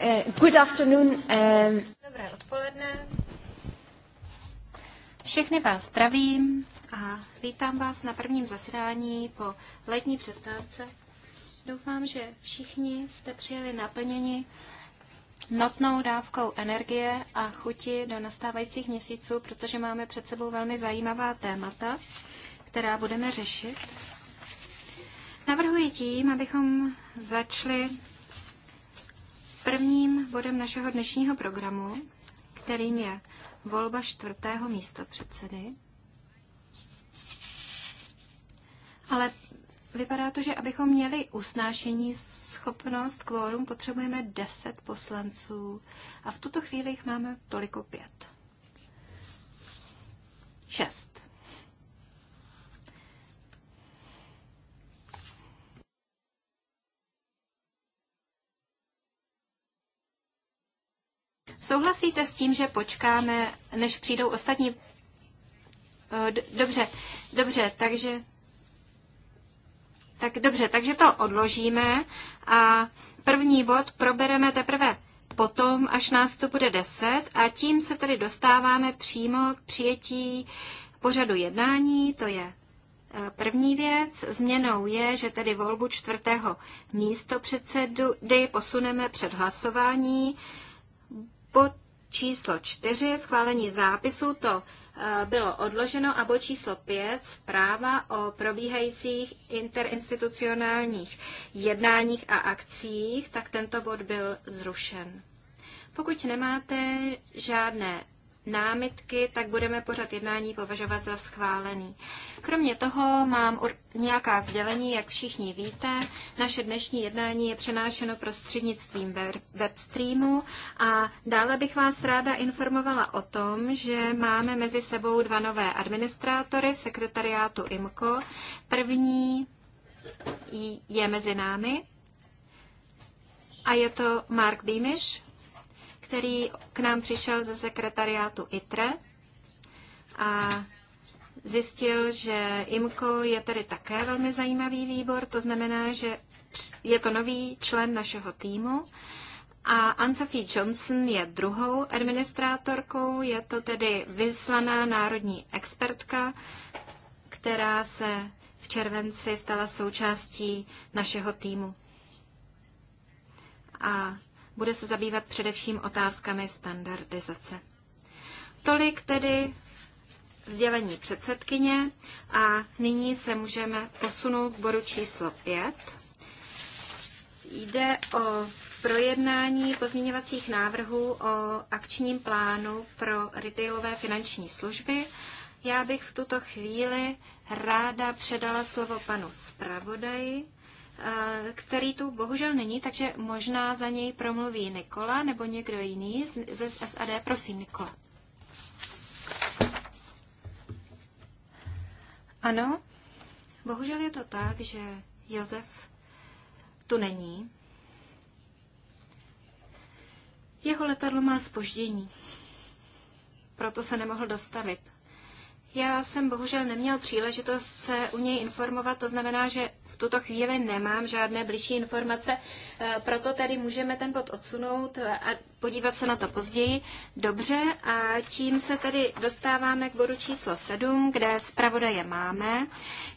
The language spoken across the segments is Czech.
Eh, good afternoon. Um... Dobré odpoledne. Všechny vás zdravím a vítám vás na prvním zasedání po letní přestávce. Doufám, že všichni jste přijeli naplněni notnou dávkou energie a chuti do nastávajících měsíců, protože máme před sebou velmi zajímavá témata, která budeme řešit. Navrhuji tím, abychom začali Prvním bodem našeho dnešního programu, kterým je volba čtvrtého místo předsedy. Ale vypadá to, že abychom měli usnášení schopnost kvórum, potřebujeme 10 poslanců a v tuto chvíli jich máme toliko pět. Šest. Souhlasíte s tím, že počkáme, než přijdou ostatní? Eh, dobře, dobře, takže... Tak dobře, takže to odložíme a první bod probereme teprve potom, až nás to bude 10 a tím se tedy dostáváme přímo k přijetí pořadu jednání, to je eh, První věc změnou je, že tedy volbu čtvrtého místo předsedu posuneme před hlasování. Pod číslo 4, schválení zápisu, to eh, bylo odloženo a bod číslo 5, zpráva o probíhajících interinstitucionálních jednáních a akcích, tak tento bod byl zrušen. Pokud nemáte žádné námitky, tak budeme pořad jednání považovat za schválený. Kromě toho mám nějaká sdělení, jak všichni víte. Naše dnešní jednání je přenášeno prostřednictvím webstreamu a dále bych vás ráda informovala o tom, že máme mezi sebou dva nové administrátory v sekretariátu IMCO. První je mezi námi a je to Mark Beamish, který k nám přišel ze sekretariátu ITRE a zjistil, že IMCO je tedy také velmi zajímavý výbor, to znamená, že je to nový člen našeho týmu a anne Johnson je druhou administrátorkou, je to tedy vyslaná národní expertka, která se v červenci stala součástí našeho týmu. A bude se zabývat především otázkami standardizace. Tolik tedy sdělení předsedkyně a nyní se můžeme posunout k bodu číslo 5. Jde o projednání pozměňovacích návrhů o akčním plánu pro retailové finanční služby. Já bych v tuto chvíli ráda předala slovo panu zpravodaji, Eh, který tu bohužel není, takže možná za něj promluví Nikola nebo někdo jiný ze SAD. Prosím, Nikola. Ano, bohužel je to tak, že Josef tu není. Jeho letadlo má spoždění, proto se nemohl dostavit. Já jsem bohužel neměl příležitost se u něj informovat, to znamená, že v tuto chvíli nemám žádné blížší informace, eh, proto tedy můžeme ten bod odsunout eh, a podívat se na to později. Dobře, a tím se tedy dostáváme k bodu číslo 7, kde zpravodaje máme.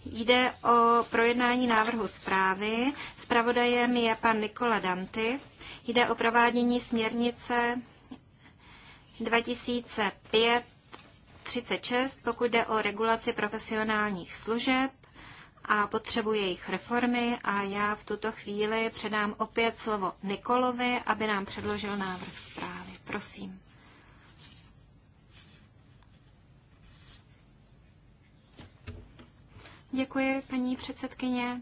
Jde o projednání návrhu zprávy. Zpravodajem je pan Nikola Danty. Jde o provádění směrnice 2005 36, pokud jde o regulaci profesionálních služeb a potřebu jejich reformy a já v tuto chvíli předám opět slovo Nikolovi, aby nám předložil návrh zprávy. Prosím. Děkuji, paní předsedkyně.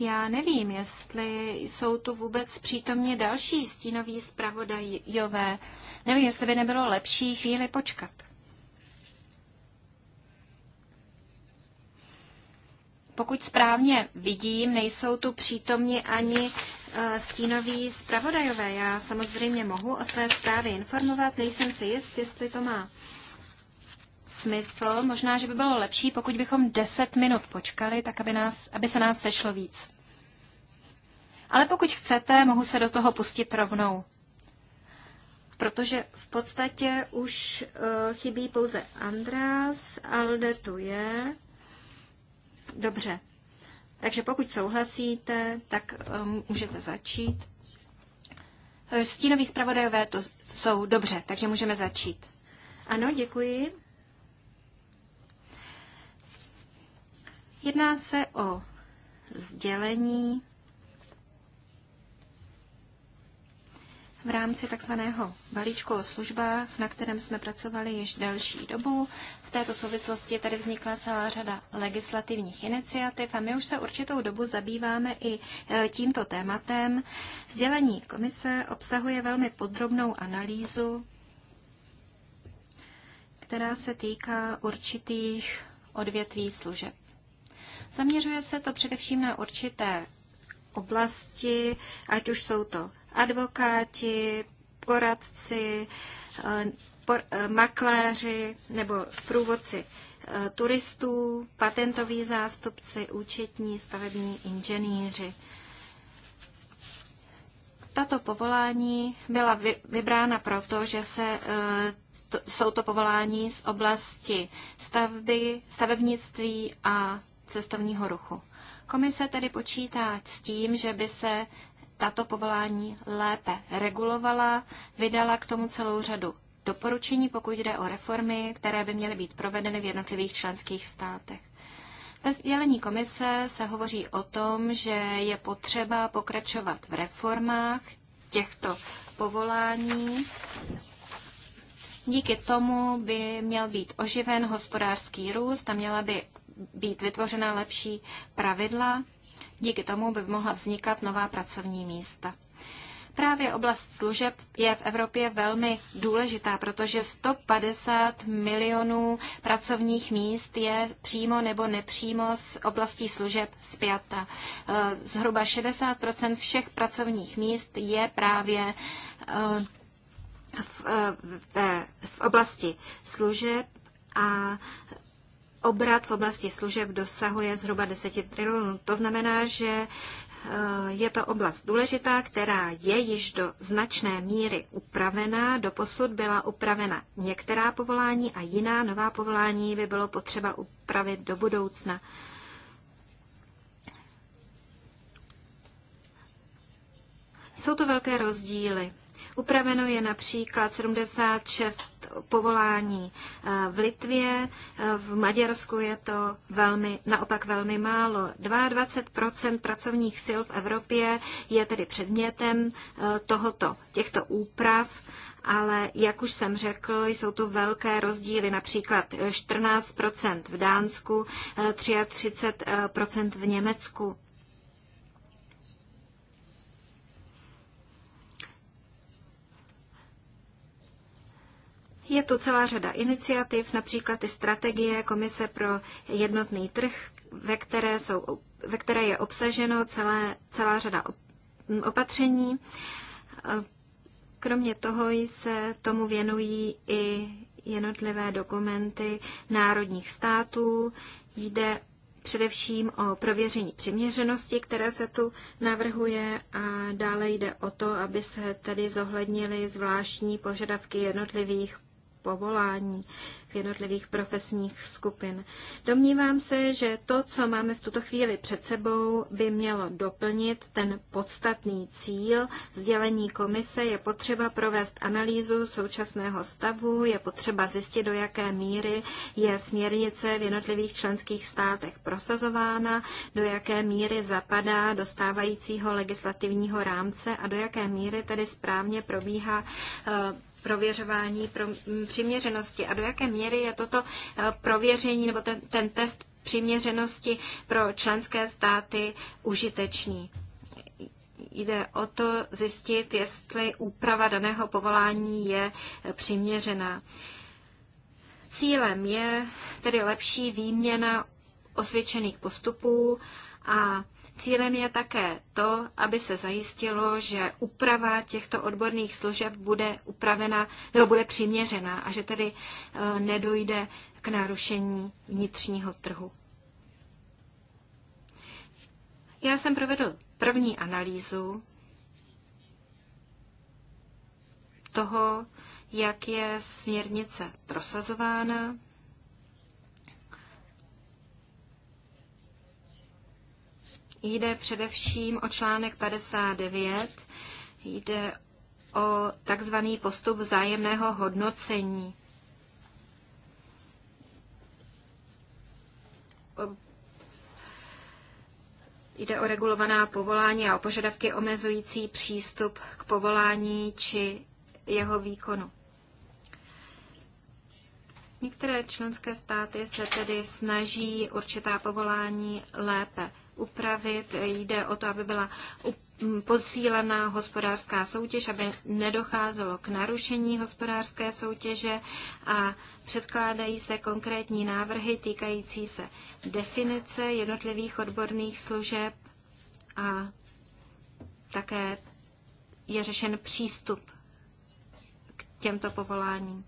Já nevím, jestli jsou tu vůbec přítomně další stínoví zpravodajové. Nevím, jestli by nebylo lepší chvíli počkat. Pokud správně vidím, nejsou tu přítomni ani eh, stínoví zpravodajové. Já samozřejmě mohu o své zprávě informovat, nejsem si jist, jestli to má smysl. Možná, že by bylo lepší, pokud bychom 10 minut počkali, tak aby, nás, aby se nás sešlo víc. Ale pokud chcete, mohu se do toho pustit rovnou. Protože v podstatě už uh, chybí pouze András, Alde tu je. Dobře. Takže pokud souhlasíte, tak um, můžete začít. Eh, stínoví zpravodajové to jsou dobře, takže můžeme začít. Ano, děkuji. Jedná se o sdělení v rámci takzvaného balíčku o službách, na kterém jsme pracovali již delší dobu. V této souvislosti tady vznikla celá řada legislativních iniciativ a my už se určitou dobu zabýváme i e, tímto tématem. Sdělení komise obsahuje velmi podrobnou analýzu, která se týká určitých odvětví služeb. Zaměřuje se to především na určité oblasti, ať už jsou to advokáti, poradci, eh, por, eh, makléři nebo průvodci eh, turistů, patentoví zástupci, účetní, stavební inženýři. Tato povolání byla vy, vybrána proto, že se to, jsou to povolání z oblasti stavby, stavebnictví a cestovního ruchu. Komise tedy počítá s tím, že by se tato povolání lépe regulovala, vydala k tomu celou řadu doporučení, pokud jde o reformy, které by měly být provedeny v jednotlivých členských státech. Ve sdělení komise se hovoří o tom, že je potřeba pokračovat v reformách těchto povolání. Díky tomu by měl být oživen hospodářský růst a měla by být vytvořena lepší pravidla, díky tomu by mohla vznikat nová pracovní místa. Právě oblast služeb je v Evropě velmi důležitá, protože 150 milionů pracovních míst je přímo nebo nepřímo s oblastí služeb zpěta. E, zhruba 60 všech pracovních míst je právě e, e, v, v, v oblasti služeb a obrat v oblasti služeb dosahuje zhruba 10 trilionů. To znamená, že eh, je to oblast důležitá, která je již do značné míry upravená. Doposud byla upravena některá povolání a jiná nová povolání by bylo potřeba upravit do budoucna. Jsou to velké rozdíly Upraveno je například 76 povolání eh, v Litvě, eh, v Maďarsku je to velmi, naopak velmi málo. 22 pracovních sil v Evropě je tedy předmětem eh, tohoto, těchto úprav ale jak už jsem řekl, jsou tu velké rozdíly, například 14% v Dánsku, 33% v Německu. Je tu celá řada iniciativ, například i strategie Komise pro jednotný trh, ve které, jsou, ve které je obsaženo celé, celá řada opatření. Kromě toho se tomu věnují i jednotlivé dokumenty národních států. Jde především o prověření přiměřenosti, které se tu navrhuje a dále jde o to, aby se tedy zohlednily zvláštní požadavky jednotlivých povolání v jednotlivých profesních skupin. Domnívám se, že to, co máme v tuto chvíli před sebou, by mělo doplnit ten podstatný cíl sdělení komise. Je potřeba provést analýzu současného stavu, je potřeba zjistit, do jaké míry je směrnice v jednotlivých členských státech prosazována, do jaké míry zapadá do stávajícího legislativního rámce a do jaké míry tedy správně probíhá eh, prověřování pro přiměřenosti a do jaké míry je toto e, prověření nebo ten, ten test přiměřenosti pro členské státy užitečný. Jde o to zjistit, jestli úprava daného povolání je e, přiměřená. Cílem je tedy lepší výměna osvědčených postupů a Cílem je také to, aby se zajistilo, že úprava těchto odborných služeb bude upravena nebo bude přiměřená a že tedy eh, nedojde k narušení vnitřního trhu. Já jsem provedl první analýzu toho, jak je směrnice prosazována. Jde především o článek 59, jde o takzvaný postup vzájemného hodnocení. Jde o regulovaná povolání a o požadavky omezující přístup k povolání či jeho výkonu. Některé členské státy se tedy snaží určitá povolání lépe upravit. Jde o to, aby byla posílená hospodářská soutěž, aby nedocházelo k narušení hospodářské soutěže a předkládají se konkrétní návrhy týkající se definice jednotlivých odborných služeb a také je řešen přístup k těmto povoláním.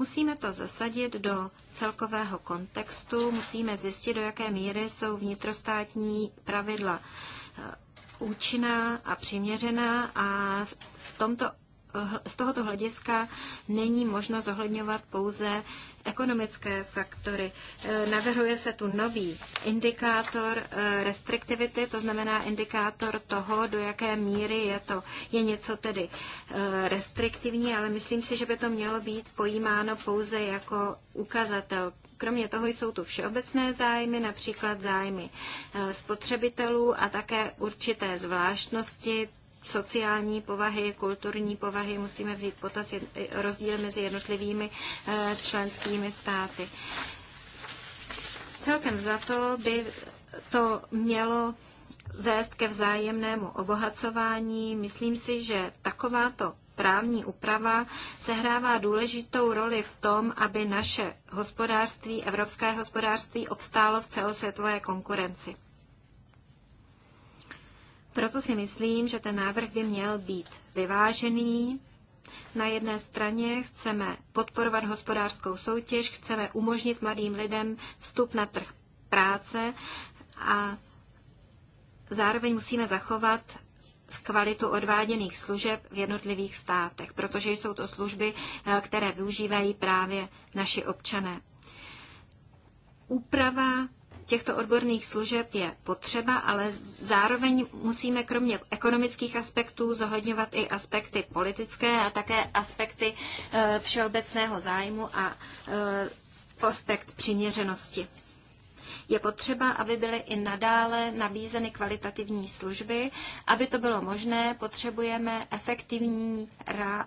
Musíme to zasadit do celkového kontextu, musíme zjistit, do jaké míry jsou vnitrostátní pravidla eh, účinná a přiměřená a v tomto eh, z tohoto hlediska není možno zohledňovat pouze ekonomické faktory. E, navrhuje se tu nový indikátor e, restriktivity, to znamená indikátor toho, do jaké míry je to je něco tedy e, restriktivní, ale myslím si, že by to mělo být pojímáno pouze jako ukazatel Kromě toho jsou tu všeobecné zájmy, například zájmy spotřebitelů a také určité zvláštnosti sociální povahy, kulturní povahy musíme vzít potaz rozdíl mezi jednotlivými eh, členskými státy. Celkem za to by to mělo vést ke vzájemnému obohacování. Myslím si, že takováto právní úprava sehrává důležitou roli v tom, aby naše hospodářství, evropské hospodářství, obstálo v celosvětové konkurenci. Proto si myslím, že ten návrh by měl být vyvážený. Na jedné straně chceme podporovat hospodářskou soutěž, chceme umožnit mladým lidem vstup na trh práce a zároveň musíme zachovat kvalitu odváděných služeb v jednotlivých státech, protože jsou to služby, eh, které využívají právě naši občané. Úprava těchto odborných služeb je potřeba, ale zároveň musíme kromě ekonomických aspektů zohledňovat i aspekty politické a také aspekty e, všeobecného zájmu a e, aspekt přiměřenosti. Je potřeba, aby byly i nadále nabízeny kvalitativní služby. Aby to bylo možné, potřebujeme efektivní e,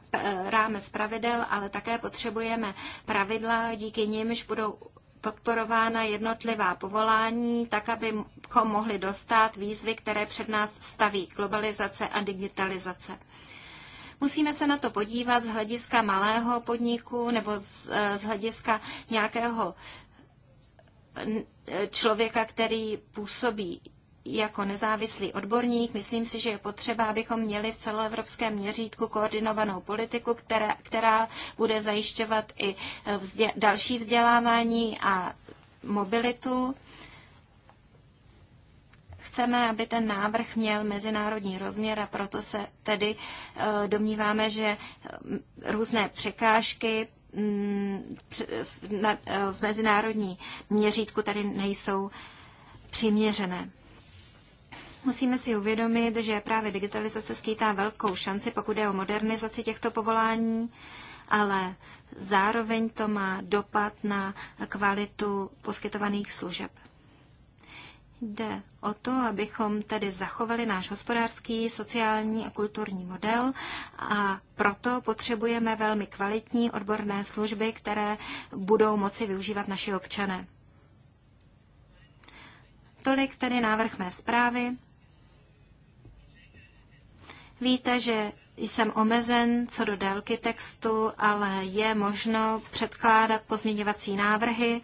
rámec pravidel, ale také potřebujeme pravidla, díky nimž budou podporována jednotlivá povolání, tak abychom mohli dostat výzvy, které před nás staví globalizace a digitalizace. Musíme se na to podívat z hlediska malého podniku nebo z, eh, z hlediska nějakého člověka, který působí jako nezávislý odborník, myslím si, že je potřeba, abychom měli v celoevropském měřítku koordinovanou politiku, která, která bude zajišťovat i eh, vzdě, další vzdělávání a mobilitu. Chceme, aby ten návrh měl mezinárodní rozměr a proto se tedy eh, domníváme, že eh, různé překážky mm, v mezinárodní měřítku tady nejsou přiměřené. Musíme si uvědomit, že právě digitalizace skýtá velkou šanci, pokud je o modernizaci těchto povolání, ale zároveň to má dopad na kvalitu poskytovaných služeb. Jde o to, abychom tedy zachovali náš hospodářský, sociální a kulturní model a proto potřebujeme velmi kvalitní odborné služby, které budou moci využívat naši občané. Tolik tedy návrh mé zprávy. Víte, že jsem omezen co do délky textu, ale je možno předkládat pozměňovací návrhy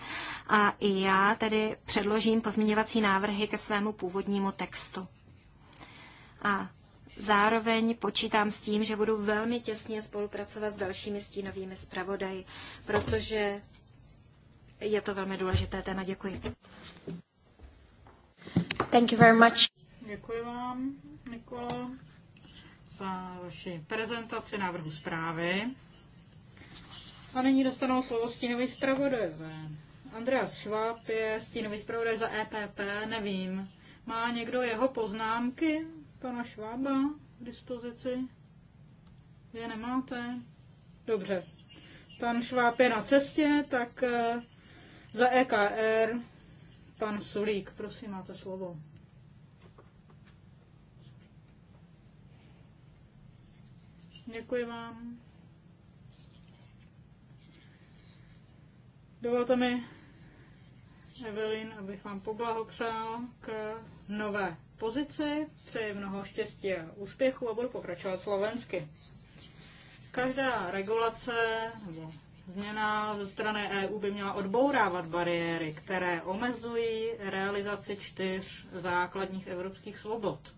a i já tedy předložím pozměňovací návrhy ke svému původnímu textu. A zároveň počítám s tím, že budu velmi těsně spolupracovat s dalšími stínovými zpravodaji, protože je to velmi důležité téma. Děkuji. Thank you very much. Děkuji vám, Nikola za vaši prezentaci návrhu zprávy. A nyní dostanou slovo stínový zpravodaj. Andreas Schwab je stínový zpravodaj za EPP, nevím. Má někdo jeho poznámky, pana Schwaba, k dispozici? je nemáte? Dobře. Pan Šváb je na cestě, tak eh, za EKR pan Sulík, prosím, máte slovo. Děkuji vám. Dovolte mi, Evelyn, abych vám poblahopřál k nové pozici. Přeji mnoho štěstí a úspěchu a budu pokračovat slovensky. Každá regulace nebo změna ze strany EU by měla odbourávat bariéry, které omezují realizaci čtyř základních evropských svobod.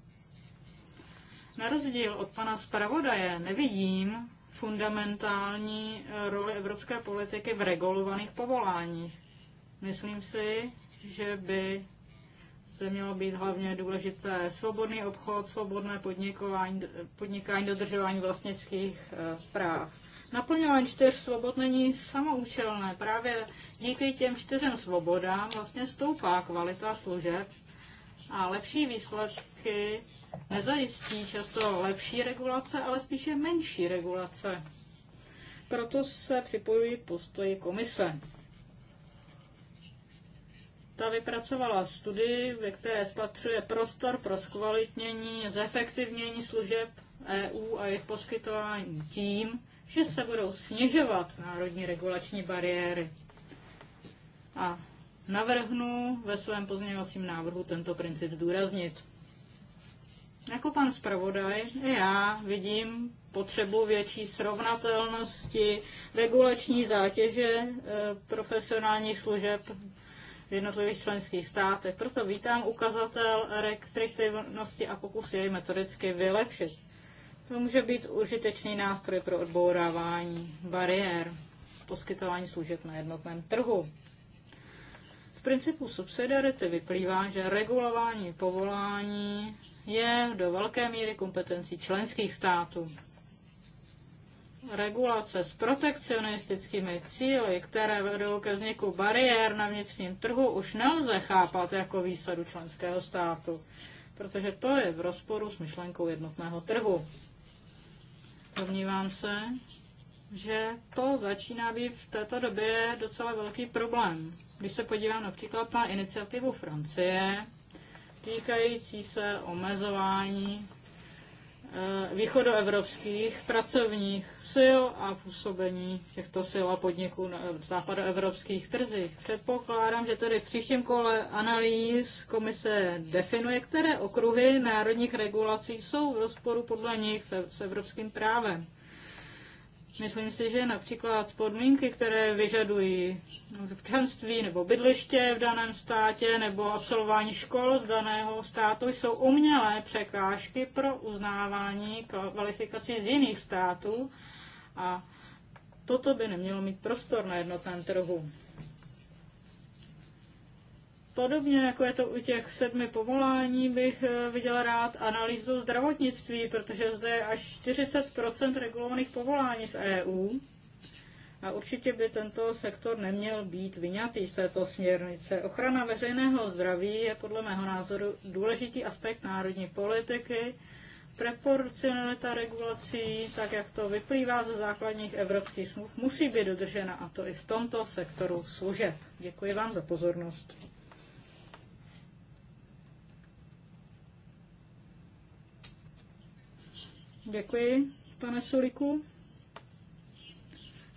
Na rozdíl od pana zpravodaje nevidím fundamentální eh, roli evropské politiky v regulovaných povoláních. Myslím si, že by se mělo být hlavně důležité svobodný obchod, svobodné podnikování, podnikání, dodržování vlastnických eh, práv. Naplňování čtyř svobod není samoučelné. Právě díky těm čtyřem svobodám vlastně stoupá kvalita služeb a lepší výsledky nezajistí často lepší regulace, ale spíše menší regulace. Proto se připojují k postoji komise. Ta vypracovala studii, ve které spatřuje prostor pro zkvalitnění, zefektivnění služeb EU a jejich poskytování tím, že se budou snižovat národní regulační bariéry. A navrhnu ve svém pozměňovacím návrhu tento princip zdůraznit. Jako pan zpravodaj já vidím potřebu větší srovnatelnosti, regulační zátěže eh, profesionálních služeb v jednotlivých členských státech. Proto vítám ukazatel restriktivnosti a pokus jej metodicky vylepšit. To může být užitečný nástroj pro odbourávání bariér, poskytování služeb na jednotném trhu. Z principu subsidiarity vyplývá, že regulování povolání je do velké míry kompetencí členských států. Regulace s protekcionistickými cíly, které vedou ke vzniku bariér na vnitřním trhu, už nelze chápat jako výsadu členského státu, protože to je v rozporu s myšlenkou jednotného trhu. Domnívám se, že to začíná být v této době docela velký problém. Když se podívám například na iniciativu Francie, týkající se omezování eh, východoevropských pracovních sil a působení těchto sil a podniků na eh, západoevropských trzích. Předpokládám, že tedy v příštím kole analýz komise definuje, které okruhy národních regulací jsou v rozporu podle nich s evropským právem. Myslím si, že například podmínky, které vyžadují občanství nebo bydliště v daném státě nebo absolvování škol z daného státu, jsou umělé překážky pro uznávání kvalifikací z jiných států a toto by nemělo mít prostor na jednotném trhu. Podobně jako je to u těch sedmi povolání, bych eh, viděl rád analýzu zdravotnictví, protože zde je až 40 regulovaných povolání v EU a určitě by tento sektor neměl být vyňatý z této směrnice. Ochrana veřejného zdraví je podle mého názoru důležitý aspekt národní politiky, proporcionalita regulací, tak jak to vyplývá ze základních evropských smluv, musí být dodržena a to i v tomto sektoru služeb. Děkuji vám za pozornost. Děkuji, pane Suliku.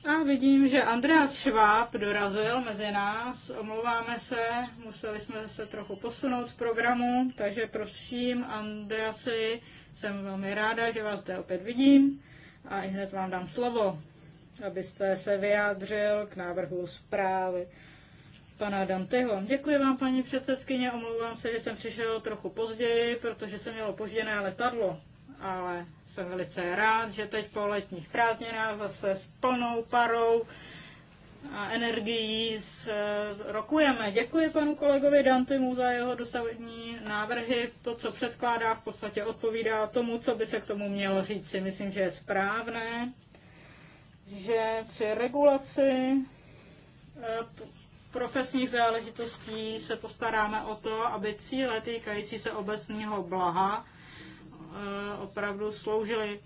A vidím, že Andreas Šváb dorazil mezi nás. Omlouváme se, museli jsme se trochu posunout z programu, takže prosím, Andreasi, jsem velmi ráda, že vás zde opět vidím a i hned vám dám slovo, abyste se vyjádřil k návrhu zprávy pana Danteho. Děkuji vám, paní předsedkyně, omlouvám se, že jsem přišel trochu později, protože jsem měl opožděné letadlo ale jsem velice rád, že teď po letních prázdninách zase s plnou parou a energií e, rokujeme. Děkuji panu kolegovi Dantimu za jeho dosavadní návrhy. To, co předkládá, v podstatě odpovídá tomu, co by se k tomu mělo říci. Myslím, že je správné, že při regulaci e, profesních záležitostí se postaráme o to, aby cíle týkající se obecního blaha Eh, opravdu sloužily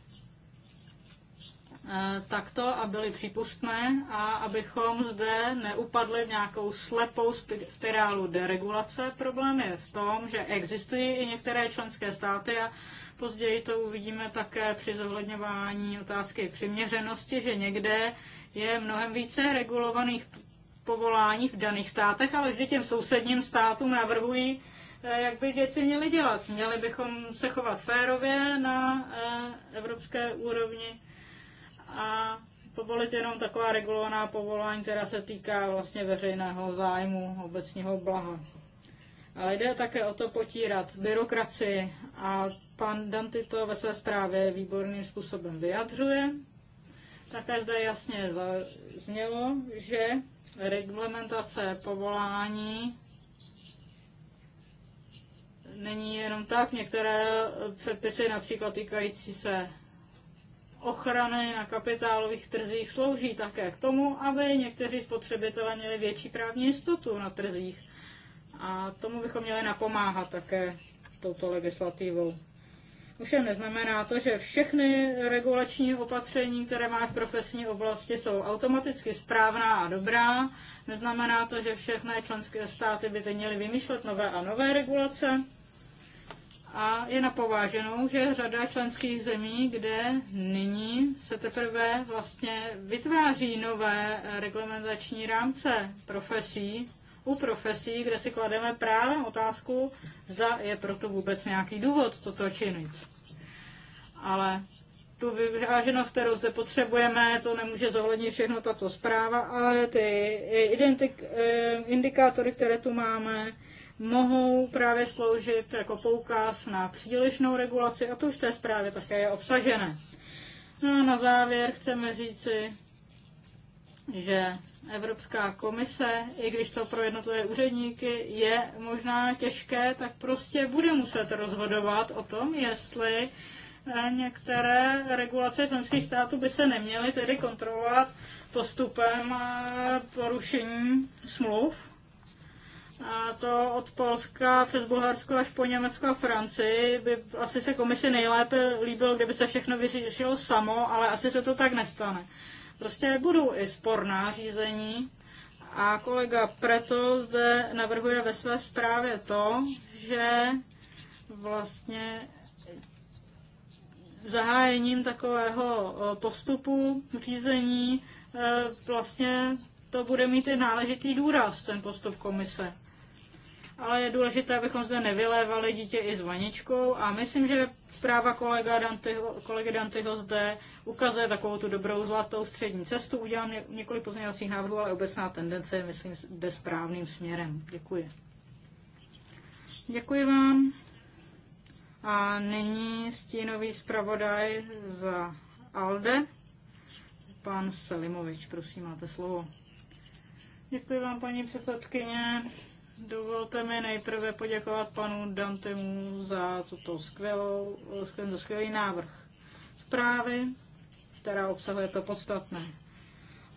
eh, takto a byly přípustné a abychom zde neupadli v nějakou slepou spirálu deregulace. Problém je v tom, že existují i některé členské státy a později to uvidíme také při zohledňování otázky přiměřenosti, že někde je mnohem více regulovaných povolání v daných státech, ale vždy těm sousedním státům navrhují Eh, jak by věci měly dělat. Měli bychom se chovat férově na eh, evropské úrovni a povolit jenom taková regulovaná povolání, která se týká vlastně veřejného zájmu, obecního blaha. Ale jde také o to potírat byrokracii a pan Danty to ve své zprávě výborným způsobem vyjadřuje. Také zde jasně znělo, že reglementace povolání není jenom tak. Některé eh, předpisy, například týkající se ochrany na kapitálových trzích, slouží také k tomu, aby někteří spotřebitelé měli větší právní jistotu na trzích. A tomu bychom měli napomáhat také touto legislativou. Ovšem neznamená to, že všechny regulační opatření, které máme v profesní oblasti, jsou automaticky správná a dobrá. Neznamená to, že všechny členské státy by měly vymýšlet nové a nové regulace. A je napováženou, že řada členských zemí, kde nyní se teprve vlastně vytváří nové reglementační rámce profesí, u profesí, kde si klademe právě otázku, zda je proto vůbec nějaký důvod toto činit. Ale tu vyváženost, kterou zde potřebujeme, to nemůže zohlednit všechno tato zpráva, ale ty identik, eh, indikátory, které tu máme, mohou právě sloužit jako poukaz na přílišnou regulaci a to už v té zprávě také je obsažené. No a na závěr chceme říci, že Evropská komise, i když to pro jednotlivé úředníky je možná těžké, tak prostě bude muset rozhodovat o tom, jestli eh, některé regulace členských států by se neměly tedy kontrolovat postupem eh, porušení smluv a to od Polska přes Bulharsko až po Německo a Francii by asi se komisi nejlépe líbilo, kdyby se všechno vyřešilo samo, ale asi se to tak nestane. Prostě budou i sporná řízení a kolega Preto zde navrhuje ve své zprávě to, že vlastně zahájením takového postupu řízení e, vlastně to bude mít i náležitý důraz, ten postup komise ale je důležité, abychom zde nevylévali dítě i s vaničkou a myslím, že zpráva kolega Dantyho, kolegy Danteho zde ukazuje takovou tu dobrou zlatou střední cestu. Udělám několik pozměňovacích návrhů, ale obecná tendence je, myslím, jde správným směrem. Děkuji. Děkuji vám. A nyní stínový zpravodaj za ALDE. Pan Selimovič, prosím, máte slovo. Děkuji vám, paní předsedkyně. Dovolte mi nejprve poděkovat panu Dantemu za tuto skvělou, skvělý, skvělý návrh zprávy, která obsahuje to podstatné.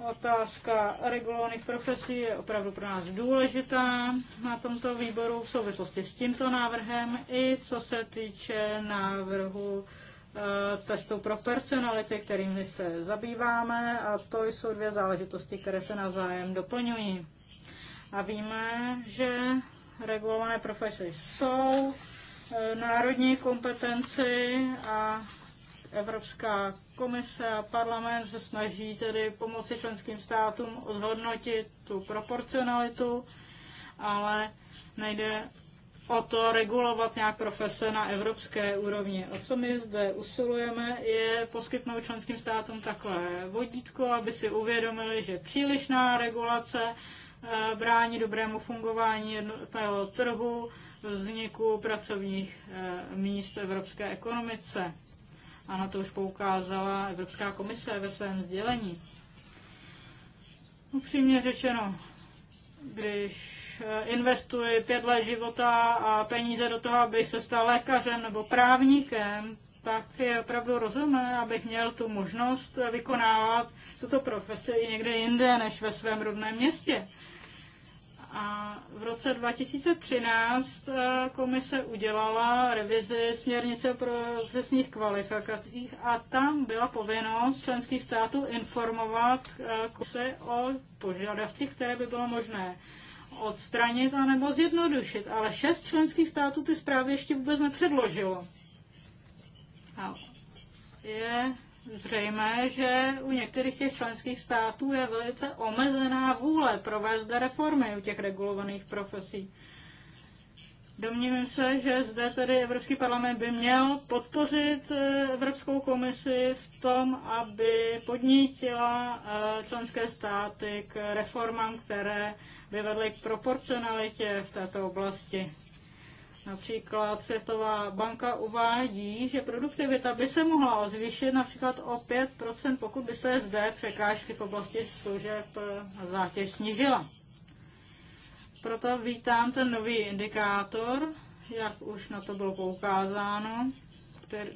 Otázka regulovaných profesí je opravdu pro nás důležitá na tomto výboru v souvislosti s tímto návrhem i co se týče návrhu eh, testů pro personality, kterými se zabýváme a to jsou dvě záležitosti, které se navzájem doplňují. A víme, že regulované profese jsou e, národní kompetenci a Evropská komise a parlament se snaží tedy pomoci členským státům zhodnotit tu proporcionalitu, ale nejde o to regulovat nějak profese na evropské úrovni. O co my zde usilujeme, je poskytnout členským státům takové vodítko, aby si uvědomili, že přílišná regulace Eh, brání dobrému fungování jednotného trhu, vzniku pracovních eh, míst v evropské ekonomice. A na to už poukázala Evropská komise ve svém sdělení. Upřímně řečeno, když eh, investuji pět let života a peníze do toho, abych se stal lékařem nebo právníkem, tak je opravdu rozumné, abych měl tu možnost vykonávat tuto profesi i někde jinde než ve svém rodném městě. A v roce 2013 eh, komise udělala revizi směrnice o profesních kvalifikacích a tam byla povinnost členských států informovat eh, komise o požadavcích, které by bylo možné odstranit anebo zjednodušit. Ale šest členských států ty zprávy ještě vůbec nepředložilo. A je zřejmé, že u některých těch členských států je velice omezená vůle provést zde reformy u těch regulovaných profesí. Domnívám se, že zde tedy Evropský parlament by měl podpořit eh, Evropskou komisi v tom, aby podnítila eh, členské státy k reformám, které by vedly k proporcionalitě v této oblasti. Například Světová banka uvádí, že produktivita by se mohla zvýšit například o 5%, pokud by se zde překážky v oblasti služeb eh, zátěž snížila. Proto vítám ten nový indikátor, jak už na to bylo poukázáno.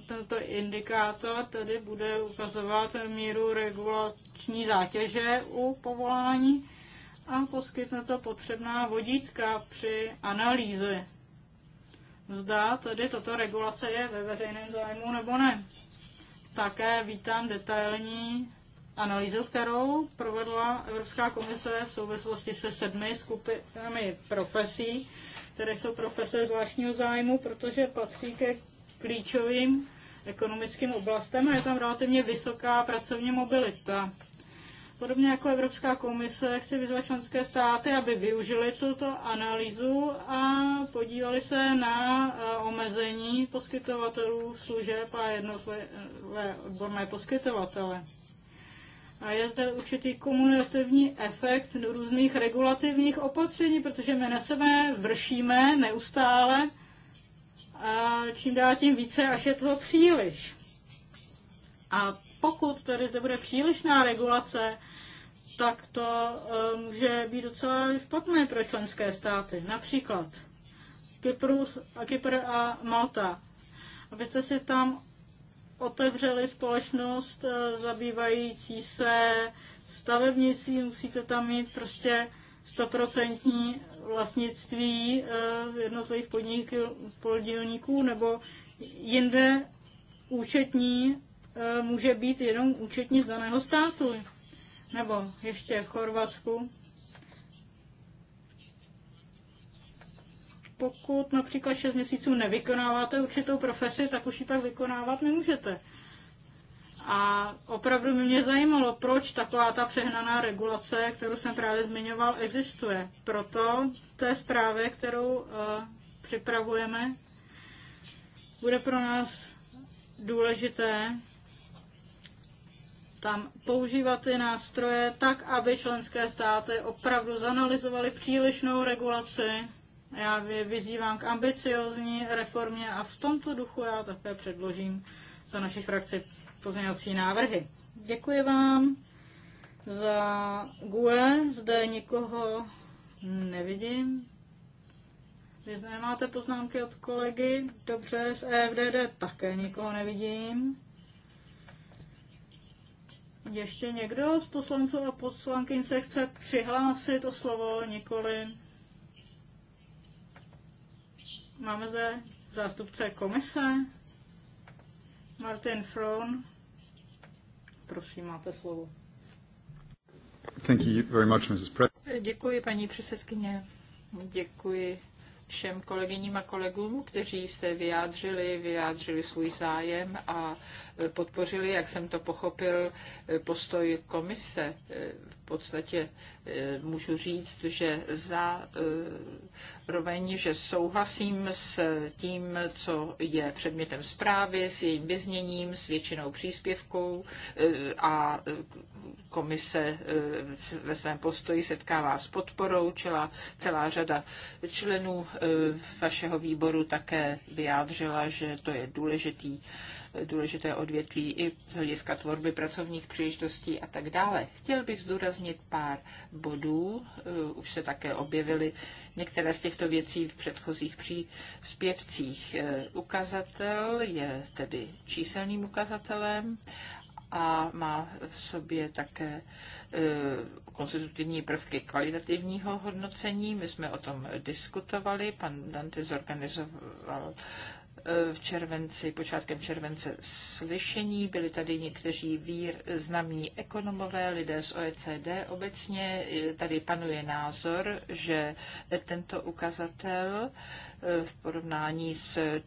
Tento indikátor tedy bude ukazovat míru regulační zátěže u povolání a poskytne to potřebná vodítka při analýze zda tedy toto regulace je ve veřejném zájmu nebo ne. Také vítám detailní analýzu, kterou provedla Evropská komise v souvislosti se sedmi skupinami profesí, které jsou profese zvláštního zájmu, protože patří ke klíčovým ekonomickým oblastem a je tam relativně vysoká pracovní mobilita. Podobně jako Evropská komise chce vyzvat členské státy, aby využili tuto analýzu a podívali se na e, omezení poskytovatelů služeb a jednotlivé odborné poskytovatele. A je zde určitý kumulativní efekt do různých regulativních opatření, protože my na sebe vršíme neustále a čím dál tím více, až je toho příliš. A pokud tady zde bude přílišná regulace, tak to eh, může být docela špatné pro členské státy. Například Kyprus, a Kypr a Malta. Abyste si tam otevřeli společnost eh, zabývající se stavebnicí, musíte tam mít prostě stoprocentní vlastnictví eh, jednotlivých podniků, podílníků, nebo jinde účetní E, může být jenom účetní z daného státu. Nebo ještě v Chorvatsku. Pokud například 6 měsíců nevykonáváte určitou profesi, tak už ji tak vykonávat nemůžete. A opravdu mě zajímalo, proč taková ta přehnaná regulace, kterou jsem právě zmiňoval, existuje. Proto té zprávě, kterou uh, připravujeme, bude pro nás důležité tam používat ty nástroje tak, aby členské státy opravdu zanalizovaly přílišnou regulaci. Já je vyzývám k ambiciozní reformě a v tomto duchu já také předložím za naši frakci pozměňovací návrhy. Děkuji vám za GUE. Zde nikoho nevidím. Vy nemáte poznámky od kolegy? Dobře, z EFDD také nikoho nevidím. Ještě někdo z poslanců a poslankyň se chce přihlásit o slovo nikoli? Máme zde zástupce komise, Martin Frohn. Prosím, máte slovo. Thank you very much, Mrs. Děkuji, paní předsedkyně. Děkuji všem kolegyním a kolegům, kteří se vyjádřili, vyjádřili svůj zájem a e, podpořili, jak jsem to pochopil, e, postoj komise. E, v podstatě Eh, můžu říct, že zároveň, eh, že souhlasím s tím, co je předmětem zprávy, s jejím vyzněním, s většinou příspěvků eh, a komise ve svém postoji setkává s podporou, čela, celá řada členů vašeho výboru také vyjádřila, že to je důležitý důležité odvětví i z hlediska tvorby pracovních příležitostí a tak dále. Chtěl bych zdůraznit pár bodů, eh, už se také objevily některé z těchto věcí v předchozích příspěvcích. Eh, ukazatel je tedy číselným ukazatelem a má v sobě také eh, konstitutivní prvky kvalitativního hodnocení. My jsme o tom diskutovali, pan Dante zorganizoval Eh, v červenci, počátkem července slyšení. Byli tady někteří významní ekonomové, lidé z OECD obecně. Eh, tady panuje názor, že tento ukazatel eh, v porovnání s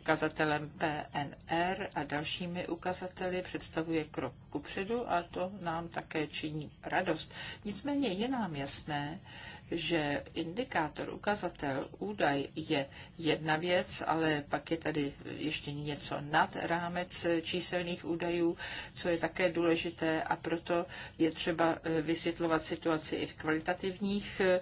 ukazatelem PNR a dalšími ukazateli představuje krok kupředu a to nám také činí radost. Nicméně je nám jasné, že indikátor, ukazatel, údaj je jedna věc, ale pak je tady ještě něco nad rámec číselných údajů, co je také důležité a proto je třeba eh, vysvětlovat situaci i v kvalitativních eh,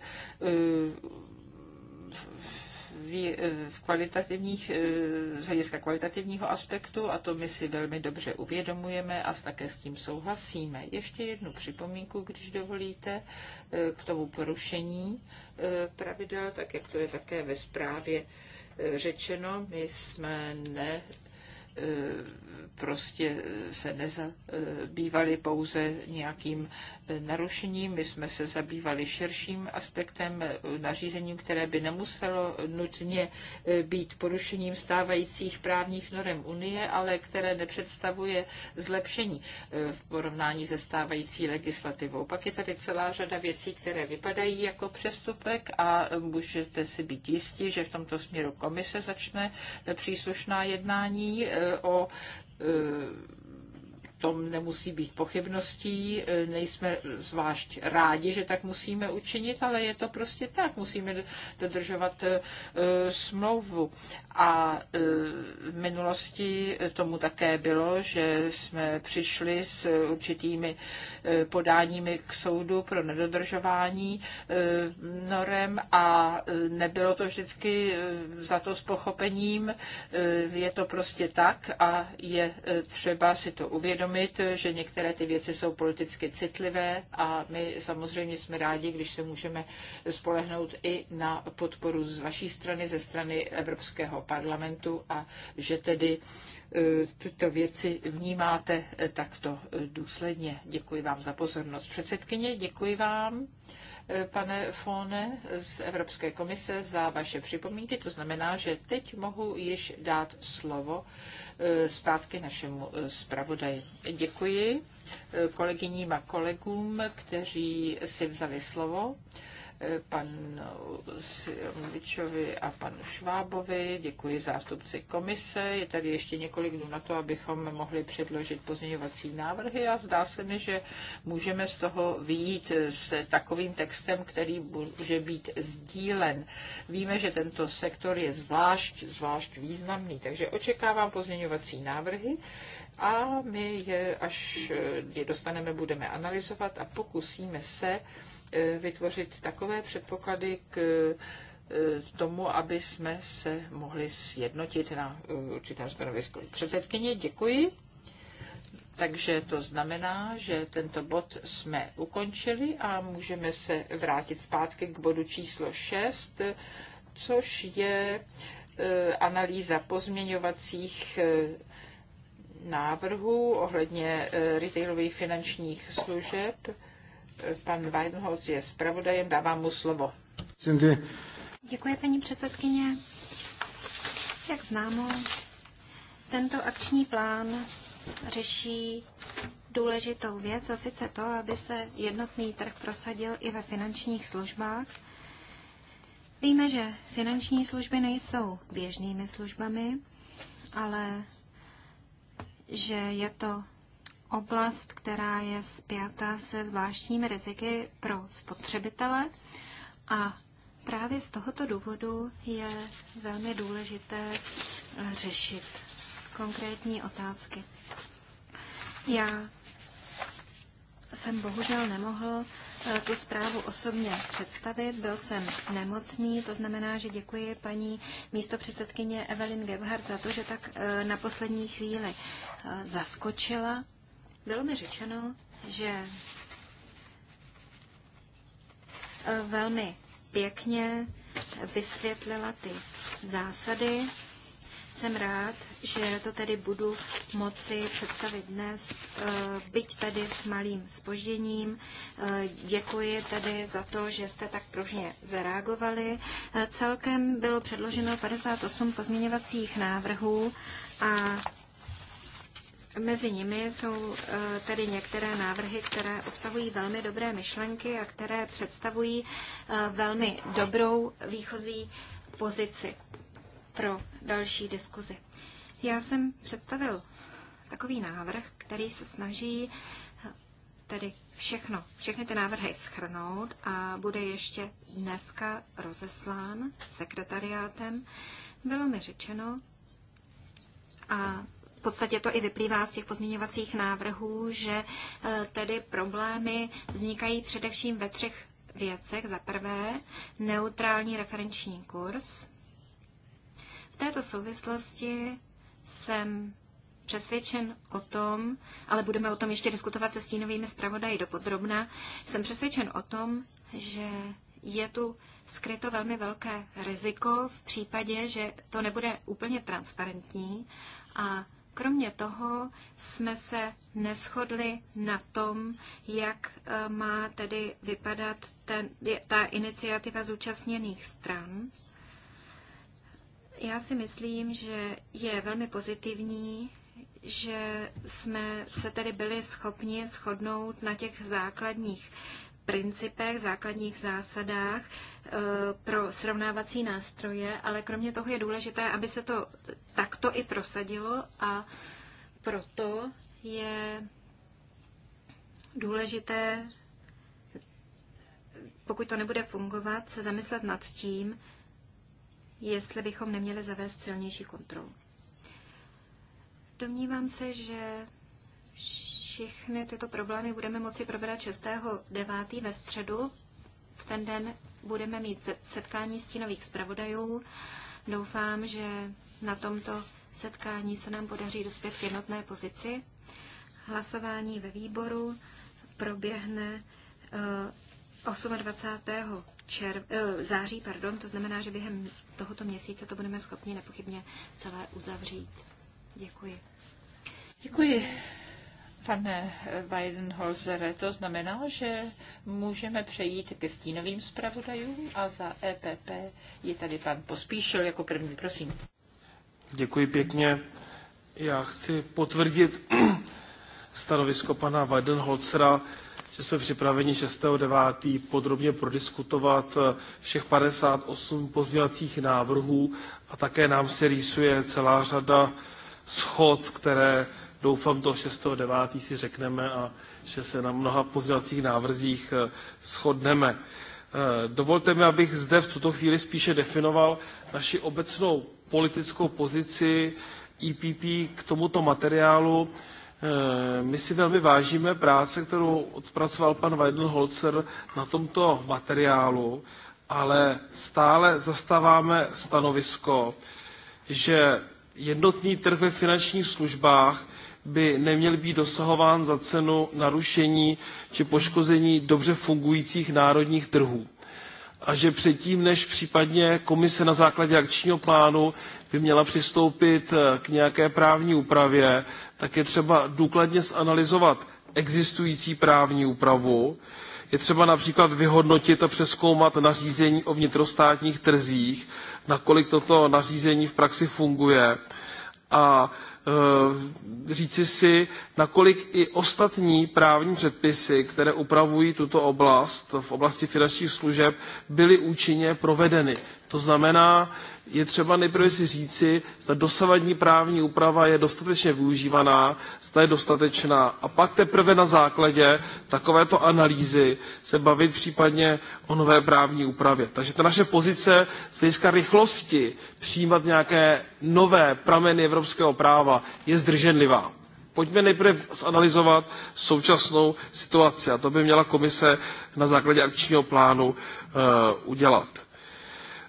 v kvalitativních, eh, z hlediska kvalitativního aspektu a to my si velmi dobře uvědomujeme a také s tím souhlasíme. Ještě jednu připomínku, když dovolíte, eh, k tomu porušení eh, pravidel, tak jak to je také ve zprávě řečeno, my jsme ne Eh, prostě se nezabývali pouze nějakým eh, narušením. My jsme se zabývali širším aspektem eh, nařízením, které by nemuselo nutně být porušením stávajících právních norem Unie, ale které nepředstavuje zlepšení v porovnání se stávající legislativou. Pak je tady celá řada věcí, které vypadají jako přestupek a můžete si být jistí, že v tomto směru komise začne příslušná jednání o e, tom nemusí být pochybností, e, nejsme zvlášť rádi, že tak musíme učinit, ale je to prostě tak, musíme dodržovat e, smlouvu. A e, v minulosti tomu také bylo, že jsme přišli s určitými podáními k soudu pro nedodržování norem a nebylo to vždycky za to s pochopením. Je to prostě tak a je třeba si to uvědomit uvědomit, že některé ty věci jsou politicky citlivé a my samozřejmě jsme rádi, když se můžeme spolehnout i na podporu z vaší strany, ze strany Evropského parlamentu a že tedy e, tyto věci vnímáte e, takto e, důsledně. Děkuji vám za pozornost. Předsedkyně, děkuji vám. Eh, pane Fone z Evropské komise, za vaše připomínky. To znamená, že teď mohu již dát slovo eh, zpátky našemu eh, zpravodaji. Děkuji kolegyním a kolegům, kteří si vzali slovo panu Silvičovi a panu Švábovi, děkuji zástupci komise. Je tady ještě několik dnů na to, abychom mohli předložit pozměňovací návrhy a zdá se mi, že můžeme z toho vyjít s takovým textem, který může být sdílen. Víme, že tento sektor je zvlášť, zvlášť významný, takže očekávám pozměňovací návrhy a my je, až je dostaneme, budeme analyzovat a pokusíme se Eh, vytvořit takové předpoklady k eh, tomu, aby jsme se mohli sjednotit na eh, určitém stanovisku. Předsedkyně, děkuji. Takže to znamená, že tento bod jsme ukončili a můžeme se vrátit zpátky k bodu číslo 6, což je analýza pozměňovacích návrhů ohledně retailových finančních služeb. Pan Weinholz je zpravodajem, dávám mu slovo. Děkuji, paní předsedkyně. Jak známo, tento akční plán řeší důležitou věc, a sice to, aby se jednotný trh prosadil i ve finančních službách. Víme, že finanční služby nejsou běžnými službami, ale že je to oblast, která je spjata se zvláštními riziky pro spotřebitele a právě z tohoto důvodu je velmi důležité řešit konkrétní otázky. Já jsem bohužel nemohl eh, tu zprávu osobně představit. Byl jsem nemocný, to znamená, že děkuji paní místopředsedkyně Evelyn Gebhardt za to, že tak eh, na poslední chvíli eh, zaskočila bylo mi řečeno, že eh, velmi pěkně vysvětlila ty zásady. Jsem rád, že to tedy budu moci představit dnes, eh, byť tady s malým spožděním. Eh, děkuji tedy za to, že jste tak pružně zareagovali. Celkem bylo předloženo 58 pozměňovacích návrhů a Mezi nimi jsou eh, tedy některé návrhy, které obsahují velmi dobré myšlenky a které představují eh, velmi dobrou výchozí pozici pro další diskuzi. Já jsem představil takový návrh, který se snaží eh, tedy všechno, všechny ty návrhy schrnout a bude ještě dneska rozeslán sekretariátem. Bylo mi řečeno a v podstatě to i vyplývá z těch pozměňovacích návrhů, že eh, tedy problémy vznikají především ve třech věcech. Za prvé, neutrální referenční kurz. V této souvislosti jsem přesvědčen o tom, ale budeme o tom ještě diskutovat se stínovými zpravodaji do podrobna, jsem přesvědčen o tom, že je tu skryto velmi velké riziko v případě, že to nebude úplně transparentní a Kromě toho jsme se neschodli na tom, jak eh, má tedy vypadat ten, ta iniciativa zúčastněných stran. Já si myslím, že je velmi pozitivní, že jsme se tedy byli schopni shodnout na těch základních principech, základních zásadách eh, pro srovnávací nástroje, ale kromě toho je důležité, aby se to takto i prosadilo a proto je důležité, pokud to nebude fungovat, se zamyslet nad tím, jestli bychom neměli zavést silnější kontrolu. Domnívám se, že všechny tyto problémy budeme moci probrat 6.9. ve středu. V ten den budeme mít setkání stínových zpravodajů. Doufám, že na tomto setkání se nám podaří dospět k jednotné pozici. Hlasování ve výboru proběhne 28. Eh, červ, eh, září, pardon, to znamená, že během tohoto měsíce to budeme schopni nepochybně celé uzavřít. Děkuji. Děkuji. Pane Weidenholzere, to znamená, že můžeme přejít ke stínovým zpravodajům a za EPP je tady pan Pospíšil jako první, prosím. Děkuji pěkně. Já chci potvrdit stanovisko pana Weidenholzera, že jsme připraveni 6.9. podrobně prodiskutovat všech 58 pozdělacích návrhů a také nám se rýsuje celá řada schod, které Doufám to 6.9. si řekneme a že se na mnoha pozdravcích návrzích eh, shodneme. Eh, dovolte mi, abych zde v tuto chvíli spíše definoval naši obecnou politickou pozici EPP k tomuto materiálu. Eh, my si velmi vážíme práce, kterou odpracoval pan Weidenholzer na tomto materiálu, ale stále zastáváme stanovisko, že jednotný trh ve finančních službách by neměl být dosahován za cenu narušení či poškození dobře fungujících národních trhů a že předtím než případně komise na základě akčního plánu by měla přistoupit eh, k nějaké právní úpravě tak je třeba důkladně zanalyzovat existující právní úpravu je třeba například vyhodnotit a přezkoumat nařízení o vnitrostátních trzích nakolik toto nařízení v praxi funguje a Eh, říci si, nakolik i ostatní právní předpisy, které upravují tuto oblast v oblasti finančních služeb, byly účinně provedeny. To znamená, je třeba nejprve si říci, zda dosavadní právní úprava je dostatečně využívaná, zda je dostatečná. A pak teprve na základě takovéto analýzy se bavit případně o nové právní úpravě. Takže ta naše pozice z hlediska rychlosti přijímat nějaké nové prameny evropského práva je zdrženlivá. Pojďme nejprve zanalizovat současnou situaci a to by měla komise na základě akčního plánu e, udělat.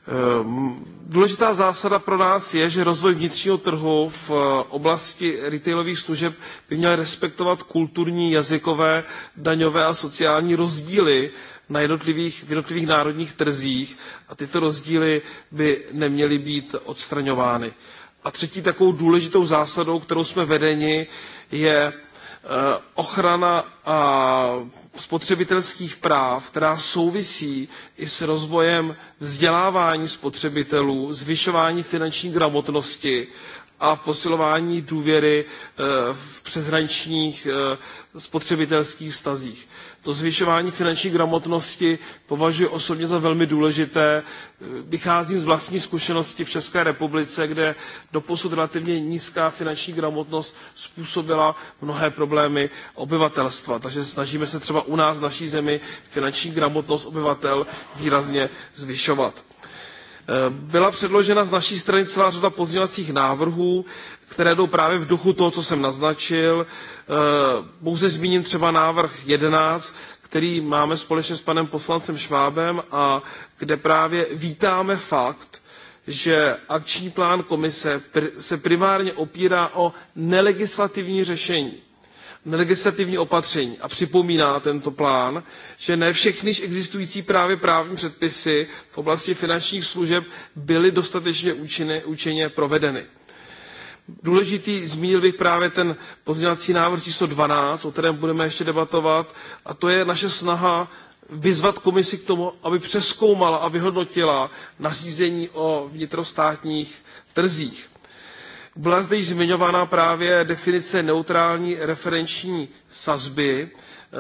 Eh, důležitá zásada pro nás je, že rozvoj vnitřního trhu v eh, oblasti retailových služeb by měl respektovat kulturní, jazykové, daňové a sociální rozdíly na jednotlivých, v jednotlivých národních trzích a tyto rozdíly by neměly být odstraňovány. A třetí takovou důležitou zásadou, kterou jsme vedeni, je Eh, ochrana spotřebitelských práv, která souvisí i s rozvojem vzdělávání spotřebitelů, zvyšování finanční gramotnosti a posilování důvěry eh, v přeshraničních eh, spotřebitelských vztazích. To zvyšování finanční gramotnosti považuji osobně za velmi důležité. Vycházím z vlastní zkušenosti v České republice, kde doposud relativně nízká finanční gramotnost způsobila mnohé problémy obyvatelstva. Takže snažíme se třeba u nás v naší zemi finanční gramotnost obyvatel výrazně zvyšovat Eh, byla předložena z naší strany celá řada pozměňovacích návrhů, které jdou právě v duchu toho, co jsem naznačil. Eh, pouze zmíním třeba návrh 11, který máme společně s panem poslancem schwabem a kde právě vítáme fakt, že akční plán komise se primárně opírá o nelegislativní řešení legislativní opatření a připomíná tento plán že ne všechny již existující právě právní předpisy v oblasti finančních služeb byly dostatečně účinně provedeny. důležitý zmínil bych právě ten pozměňovací návrh číslo twelve o kterém budeme ještě debatovat a to je naše snaha vyzvat komisi k tomu aby přezkoumala a vyhodnotila nařízení o vnitrostátních trzích byla zde již zmiňována právě definice neutrální referenční sazby.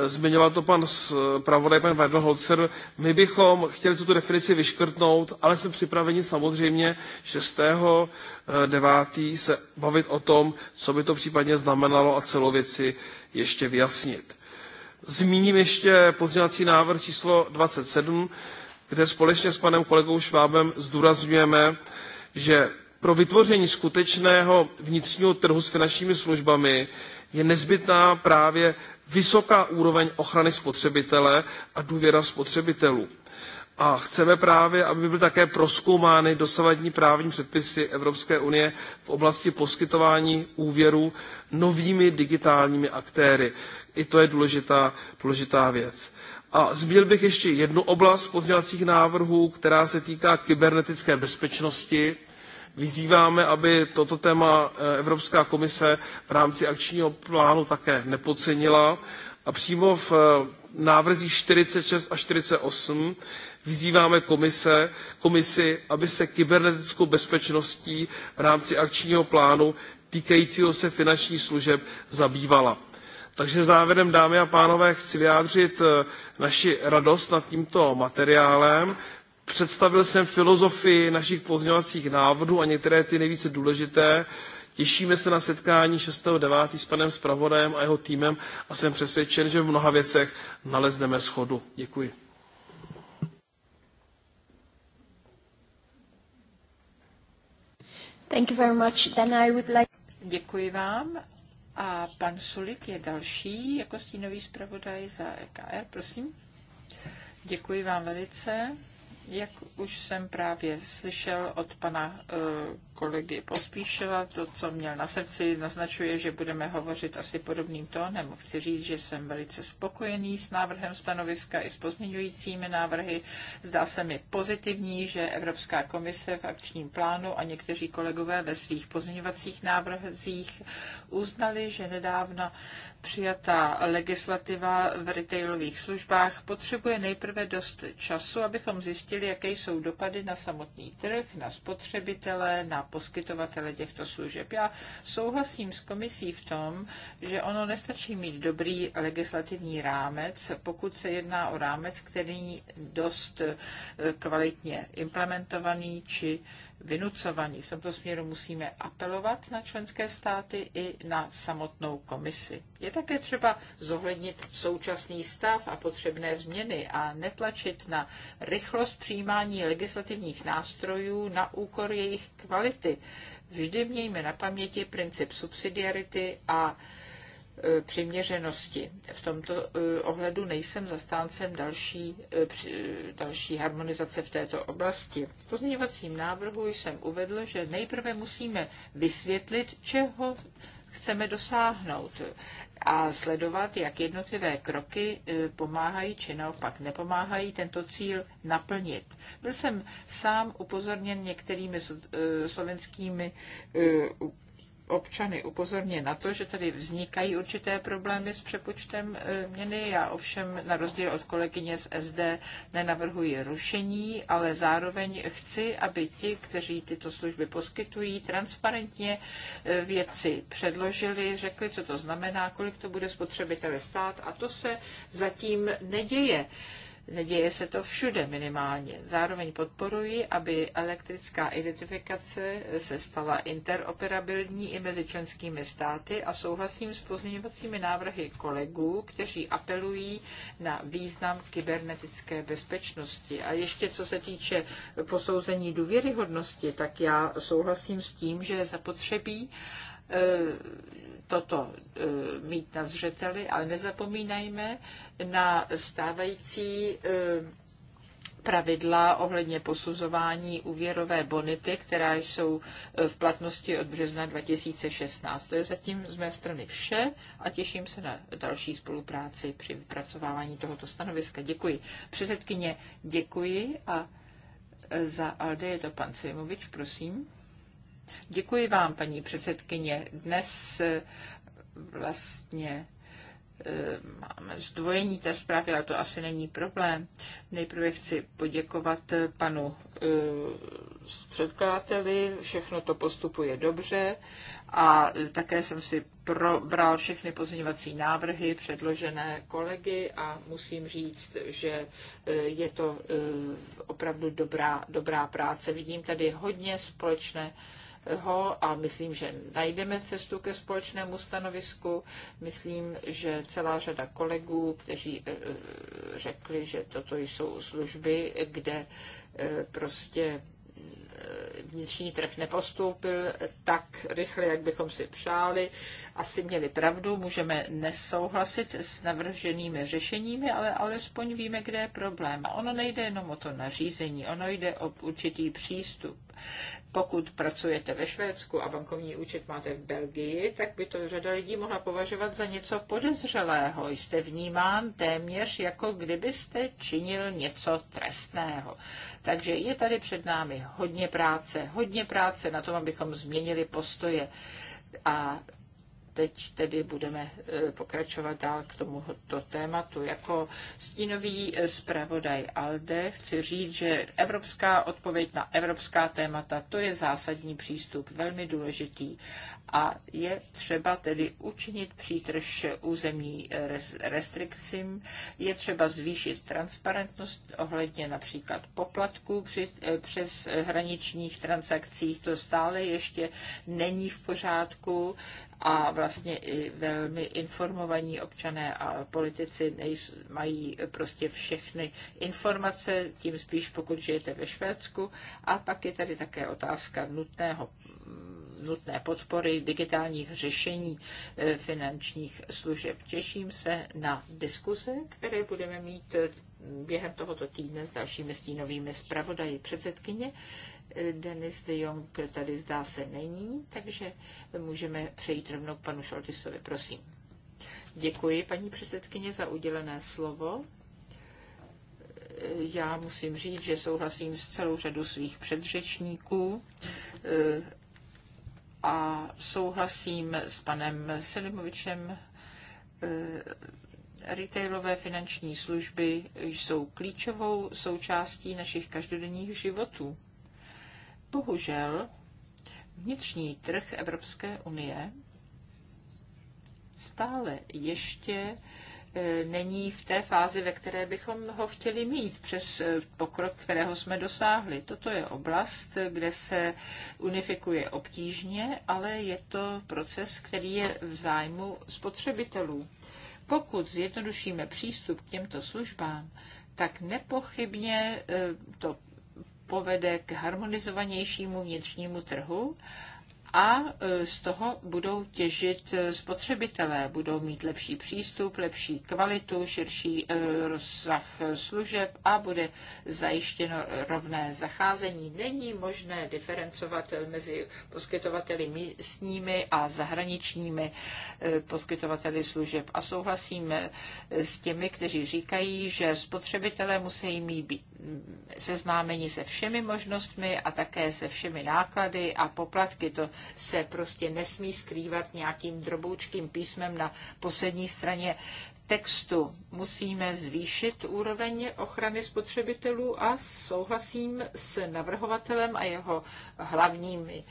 E, zmiňoval to pan zpravodaj, pan Weidenholzer. My bychom chtěli tuto definici vyškrtnout, ale jsme připraveni samozřejmě 6. 9. E, se bavit o tom, co by to případně znamenalo a celou věci ještě vyjasnit. Zmíním ještě pozměňovací návrh číslo 27, kde společně s panem kolegou Švábem zdůrazňujeme, že pro vytvoření skutečného vnitřního trhu s finančními službami je nezbytná právě vysoká úroveň ochrany spotřebitele a důvěra spotřebitelů. A chceme právě, aby byly také prozkoumány dosavadní právní předpisy Evropské unie v oblasti poskytování úvěru novými digitálními aktéry. I to je důležitá, důležitá věc. A zmínil bych ještě jednu oblast pozdělacích návrhů, která se týká kybernetické bezpečnosti vyzýváme aby toto téma eh, evropská komise v rámci akčního plánu také nepodcenila a přímo v eh, návrzích forty six a forty eight vyzýváme komise, komisi aby se kybernetickou bezpečností v rámci akčního plánu týkajícího se finančních služeb zabývala. takže závěrem dámy a pánové chci vyjádřit eh, naši radost nad tímto materiálem Představil jsem filozofii našich pozměňovacích návrhů a některé ty nejvíce důležité. Těšíme se na setkání 6.9. s panem Spravodajem a jeho týmem a jsem přesvědčen, že v mnoha věcech nalezneme schodu. Děkuji. Thank you very much. Then I would like... Děkuji vám. A pan Sulik je další jako stínový zpravodaj za EKR, prosím. Děkuji vám velice. Jak už jsem právě slyšel od pana eh, kolegy Pospíšila. To, co měl na srdci, naznačuje, že budeme hovořit asi podobným tónem. Chci říct, že jsem velice spokojený s návrhem stanoviska i s pozměňujícími návrhy. Zdá se mi pozitivní, že Evropská komise v akčním plánu a někteří kolegové ve svých pozměňovacích návrzích uznali, že nedávna přijatá legislativa v retailových službách potřebuje nejprve dost času, abychom zjistili, jaké jsou dopady na samotný trh, na spotřebitele, na poskytovatele těchto služeb. Já souhlasím s komisí v tom, že ono nestačí mít dobrý legislativní rámec, pokud se jedná o rámec, který není dost eh, kvalitně implementovaný či vynucovaný. V tomto směru musíme apelovat na členské státy i na samotnou komisi. Je také třeba zohlednit současný stav a potřebné změny a netlačit na rychlost přijímání legislativních nástrojů na úkor jejich kvality. Vždy mějme na paměti princip subsidiarity a E, přiměřenosti. V tomto e, ohledu nejsem zastáncem další, e, další harmonizace v této oblasti. V pozměňovacím návrhu jsem uvedl, že nejprve musíme vysvětlit, čeho chceme dosáhnout a sledovat, jak jednotlivé kroky pomáhají či naopak nepomáhají tento cíl naplnit. Byl jsem sám upozorněn některými slovenskými občany upozorně na to, že tady vznikají určité problémy s přepočtem e, měny. Já ovšem na rozdíl od kolegyně z SD nenavrhuji rušení, ale zároveň chci, aby ti, kteří tyto služby poskytují, transparentně e, věci předložili, řekli, co to znamená, kolik to bude spotřebitele stát a to se zatím neděje. Neděje se to všude minimálně. Zároveň podporuji, aby elektrická identifikace se stala interoperabilní i mezi členskými státy a souhlasím s pozměňovacími návrhy kolegů, kteří apelují na význam kybernetické bezpečnosti. A ještě co se týče posouzení důvěryhodnosti, tak já souhlasím s tím, že je zapotřebí eh, toto e, mít na zřeteli, ale nezapomínajme na stávající e, pravidla ohledně posuzování úvěrové bonity, která jsou e, v platnosti od března 2016. To je zatím z mé strany vše a těším se na další spolupráci při vypracovávání tohoto stanoviska. Děkuji. Předsedkyně, děkuji a za Alde je to pan Simovič, prosím. Děkuji vám, paní předsedkyně. Dnes eh, vlastně eh, máme zdvojení té zprávy, ale to asi není problém. Nejprve chci poděkovat eh, panu předkladateli, všechno to postupuje dobře a také jsem si probral všechny pozměňovací návrhy předložené kolegy a musím říct, že je to opravdu dobrá, dobrá práce. Vidím tady hodně společné ho a myslím, že najdeme cestu ke společnému stanovisku. Myslím, že celá řada kolegů, kteří eh, eh, řekli, že toto jsou služby, kde eh, prostě vnitřní trh nepostoupil tak rychle, jak bychom si přáli. Asi měli pravdu, můžeme nesouhlasit s navrženými řešeními, ale alespoň víme, kde je problém. A ono nejde jenom o to nařízení, ono jde o určitý přístup pokud pracujete ve Švédsku a bankovní účet máte v Belgii, tak by to řada lidí mohla považovat za něco podezřelého. Jste vnímán téměř jako kdybyste činil něco trestného. Takže je tady před námi hodně práce, hodně práce na tom, abychom změnili postoje. A teď tedy budeme e, pokračovat dál k tomuto tématu. Jako stínový e, zpravodaj ALDE chci říct, že evropská odpověď na evropská témata, to je zásadní přístup, velmi důležitý a je třeba tedy učinit přítrž územní restrikcím, je třeba zvýšit transparentnost ohledně například poplatků při, eh, přes hraničních transakcích, to stále ještě není v pořádku a vlastně i velmi informovaní občané a politici nejs, mají prostě všechny informace, tím spíš pokud žijete ve Švédsku. A pak je tady také otázka nutného nutné podpory digitálních řešení eh, finančních služeb. Těším se na diskuze, které budeme mít eh, během tohoto týdne s dalšími stínovými zpravodaji předsedkyně. Eh, Denis de Jong tady zdá se není, takže můžeme přejít rovnou k panu Šoltisovi, prosím. Děkuji, paní předsedkyně, za udělené slovo. Já musím říct, že souhlasím s celou řadu svých předřečníků a souhlasím s panem Selimovičem. Eh, retailové finanční služby jsou klíčovou součástí našich každodenních životů. Bohužel vnitřní trh Evropské unie stále ještě E, není v té fázi, ve které bychom ho chtěli mít přes e, pokrok, kterého jsme dosáhli. Toto je oblast, kde se unifikuje obtížně, ale je to proces, který je v zájmu spotřebitelů. Pokud zjednodušíme přístup k těmto službám, tak nepochybně e, to povede k harmonizovanějšímu vnitřnímu trhu a e, z toho budou těžit e, spotřebitelé. Budou mít lepší přístup, lepší kvalitu, širší e, rozsah služeb a bude zajištěno rovné zacházení. Není možné diferencovat mezi poskytovateli místními a zahraničními poskytovateli služeb. A souhlasím s těmi, kteří říkají, že spotřebitelé musí mít, seznámení se všemi možnostmi a také se všemi náklady a poplatky. To se prostě nesmí skrývat nějakým droboučkým písmem na poslední straně textu. Musíme zvýšit úroveň ochrany spotřebitelů a souhlasím s navrhovatelem a jeho hlavními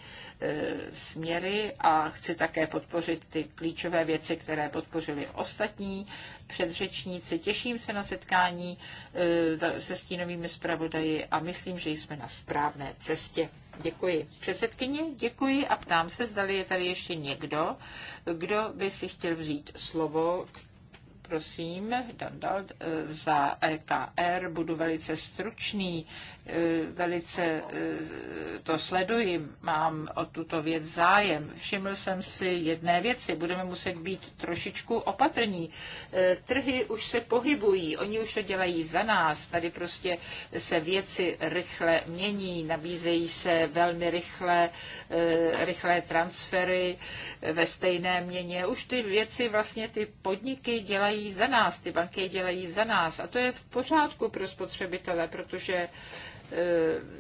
E, směry a chci také podpořit ty klíčové věci, které podpořili ostatní předřečníci. Těším se na setkání e, se stínovými zpravodaji a myslím, že jsme na správné cestě. Děkuji. Předsedkyně, děkuji a ptám se, zdali je tady ještě někdo, kdo by si chtěl vzít slovo k prosím, Dandal eh, za EKR, budu velice stručný, eh, velice eh, to sleduji, mám o tuto věc zájem. Všiml jsem si jedné věci, budeme muset být trošičku opatrní. Trhy už se pohybují, oni už to dělají za nás, tady prostě se věci rychle mění, nabízejí se velmi rychle, rychlé transfery ve stejné měně. Už ty věci vlastně ty podniky dělají dělají za nás, ty banky je dělají za nás. A to je v pořádku pro spotřebitele, protože eh,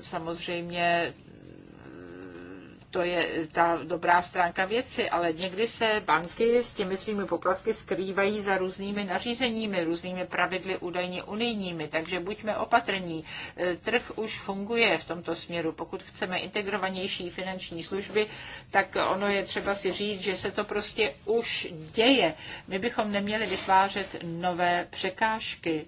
samozřejmě to je ta dobrá stránka věci, ale někdy se banky s těmi svými poplatky skrývají za různými nařízeními, různými pravidly údajně unijními, takže buďme opatrní. E, trh už funguje v tomto směru. Pokud chceme integrovanější finanční služby, tak ono je třeba si říct, že se to prostě už děje. My bychom neměli vytvářet nové překážky.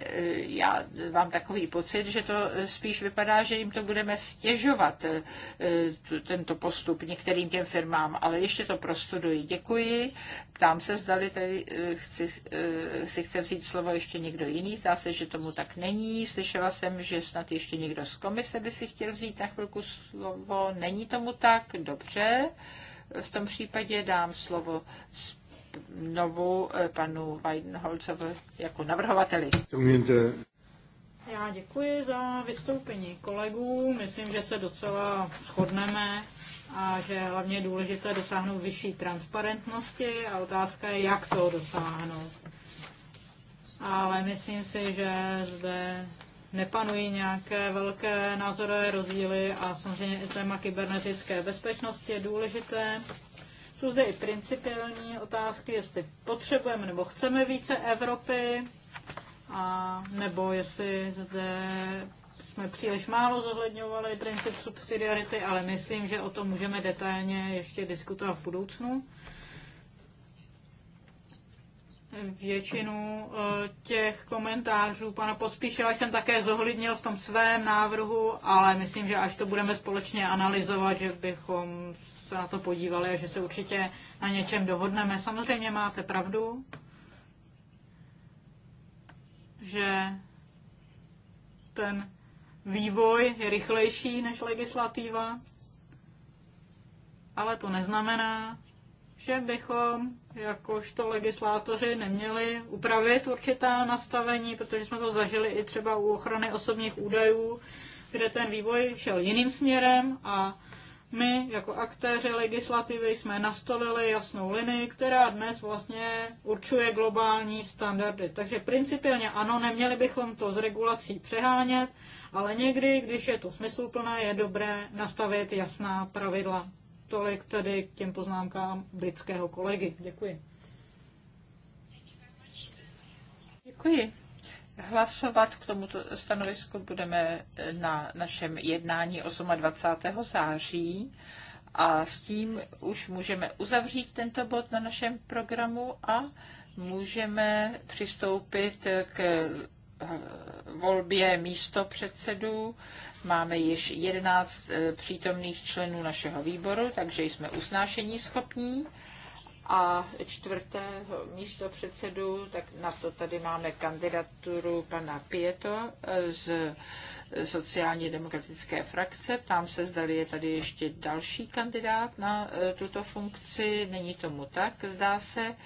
Eh, já mám takový pocit, že to spíš vypadá, že jim to budeme stěžovat, eh, tento postup některým těm firmám, ale ještě to prostuduji. Děkuji. Ptám se, zdali tady eh, chci, si chce vzít slovo ještě někdo jiný. Zdá se, že tomu tak není. Slyšela jsem, že snad ještě někdo z komise by si chtěl vzít na chvilku slovo. Není tomu tak? Dobře. V tom případě dám slovo zpět znovu eh, panu Weidenholzovi jako navrhovateli. Já děkuji za vystoupení kolegů. Myslím, že se docela shodneme a že je hlavně důležité dosáhnout vyšší transparentnosti a otázka je, jak to dosáhnout. Ale myslím si, že zde nepanují nějaké velké názorové rozdíly a samozřejmě i téma kybernetické bezpečnosti je důležité jsou zde i principiální otázky, jestli potřebujeme nebo chceme více Evropy, a nebo jestli zde jsme příliš málo zohledňovali princip subsidiarity, ale myslím, že o tom můžeme detailně ještě diskutovat v budoucnu. Většinu eh, těch komentářů pana pospíšela jsem také zohlednil v tom svém návrhu, ale myslím, že až to budeme společně analyzovat, že bychom se na to podívali a že se určitě na něčem dohodneme. Samozřejmě máte pravdu, že ten vývoj je rychlejší než legislativa, ale to neznamená, že bychom jakožto legislátoři neměli upravit určitá nastavení, protože jsme to zažili i třeba u ochrany osobních údajů, kde ten vývoj šel jiným směrem a my jako aktéři legislativy jsme nastolili jasnou linii, která dnes vlastně určuje globální standardy. Takže principiálně ano, neměli bychom to s regulací přehánět, ale někdy, když je to smysluplné, je dobré nastavit jasná pravidla. Tolik tedy k těm poznámkám britského kolegy. Děkuji. Děkuji. Hlasovat k tomuto stanovisku budeme na našem jednání 28. září a s tím už můžeme uzavřít tento bod na našem programu a můžeme přistoupit k eh, volbě místo předsedů. Máme již 11 eh, přítomných členů našeho výboru, takže jsme usnášení schopní a čtvrtého místo předsedu, tak na to tady máme kandidaturu pana Pieto z sociálně demokratické frakce. Tam se, zdali je tady ještě další kandidát na e, tuto funkci. Není tomu tak, zdá se.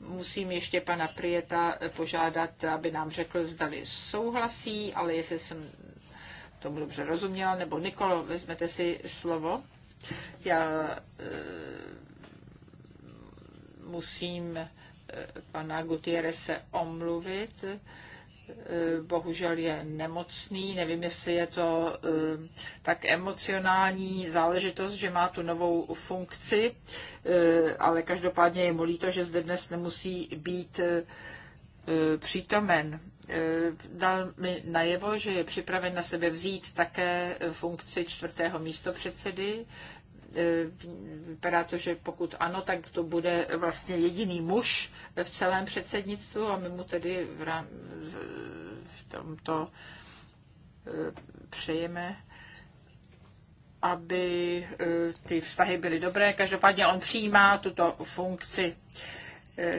Musím ještě pana Prieta požádat, aby nám řekl, zdali souhlasí, ale jestli jsem tomu dobře rozuměla, nebo Nikolo, vezmete si slovo. Já e, musím eh, pana se omluvit. Eh, bohužel je nemocný, nevím, jestli je to eh, tak emocionální záležitost, že má tu novou funkci, ale každopádně je mu líto, že zde dnes nemusí být přítomen. Dal mi najevo, že je připraven na sebe vzít také funkci čtvrtého místopředsedy E, vypadá to, že pokud ano, tak to bude vlastně jediný muž v celém předsednictvu a my mu tedy v, rám, v tomto e, přejeme aby e, ty vztahy byly dobré. Každopádně on přijímá tuto funkci.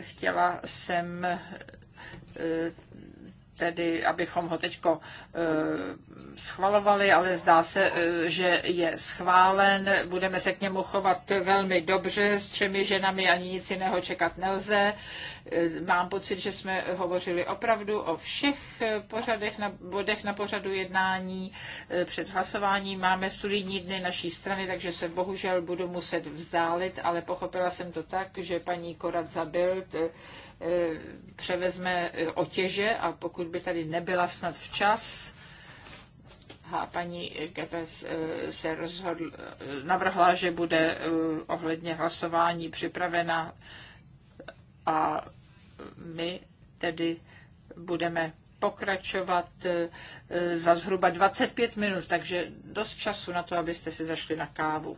Chtěla jsem tedy abychom ho teď e, schvalovali, ale zdá se, e, že je schválen. Budeme se k němu chovat velmi dobře, s třemi ženami ani nic jiného čekat nelze. E, mám pocit, že jsme hovořili opravdu o všech pořadech na, bodech na pořadu jednání. Před hlasováním máme studijní dny naší strany, takže se bohužel budu muset vzdálit, ale pochopila jsem to tak, že paní Korat Zabild Eh, převezme eh, otěže a pokud by tady nebyla snad včas, a paní Gebes eh, se rozhodl, navrhla, že bude ohledně hlasování připravena a my tedy budeme pokračovat za zhruba 25 minut, takže dost času na to, abyste si zašli na kávu.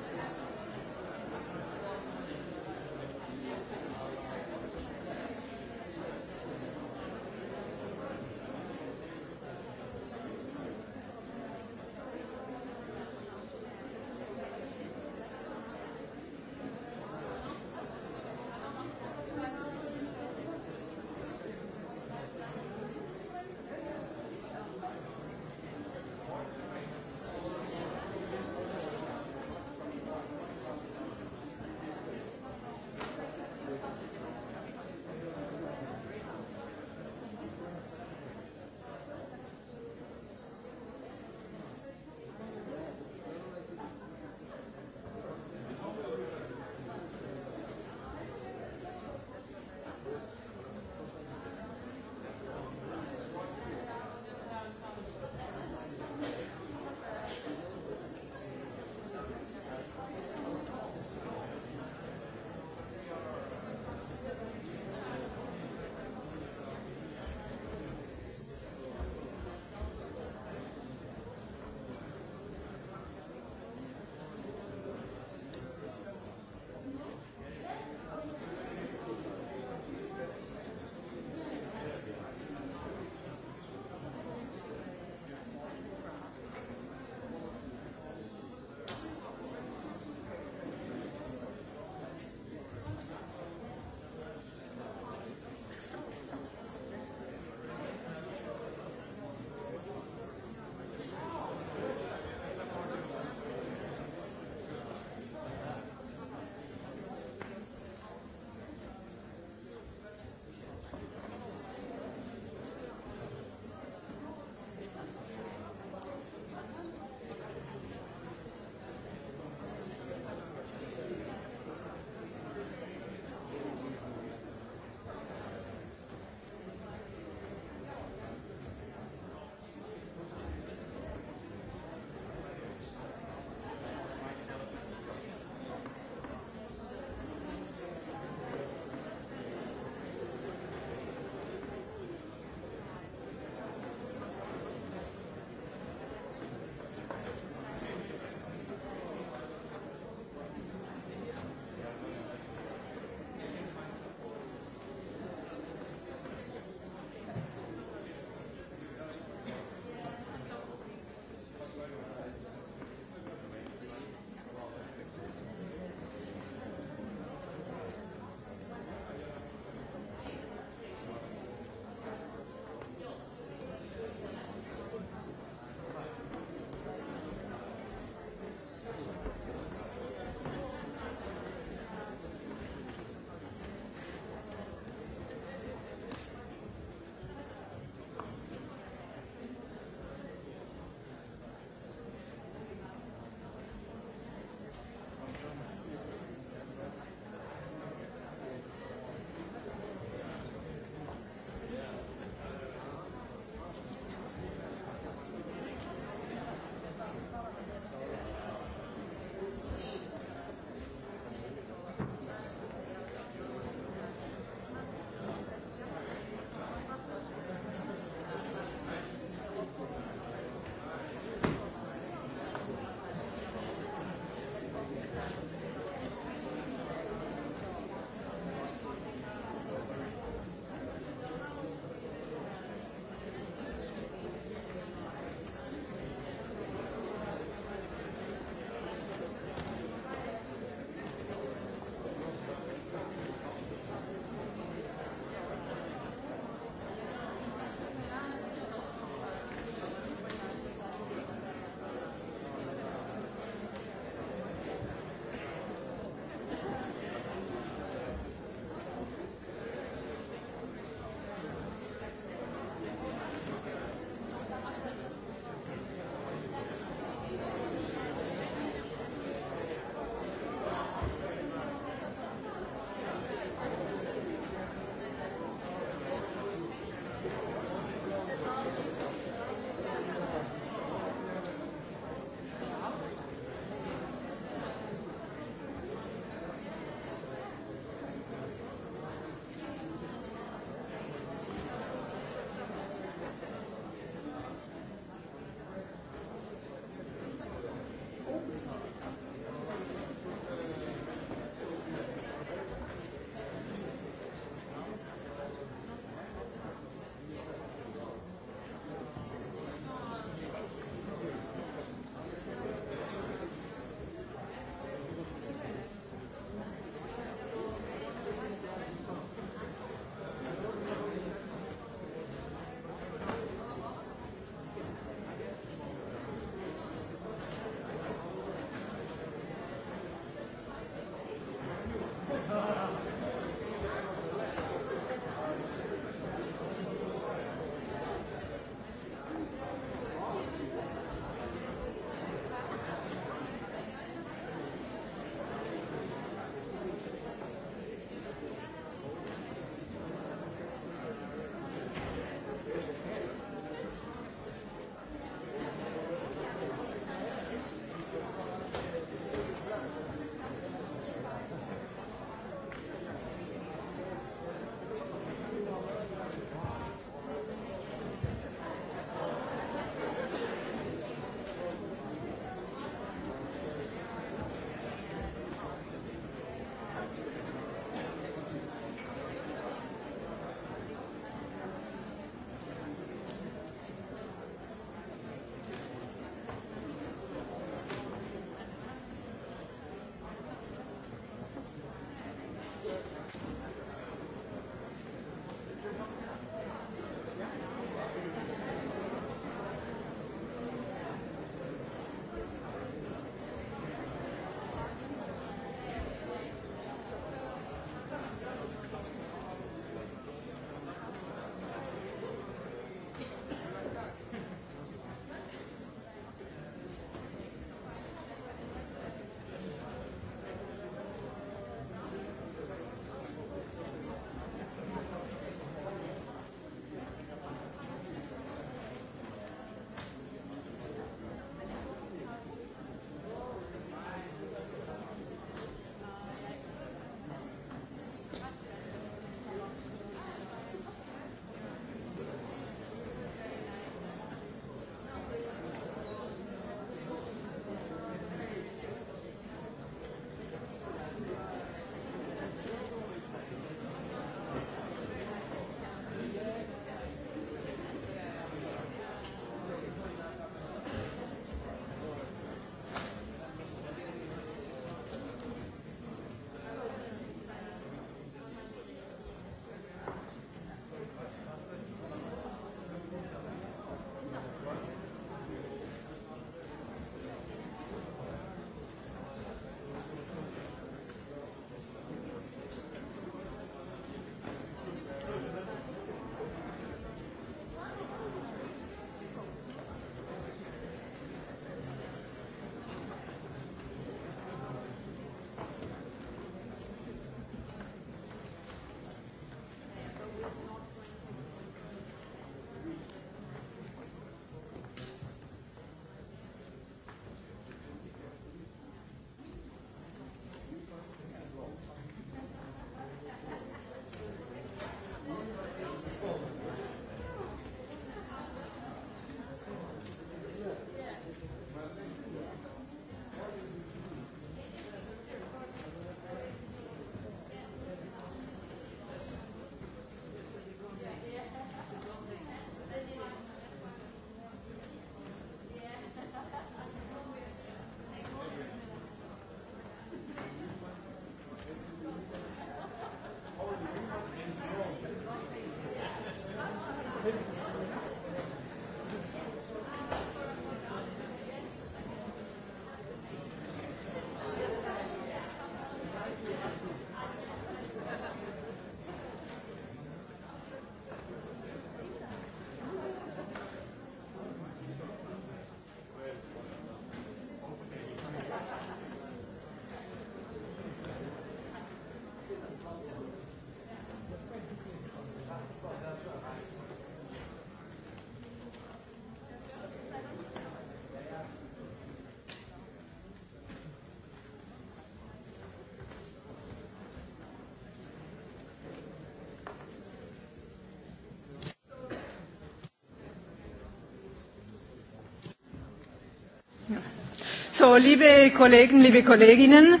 co, liebe Kollegen, liebe Kolleginnen.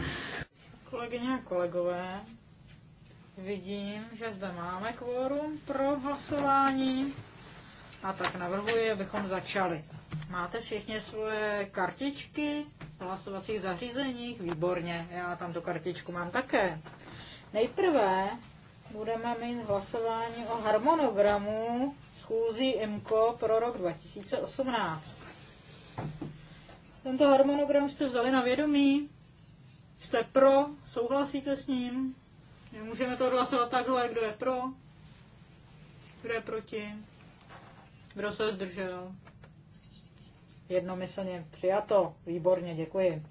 Kolegyně a kolegové, vidím, že zde máme kvórum pro hlasování a tak navrhuji, abychom začali. Máte všichni svoje kartičky v hlasovacích zařízeních? Výborně, já tam tu kartičku mám také. Nejprve budeme mít hlasování o harmonogramu schůzí IMCO pro rok 2018. Tento harmonogram jste vzali na vědomí? Jste pro? Souhlasíte s ním? Můžeme to odhlasovat takhle, kdo je pro? Kdo je proti? Kdo se zdržel? Jednomyslně přijato. Výborně, děkuji.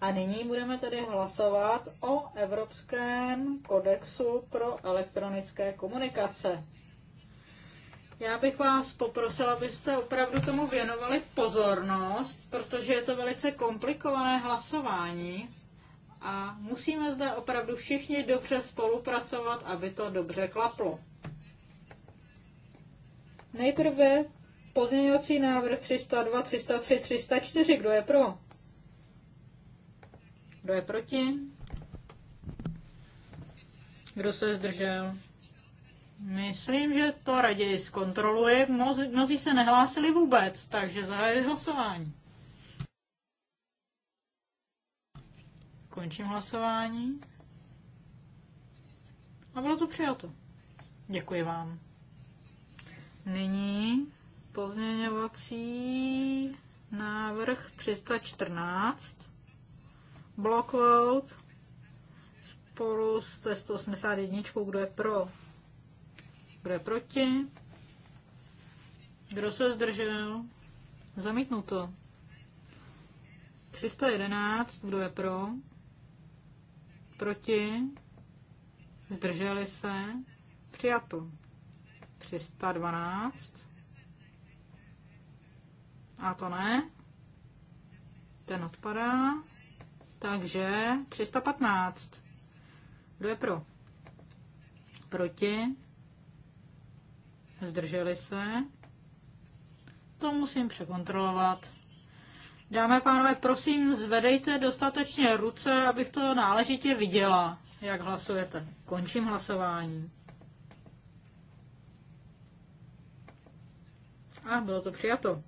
A nyní budeme tedy hlasovat o Evropském kodexu pro elektronické komunikace. Já bych vás poprosila, abyste opravdu tomu věnovali pozornost, protože je to velice komplikované hlasování a musíme zde opravdu všichni dobře spolupracovat, aby to dobře klaplo. Nejprve pozměňovací návrh 302, 303, 304. Kdo je pro? Kdo je proti? Kdo se zdržel? Myslím, že to raději zkontroluji. Mnozí se nehlásili vůbec, takže zahajuji hlasování. Končím hlasování. A bylo to přijato. Děkuji vám. Nyní pozměňovací návrh 314. Block spolu s 181. Kdo je pro? Kdo je proti? Kdo se zdržel? Zamítnuto. 311. Kdo je pro? Proti? Zdrželi se? Přijato. 312. A to ne. Ten odpadá. Takže 315. Kdo je pro? Proti? zdrželi se. To musím překontrolovat. Dámy a pánové, prosím, zvedejte dostatečně ruce, abych to náležitě viděla, jak hlasujete. Končím hlasování. A bylo to přijato.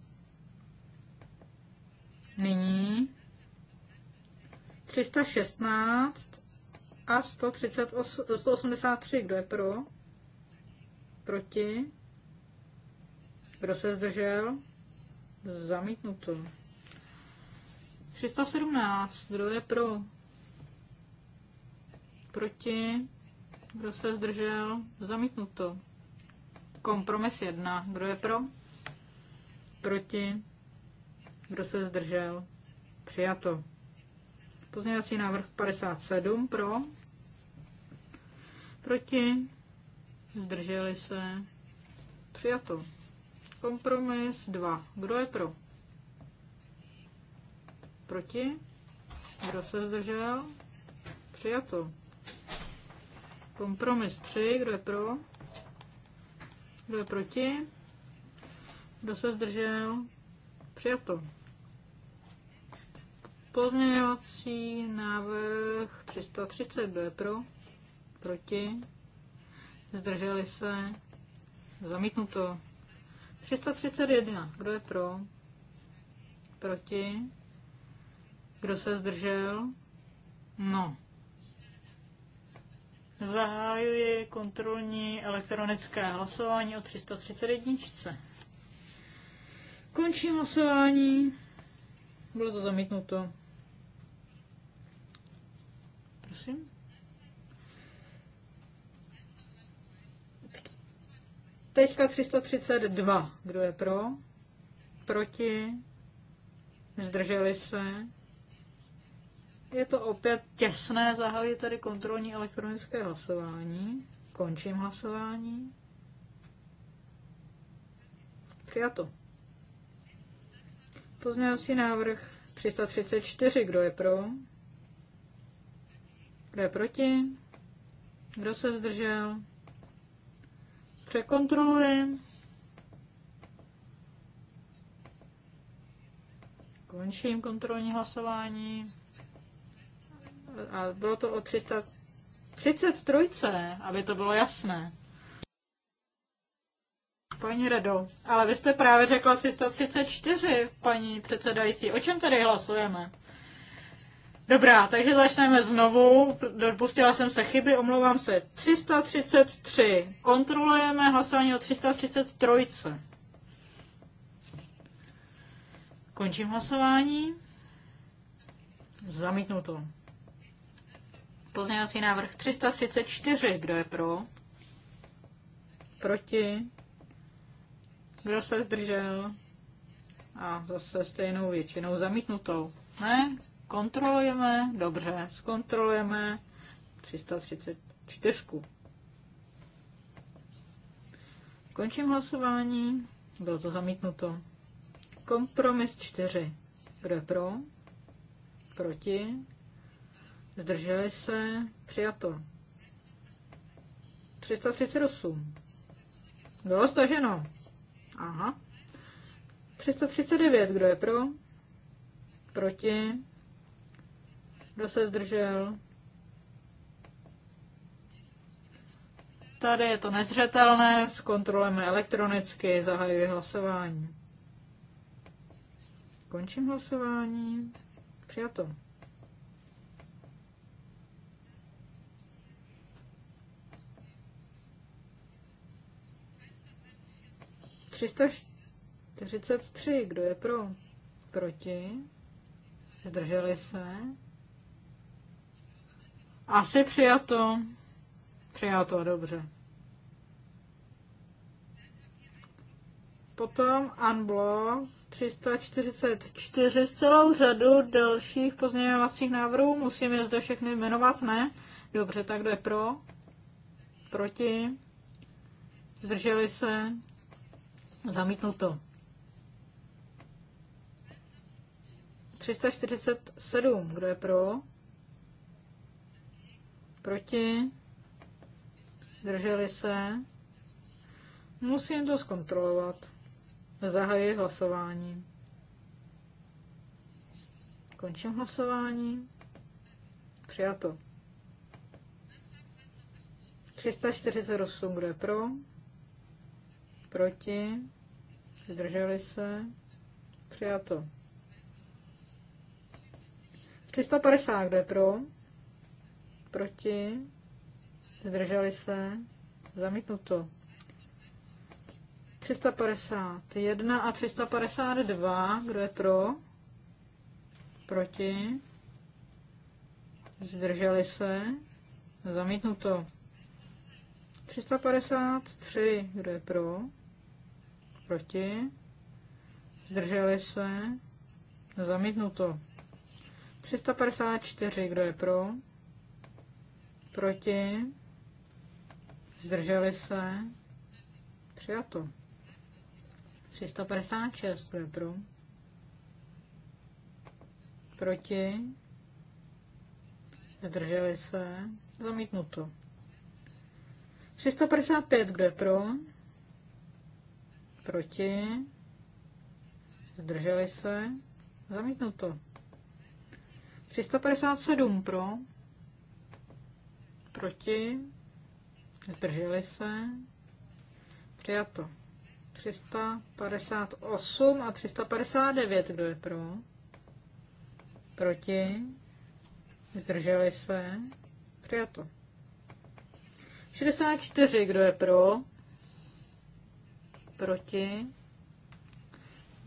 Nyní 316 a 138, 183, kdo je pro? Proti? Kdo se zdržel? Zamítnuto. 317. Kdo je pro? Proti? Kdo se zdržel? Zamítnuto. Kompromis 1. Kdo je pro? Proti? Kdo se zdržel? Přijato. Pozměňovací návrh 57 pro. Proti? Zdrželi se? Přijato. Kompromis 2. Kdo je pro? Proti? Kdo se zdržel? Přijato. Kompromis 3. Kdo je pro? Kdo je proti? Kdo se zdržel? Přijato. Pozměňovací návrh 330. Kdo je pro? Proti? Zdrželi se? Zamítnuto. 331. Kdo je pro? Proti? Kdo se zdržel? No. Zahajuji kontrolní elektronické hlasování o 331. Končím hlasování. Bylo to zamítnuto. Prosím. Teďka 332. Kdo je pro? Proti? Zdrželi se? Je to opět těsné, zahajuji tady kontrolní elektronické hlasování. Končím hlasování. Přijato. Pozměňovací návrh 334. Kdo je pro? Kdo je proti? Kdo se zdržel? překontroluji. Končím kontrolní hlasování. A bylo to o 333, aby to bylo jasné. Paní Redo, ale vy jste právě řekla 334, paní předsedající. O čem tady hlasujeme? Dobrá, takže začneme znovu. Dopustila jsem se chyby, omlouvám se. 333. Kontrolujeme hlasování o 333. Končím hlasování. Zamítnuto. Pozměňovací návrh 334. Kdo je pro? Proti? Kdo se zdržel? A zase stejnou většinou zamítnutou. Ne? Kontrolujeme, dobře, zkontrolujeme 334. Končím hlasování, bylo to zamítnuto. Kompromis 4. Kdo je pro? Proti? Zdrželi se? Přijato. 338. Bylo staženo. Aha. 339. Kdo je pro? Proti? Kdo se zdržel? Tady je to nezřetelné, zkontrolujeme elektronicky, zahajuji hlasování. Končím hlasování. Přijato. Třista 33. Kdo je pro? Proti? Zdrželi se? Asi přijato. Přijato, dobře. Potom Anblo 344 s celou řadu dalších pozměňovacích návrhů. Musím je zde všechny jmenovat, ne? Dobře, tak kdo je pro? Proti? Zdrželi se? Zamítnuto. 347, kdo je pro? Proti? Zdrželi se? Musím to zkontrolovat. Zahajuji hlasování. Končím hlasování. Přijato. 348, kdo je pro? Proti? Zdrželi se? Přijato. 350, kdo je pro? proti, zdrželi se, zamítnuto. 351 a 352, kdo je pro, proti, zdrželi se, zamítnuto. 353, kdo je pro, proti, zdrželi se, zamítnuto. 354, kdo je pro, Proti? Zdrželi se? Přijato. 356, to je pro? Proti? Zdrželi se? Zamítnuto. 355, kdo je pro? Proti? Zdrželi se? Zamítnuto. 357 pro? Proti? Zdrželi se? Přijato. 358 a 359. Kdo je pro? Proti? Zdrželi se? Přijato. 64. Kdo je pro? Proti?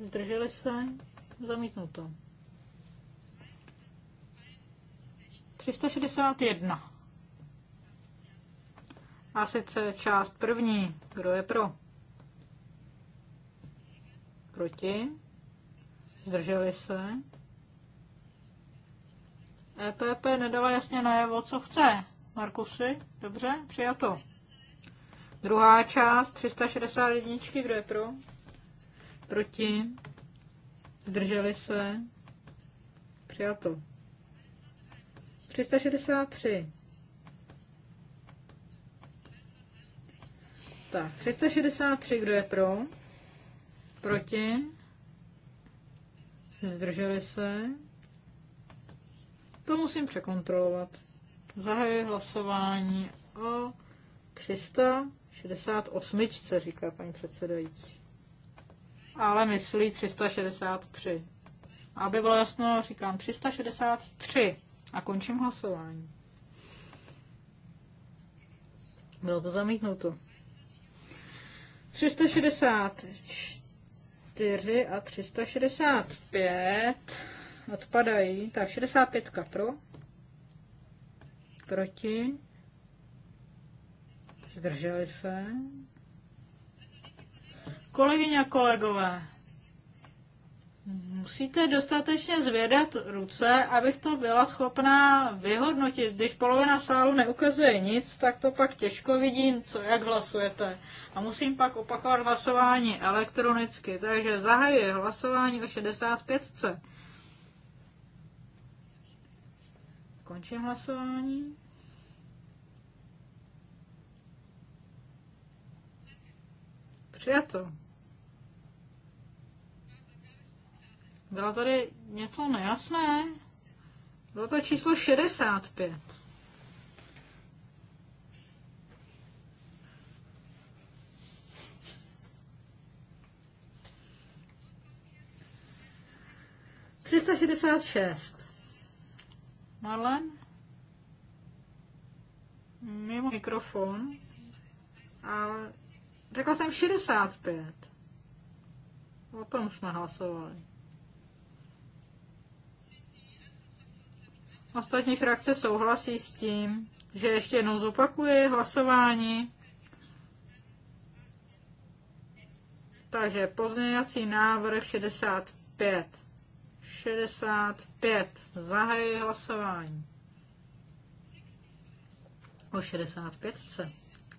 Zdrželi se? Zamítnuto. 361. A sice část první. Kdo je pro? Proti? Zdrželi se? EPP nedala jasně najevo, co chce. Markusy? Dobře, přijato. Druhá část, 360 361, kdo je pro? Proti? Zdrželi se? Přijato. 363. přijata. 363, kdo je pro? Proti? Zdrželi se? To musím překontrolovat. Zahajuji hlasování o 368, říká paní předsedající. Ale myslí 363. Aby bylo jasno, říkám 363 a končím hlasování. Bylo to zamítnuto. 364 a 365 odpadají. Tak 65 pro, proti, zdrželi se. Kolegyně a kolegové, musíte dostatečně zvědat ruce, abych to byla schopná vyhodnotit. Když polovina sálu neukazuje nic, tak to pak těžko vidím, co jak hlasujete. A musím pak opakovat hlasování elektronicky. Takže zahajuji hlasování o 65. Končím hlasování. Přijato. Bylo tady něco nejasné? Bylo to číslo 65. Třista šedesát šest. Marlen? Mimo mikrofon. Ale řekla jsem 65. O tom jsme hlasovali. Ostatní frakce souhlasí s tím, že ještě jednou zopakuje hlasování. Takže pozměňovací návrh 65. 65. Zahajuji hlasování. O 65.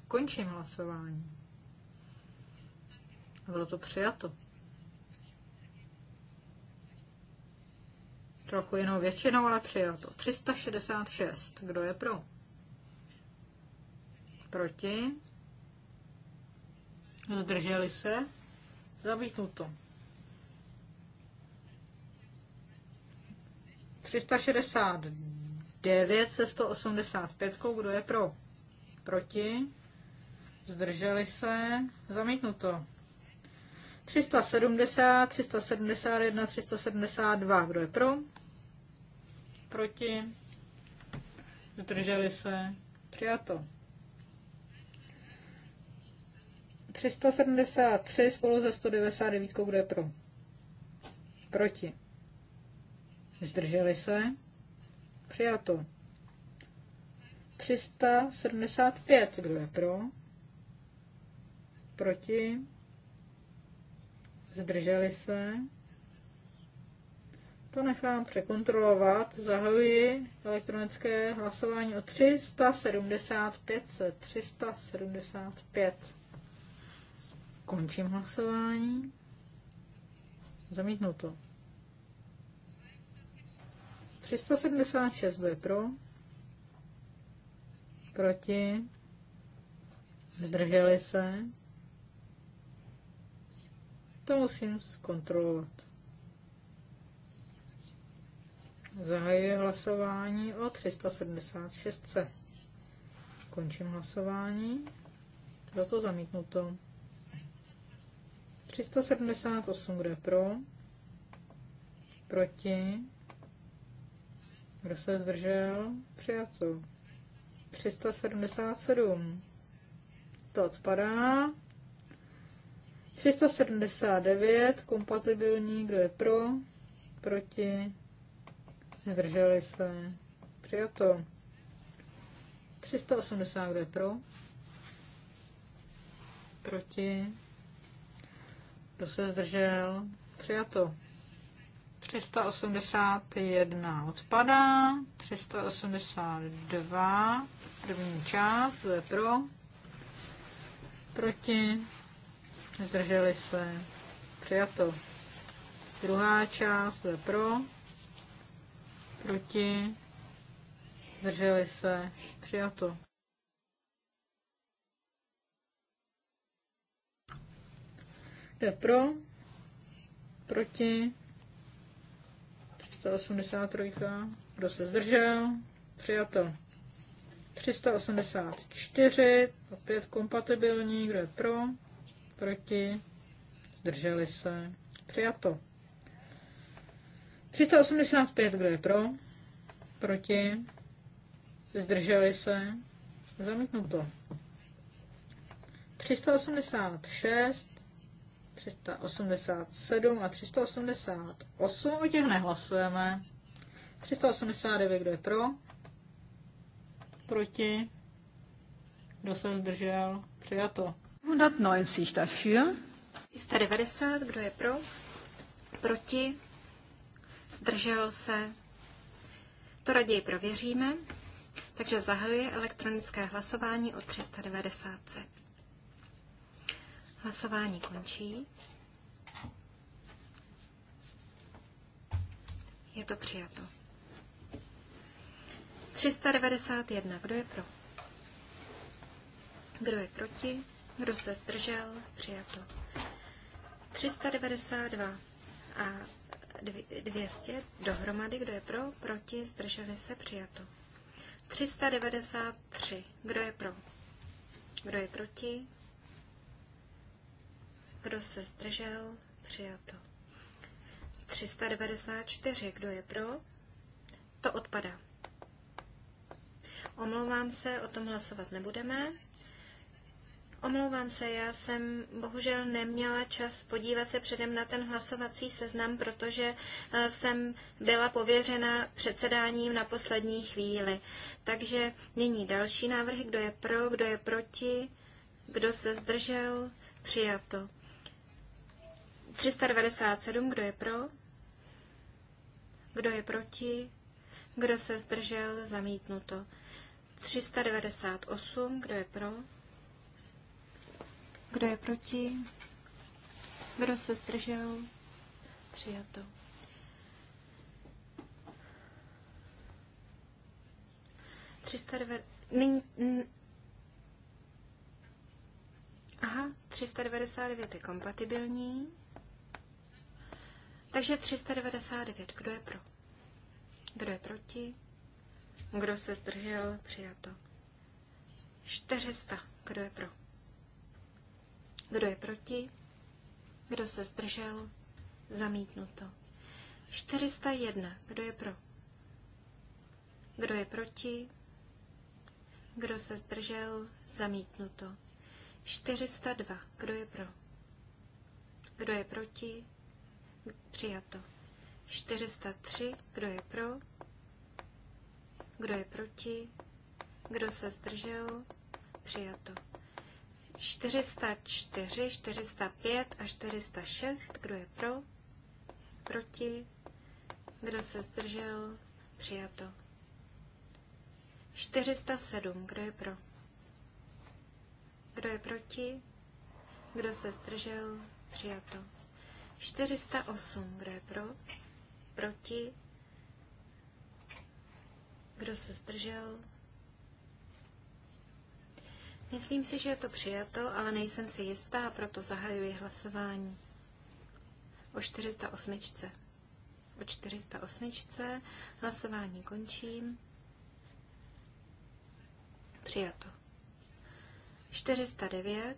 Končím hlasování. Bylo to přijato. trochu jinou většinou, ale to. 366. Kdo je pro? Proti? Zdrželi se? Zamítnuto. 369 se 185. Kdo je pro? Proti? Zdrželi se? Zamítnuto. 370, 371, 372. Kdo je pro? Proti? Zdrželi se? Přijato. 373 spolu ze 199, kdo je pro? Proti. Zdrželi se? Přijato. 375, kdo je pro? Proti zdrželi se. To nechám překontrolovat. Zahajuji elektronické hlasování o 375. 375. Končím hlasování. Zamítnu to. 376 je pro. Proti. Zdrželi se. To musím zkontrolovat. Zahajuji hlasování o 376. Končím hlasování. Bylo to zamítnuto. 378, kdo je pro? Proti? Kdo se zdržel? Přijato. 377. To odpadá. 379, kompatibilní, kdo je pro, proti, zdrželi se, přijato. 380, kdo je pro, proti, kdo se zdržel, přijato. 381 odpadá, 382, první část, kdo je pro, proti, zdrželi se, přijato. Druhá část je pro, proti, zdrželi se, přijato. Jde pro, proti, 383, kdo se zdržel, přijato. 384, opět kompatibilní, kdo je pro, proti, zdrželi se, přijato. 385, kdo je pro, proti, zdrželi se, zamítnuto. 386, 387 a 388, o těch nehlasujeme. 389, kdo je pro, proti, kdo se zdržel, přijato. 190 dafür. 390, kdo je pro? Proti? Zdržel se? To raději prověříme. Takže zahajuji elektronické hlasování o 390. Hlasování končí. Je to přijato. 391. Kdo je pro? Kdo je proti? Kdo se zdržel? Přijato. 392 a 200 dohromady. Kdo je pro? Proti? Zdrželi se? Přijato. 393. Kdo je pro? Kdo je proti? Kdo se zdržel? Přijato. 394. Kdo je pro? To odpadá. Omlouvám se, o tom hlasovat nebudeme. Omlouvám se, já jsem bohužel neměla čas podívat se předem na ten hlasovací seznam, protože eh, jsem byla pověřena předsedáním na poslední chvíli. Takže nyní další návrhy, kdo je pro, kdo je proti, kdo se zdržel, přijato. 397, kdo je pro, kdo je proti, kdo se zdržel, zamítnuto. 398, kdo je pro, kdo je proti? Kdo se zdržel? Přijato. Třista dve... Nyní... Aha, 399 je kompatibilní. Takže 399, kdo je pro? Kdo je proti? Kdo se zdržel? Přijato. 400, kdo je pro? Kdo je proti? Kdo se zdržel? Zamítnuto. 401. Kdo je pro? Kdo je proti? Kdo se zdržel? Zamítnuto. 402. Kdo je pro? Kdo je proti? Přijato. 403. Kdo je pro? Kdo je proti? Kdo se zdržel? Přijato. 404, 405 a 406. Kdo je pro? Proti? Kdo se zdržel? Přijato. 407. Kdo je pro? Kdo je proti? Kdo se zdržel? Přijato. 408. Kdo je pro? Proti? Kdo se zdržel? Myslím si, že je to přijato, ale nejsem si jistá, proto zahajuji hlasování. O 408. O 408. Hlasování končím. Přijato. 409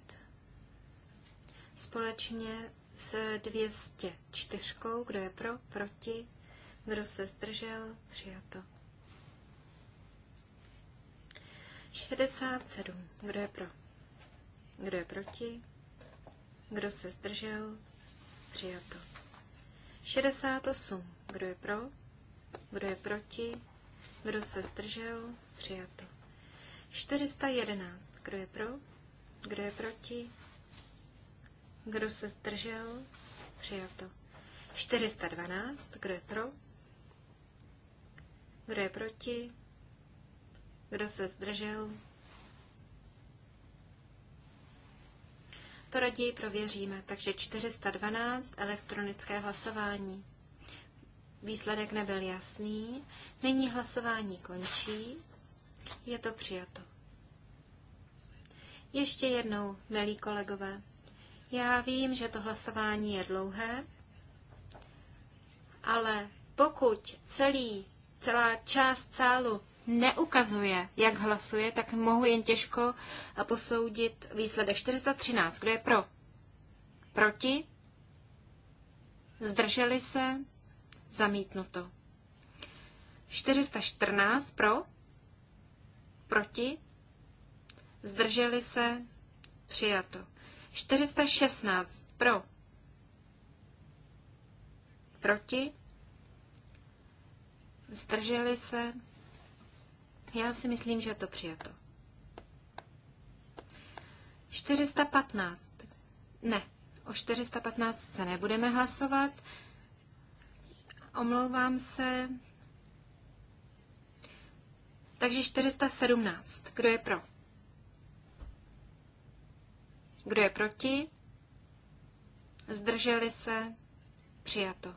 společně s 204. Kdo je pro, proti, kdo se zdržel, přijato. 67. Kdo je pro? Kdo je proti? Kdo se zdržel? Přijato. 68. Kdo je pro? Kdo je proti? Kdo se zdržel? Přijato. 411. Kdo je pro? Kdo je proti? Kdo se zdržel? Přijato. 412. Kdo je pro? Kdo je proti? Kdo se zdržel? To raději prověříme. Takže 412 elektronické hlasování. Výsledek nebyl jasný. Nyní hlasování končí. Je to přijato. Ještě jednou, milí kolegové. Já vím, že to hlasování je dlouhé, ale pokud celý, celá část sálu neukazuje, jak hlasuje, tak mohu jen těžko eh, posoudit výsledek. 413. Kdo je pro? Proti? Zdrželi se? Zamítnuto. 414 pro? Proti? Zdrželi se? Přijato. 416 pro? Proti? Zdrželi se? Já si myslím, že je to přijato. 415. Ne, o 415 se nebudeme hlasovat. Omlouvám se. Takže 417. Kdo je pro? Kdo je proti? Zdrželi se? Přijato.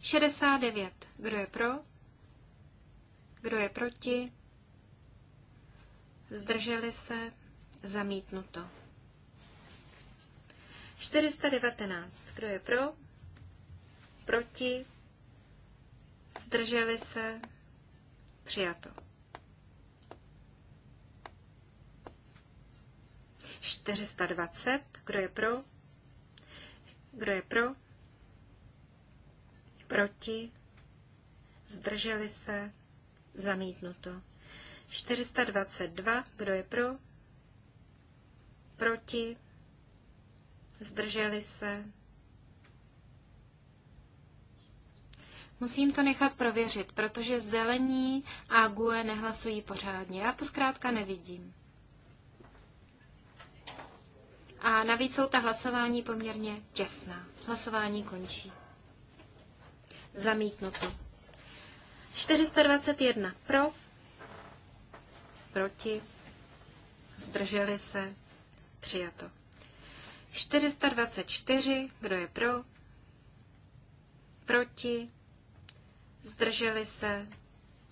69. Kdo je pro? Kdo je proti? Zdrželi se? Zamítnuto. 419. Kdo je pro? Proti? Zdrželi se? Přijato. 420. Kdo je pro? Kdo je pro? Proti? Zdrželi se? Zamítnuto. 422. Kdo je pro? Proti? Zdrželi se? Musím to nechat prověřit, protože zelení a GUE nehlasují pořádně. Já to zkrátka nevidím. A navíc jsou ta hlasování poměrně těsná. Hlasování končí. Zamítnuto. 421 pro, proti, zdrželi se, přijato. 424, kdo je pro, proti, zdrželi se,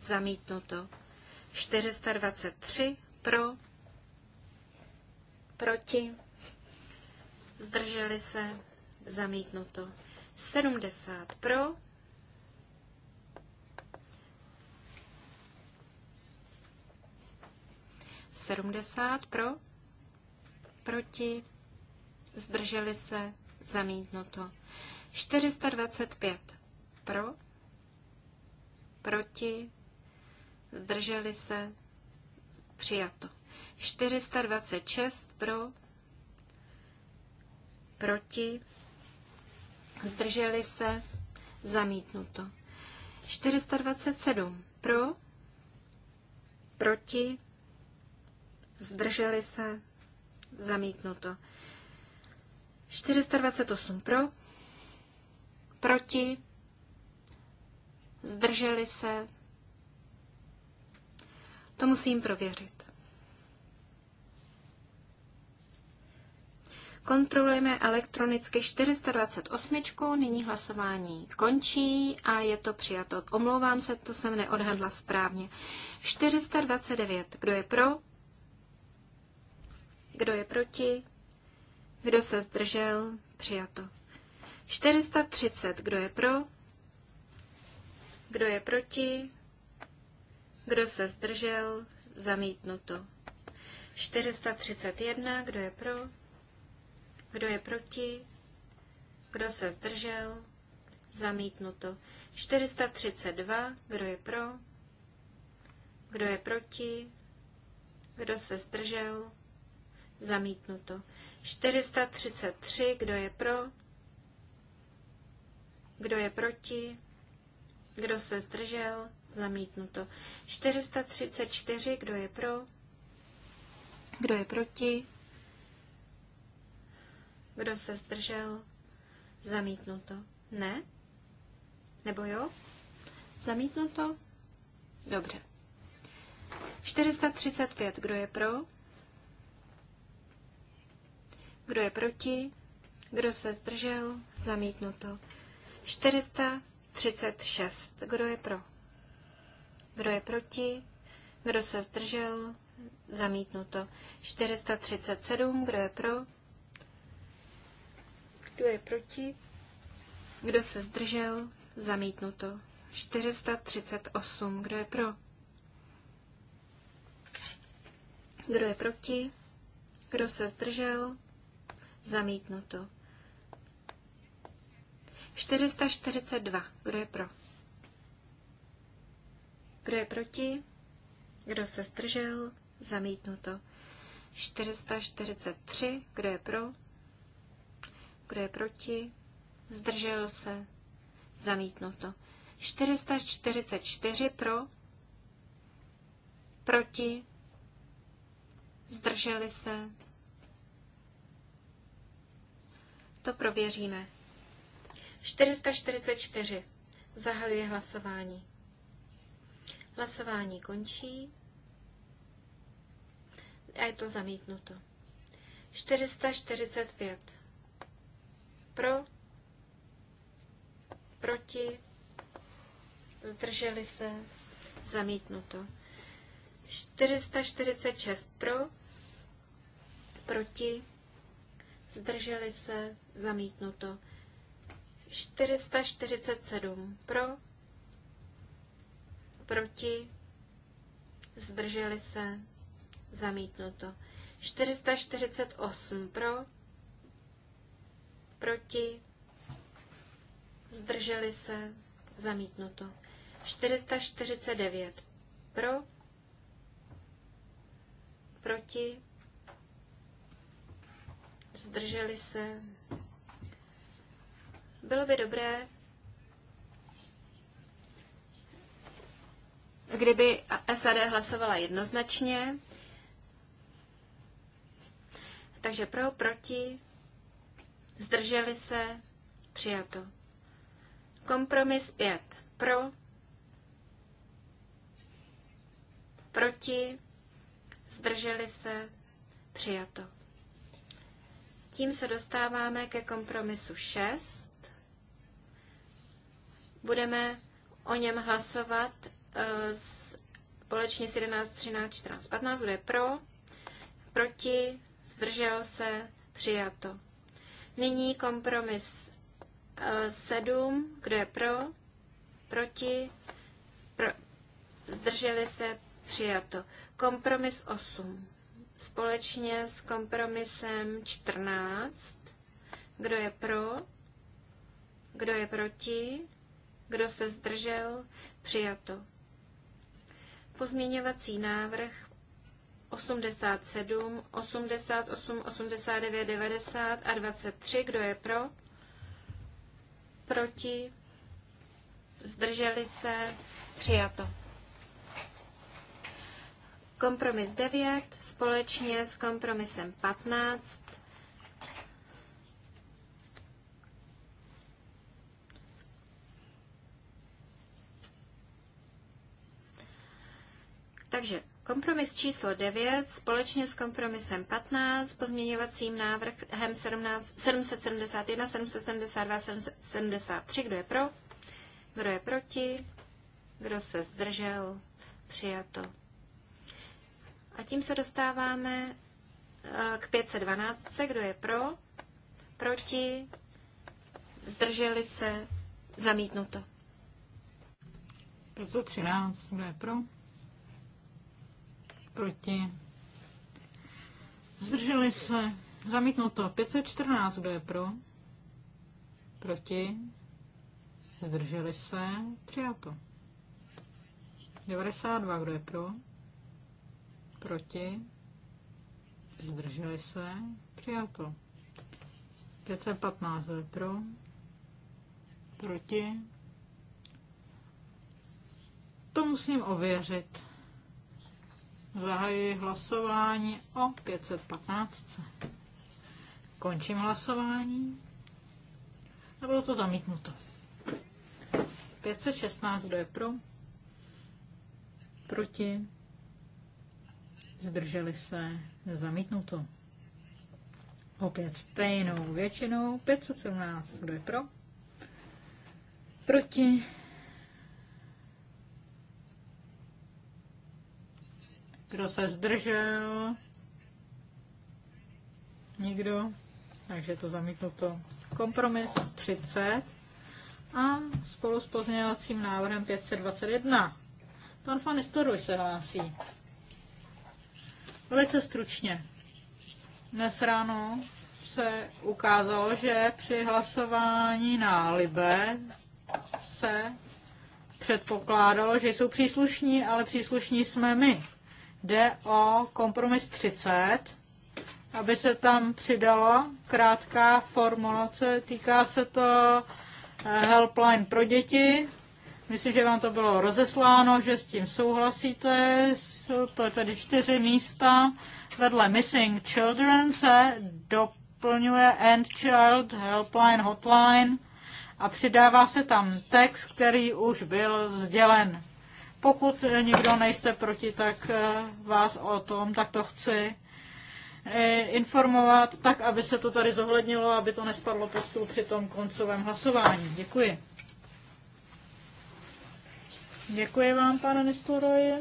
zamítnuto. 423 pro, proti, zdrželi se, zamítnuto. 70 pro, 70 pro, proti, zdrželi se, zamítnuto. 425 pro, proti, zdrželi se, přijato. 426 pro, proti, zdrželi se, zamítnuto. 427 pro, proti, zdrželi se, zamítnuto. 428 pro, proti, zdrželi se. To musím prověřit. Kontrolujeme elektronicky 428. Nyní hlasování končí a je to přijato. Omlouvám se, to jsem neodhadla správně. 429. Kdo je pro? Kdo je proti? Kdo se zdržel? Přijato. 430. Kdo je pro? Kdo je proti? Kdo se zdržel? Zamítnuto. 431. Kdo je pro? Kdo je proti? Kdo se zdržel? Zamítnuto. 432. Kdo je pro? Kdo je proti? Kdo se zdržel? Zamítnuto. 433, kdo je pro? Kdo je proti? Kdo se zdržel? Zamítnuto. 434, kdo je pro? Kdo je proti? Kdo se zdržel? Zamítnuto. Ne? Nebo jo? Zamítnuto? Dobře. 435, kdo je pro? Kdo je proti? Kdo se zdržel? Zamítnuto. 436. Kdo je pro? Kdo je proti? Kdo se zdržel? Zamítnuto. 437. Kdo je pro? Kdo je proti? Kdo se zdržel? Zamítnuto. 438. Kdo je pro? Kdo je proti? Kdo se zdržel? Zamítnuto. 442. Kdo je pro? Kdo je proti? Kdo se zdržel? Zamítnuto. 443. Kdo je pro? Kdo je proti? Zdržel se? Zamítnuto. 444 pro? Proti? Zdrželi se? To prověříme. 444. Zahajuje hlasování. Hlasování končí a je to zamítnuto. 445. Pro, proti, zdrželi se, zamítnuto. 446 pro, proti, zdrželi se, zamítnuto. 447 pro, proti, zdrželi se, zamítnuto. 448 pro, proti, zdrželi se, zamítnuto. 449 pro, proti, zdrželi se. Bylo by dobré, kdyby SAD hlasovala jednoznačně. Takže pro, proti, zdrželi se, přijato. Kompromis 5. Pro, proti, zdrželi se, přijato. Tím se dostáváme ke kompromisu 6. Budeme o něm hlasovat eh, společně s 11, 13, 14, 15. Bude pro, proti, zdržel se, přijato. Nyní kompromis 7. Eh, Kdo je pro, proti, pro, zdrželi se, přijato. Kompromis 8 společně s kompromisem 14. Kdo je pro? Kdo je proti? Kdo se zdržel? Přijato. Pozměňovací návrh 87, 88, 89, 90 a 23. Kdo je pro? Proti? Zdrželi se? Přijato kompromis 9 společně s kompromisem 15. Takže kompromis číslo 9 společně s kompromisem 15, pozměňovacím návrhem 771, 772, 773. Kdo je pro? Kdo je proti? Kdo se zdržel? Přijato. A tím se dostáváme eh, k 512. Kdo je pro? Proti? Zdrželi se? Zamítnuto. 513. Kdo je pro? Proti? Zdrželi se? Zamítnuto. 514. Kdo je pro? Proti? Zdrželi se? Přijato. 92. Kdo je pro? proti, zdrželi se, přijato. 515 pro, proti. To musím ověřit. Zahajuji hlasování o 515. Končím hlasování. A bylo to zamítnuto. 516, kdo je pro? Proti? zdrželi se, zamítnuto. Opět stejnou většinou, 517, kdo je pro, proti, kdo se zdržel, nikdo, takže to zamítnuto. Kompromis 30 a spolu s pozměňovacím návrhem 521. Pan Fanistoruj se hlásí. Velice stručně. Dnes ráno se ukázalo, že při hlasování na Libe se předpokládalo, že jsou příslušní, ale příslušní jsme my. Jde o kompromis 30, aby se tam přidala krátká formulace. Týká se to eh, helpline pro děti, Myslím, že vám to bylo rozesláno, že s tím souhlasíte. Jsou to tedy čtyři místa. Vedle Missing Children se doplňuje End Child Helpline Hotline a přidává se tam text, který už byl sdělen. Pokud nikdo nejste proti, tak eh, vás o tom, tak to chci eh, informovat, tak aby se to tady zohlednilo, aby to nespadlo pod stůl při tom koncovém hlasování. Děkuji. Děkuji vám, pane Nistoroji.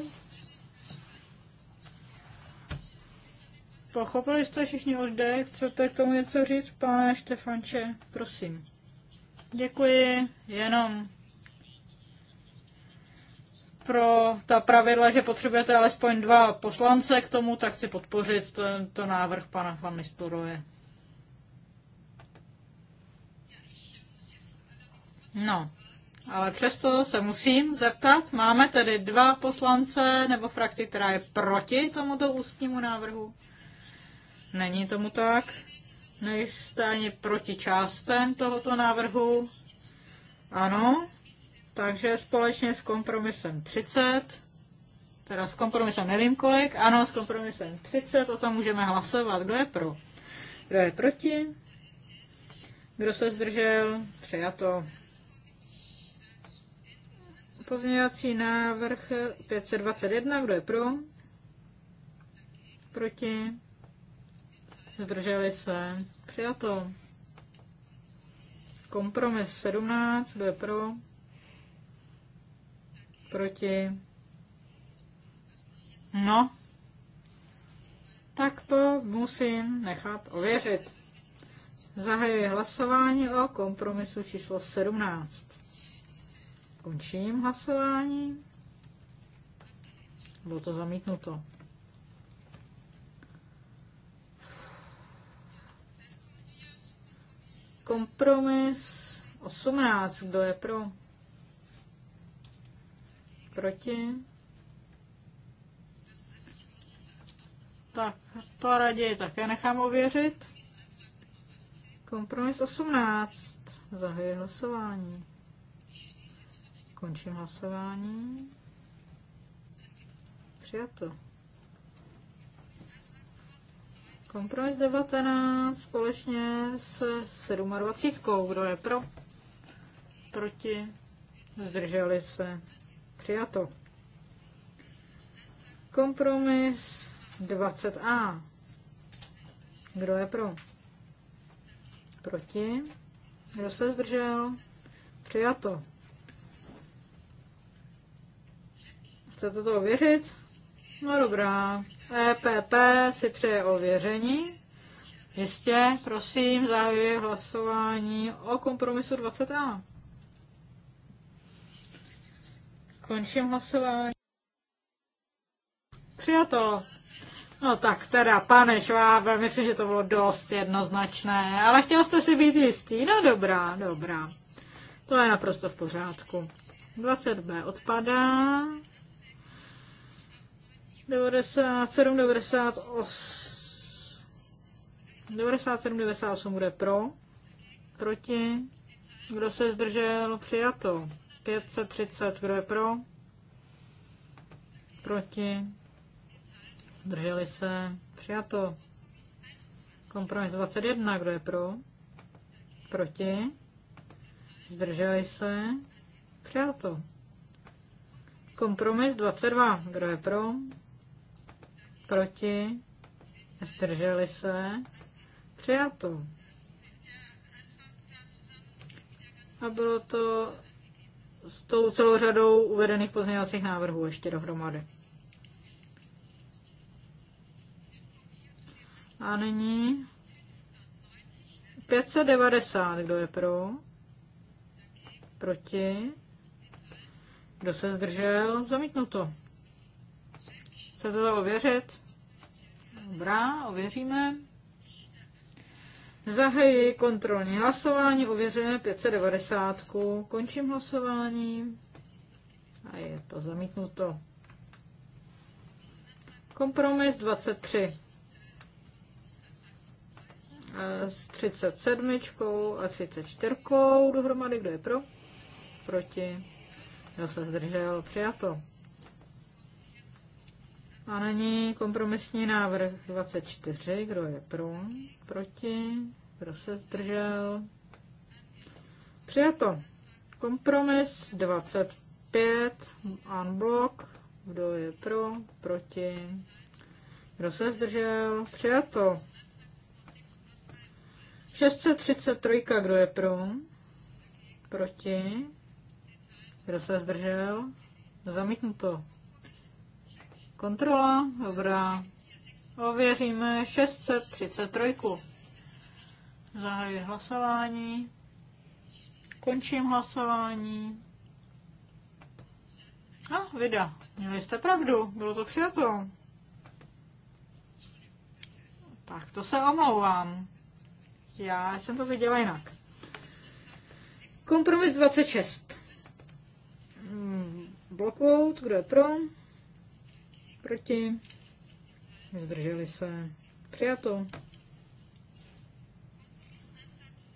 Pochopili jste všichni oddech, chcete k tomu něco říct, pane Štefanče, prosím. Děkuji, jenom pro ta pravidla, že potřebujete alespoň dva poslance k tomu, tak chci podpořit tento návrh pana Van Nistoroje. No, ale přesto se musím zeptat, máme tedy dva poslance nebo frakci, která je proti tomuto ústnímu návrhu? Není tomu tak. Nejste ani proti částem tohoto návrhu? Ano. Takže společně s kompromisem 30, teda s kompromisem nevím kolik, ano, s kompromisem 30, o tom můžeme hlasovat. Kdo je pro? Kdo je proti? Kdo se zdržel? Přijato. Pozměňovací návrh 521, kdo je pro? Proti? Zdrželi se. Přijato. Kompromis 17, kdo je pro? Proti? No, tak to musím nechat ověřit. Zahajuji hlasování o kompromisu číslo 17. Končím hlasování. Bylo to zamítnuto. Kompromis 18. Kdo je pro? Proti? Tak, to raději také nechám ověřit. Kompromis 18. Zahajuji hlasování. Končím hlasování. Přijato. Kompromis 19 společně s 27. Kdo je pro? Proti? Zdrželi se? Přijato. Kompromis 20a. Kdo je pro? Proti? Kdo se zdržel? Přijato. Chcete to ověřit? No dobrá. EPP si přeje ověření. Jistě, prosím, zahajuji hlasování o kompromisu 20a. Končím hlasování. Přijato. No tak teda, pane Švábe, myslím, že to bylo dost jednoznačné, ale chtěl jste si být jistý. No dobrá, dobrá. To je naprosto v pořádku. 20b odpadá, 97, 98, 97, 98 bude pro, proti, kdo se zdržel, přijato. 530, kdo je pro, proti, drželi se, přijato. Kompromis 21, kdo je pro, proti, zdrželi se, přijato. Kompromis 22, kdo je pro, proti, zdrželi se, přijato. A bylo to s tou celou řadou uvedených pozměňovacích návrhů ještě dohromady. A nyní 590, kdo je pro? Proti? Kdo se zdržel? Zamítnuto. Chcete to ověřit? Dobrá, ověříme. Zahajuji kontrolní hlasování, ověřujeme 590. Končím hlasování a je to zamítnuto. Kompromis 23 e, s 37 a 34 dohromady. Kdo je pro? Proti? Já se zdržel? Přijato. A není kompromisní návrh 24, kdo je pro, proti, kdo se zdržel. Přijato. Kompromis 25, unblock, kdo je pro, proti, kdo se zdržel. Přijato. 633, kdo je pro, proti, kdo se zdržel. Zamítnuto. Kontrola, dobrá. Ověříme 633. Zahajuji hlasování. Končím hlasování. A, vida. Měli jste pravdu, bylo to přijato. Tak to se omlouvám. Já jsem to viděla jinak. Kompromis 26. Hmm, Blockout, kdo je pro? Proti? Zdrželi se. Přijato.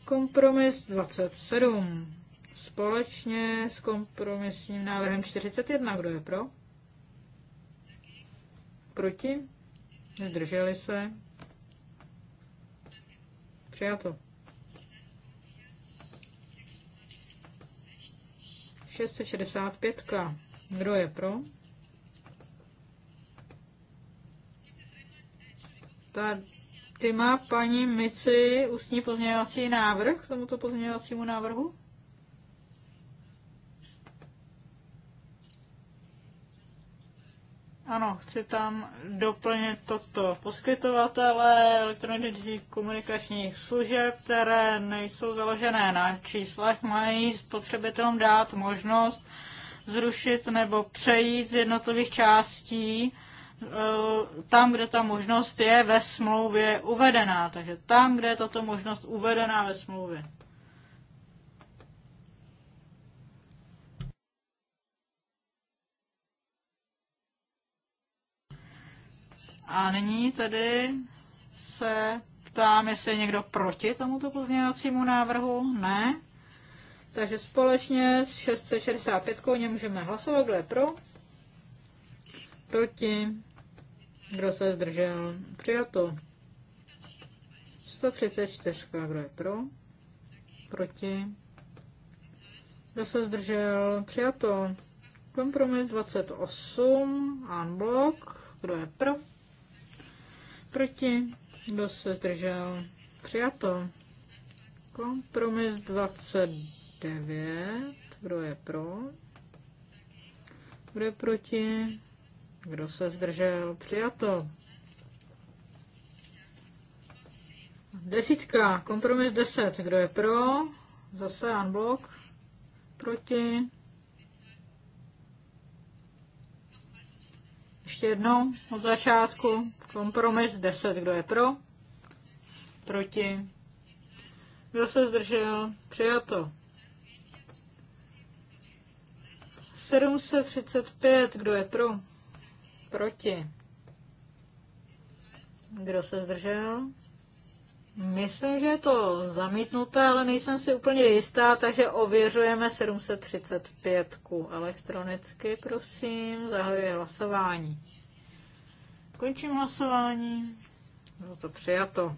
Kompromis 27. Společně s kompromisním návrhem 41. Kdo je pro? Proti? Zdrželi se. Přijato. 665. Kdo je pro? Tady má paní Mici ústní pozměňovací návrh k tomuto pozměňovacímu návrhu? Ano, chci tam doplnit toto. Poskytovatele elektronických komunikačních služeb, které nejsou založené na číslech, mají spotřebitelům dát možnost zrušit nebo přejít z jednotlivých částí Eh, tam, kde ta možnost je ve smlouvě uvedená. Takže tam, kde je tato možnost uvedená ve smlouvě. A nyní tedy se ptám, jestli je někdo proti tomuto pozměňovacímu návrhu. Ne. Takže společně s 665 o něm můžeme hlasovat. Kdo je pro? Proti? Kdo se zdržel? Přijato. 134. Kdo je pro? Proti? Kdo se zdržel? Přijato. Kompromis 28. Unblock. Kdo je pro? Proti? Kdo se zdržel? Přijato. Kompromis 29. Kdo je pro? Kdo je proti? Kdo se zdržel? Přijato. Desítka, kompromis 10. Kdo je pro? Zase unblock. Proti. Ještě jednou od začátku. Kompromis 10. Kdo je pro? Proti. Kdo se zdržel? Přijato. 735. Kdo je pro? proti? Kdo se zdržel? Myslím, že je to zamítnuté, ale nejsem si úplně jistá, takže ověřujeme 735 elektronicky, prosím. Zahajuji hlasování. Končím hlasování. Bylo to přijato.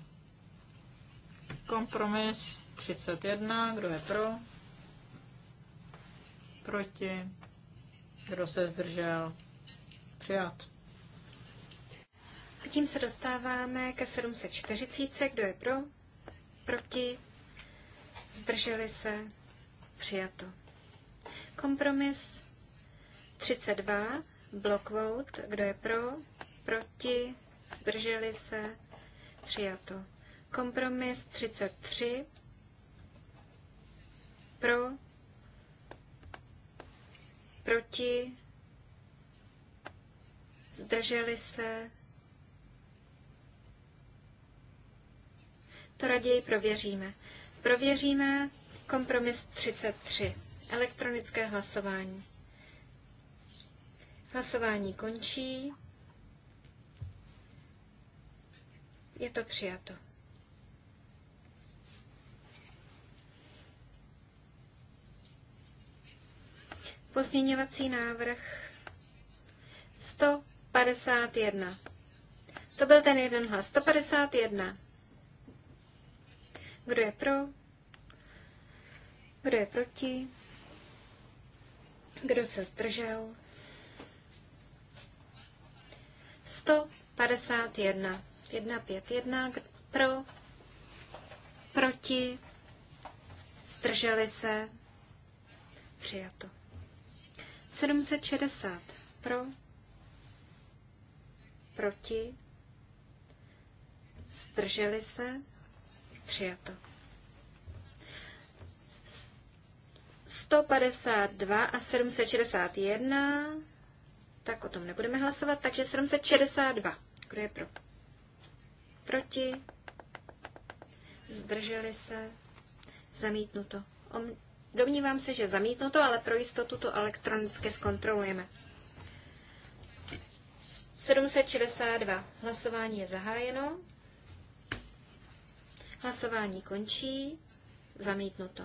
Kompromis 31. Kdo je pro? Proti? Kdo se zdržel? Přijat. A tím se dostáváme ke 740. Kdo je pro? Proti? Zdrželi se? Přijato. Kompromis 32. Block vote. Kdo je pro? Proti? Zdrželi se? Přijato. Kompromis 33. Pro? Proti? zdrželi se. To raději prověříme. Prověříme kompromis 33, elektronické hlasování. Hlasování končí. Je to přijato. Pozměňovací návrh 100. 151. To byl ten jeden hlas. 151. Kdo je pro? Kdo je proti? Kdo se zdržel? 151. 151. Pro? Proti? Zdrželi se? Přijato. 760. Pro? proti, zdrželi se, přijato. 152 a 761, tak o tom nebudeme hlasovat, takže 762. Kdo je pro? Proti? Zdrželi se? Zamítnuto. Domnívám se, že zamítnuto, ale pro jistotu to elektronicky zkontrolujeme. 762. Hlasování je zahájeno. Hlasování končí. Zamítnuto.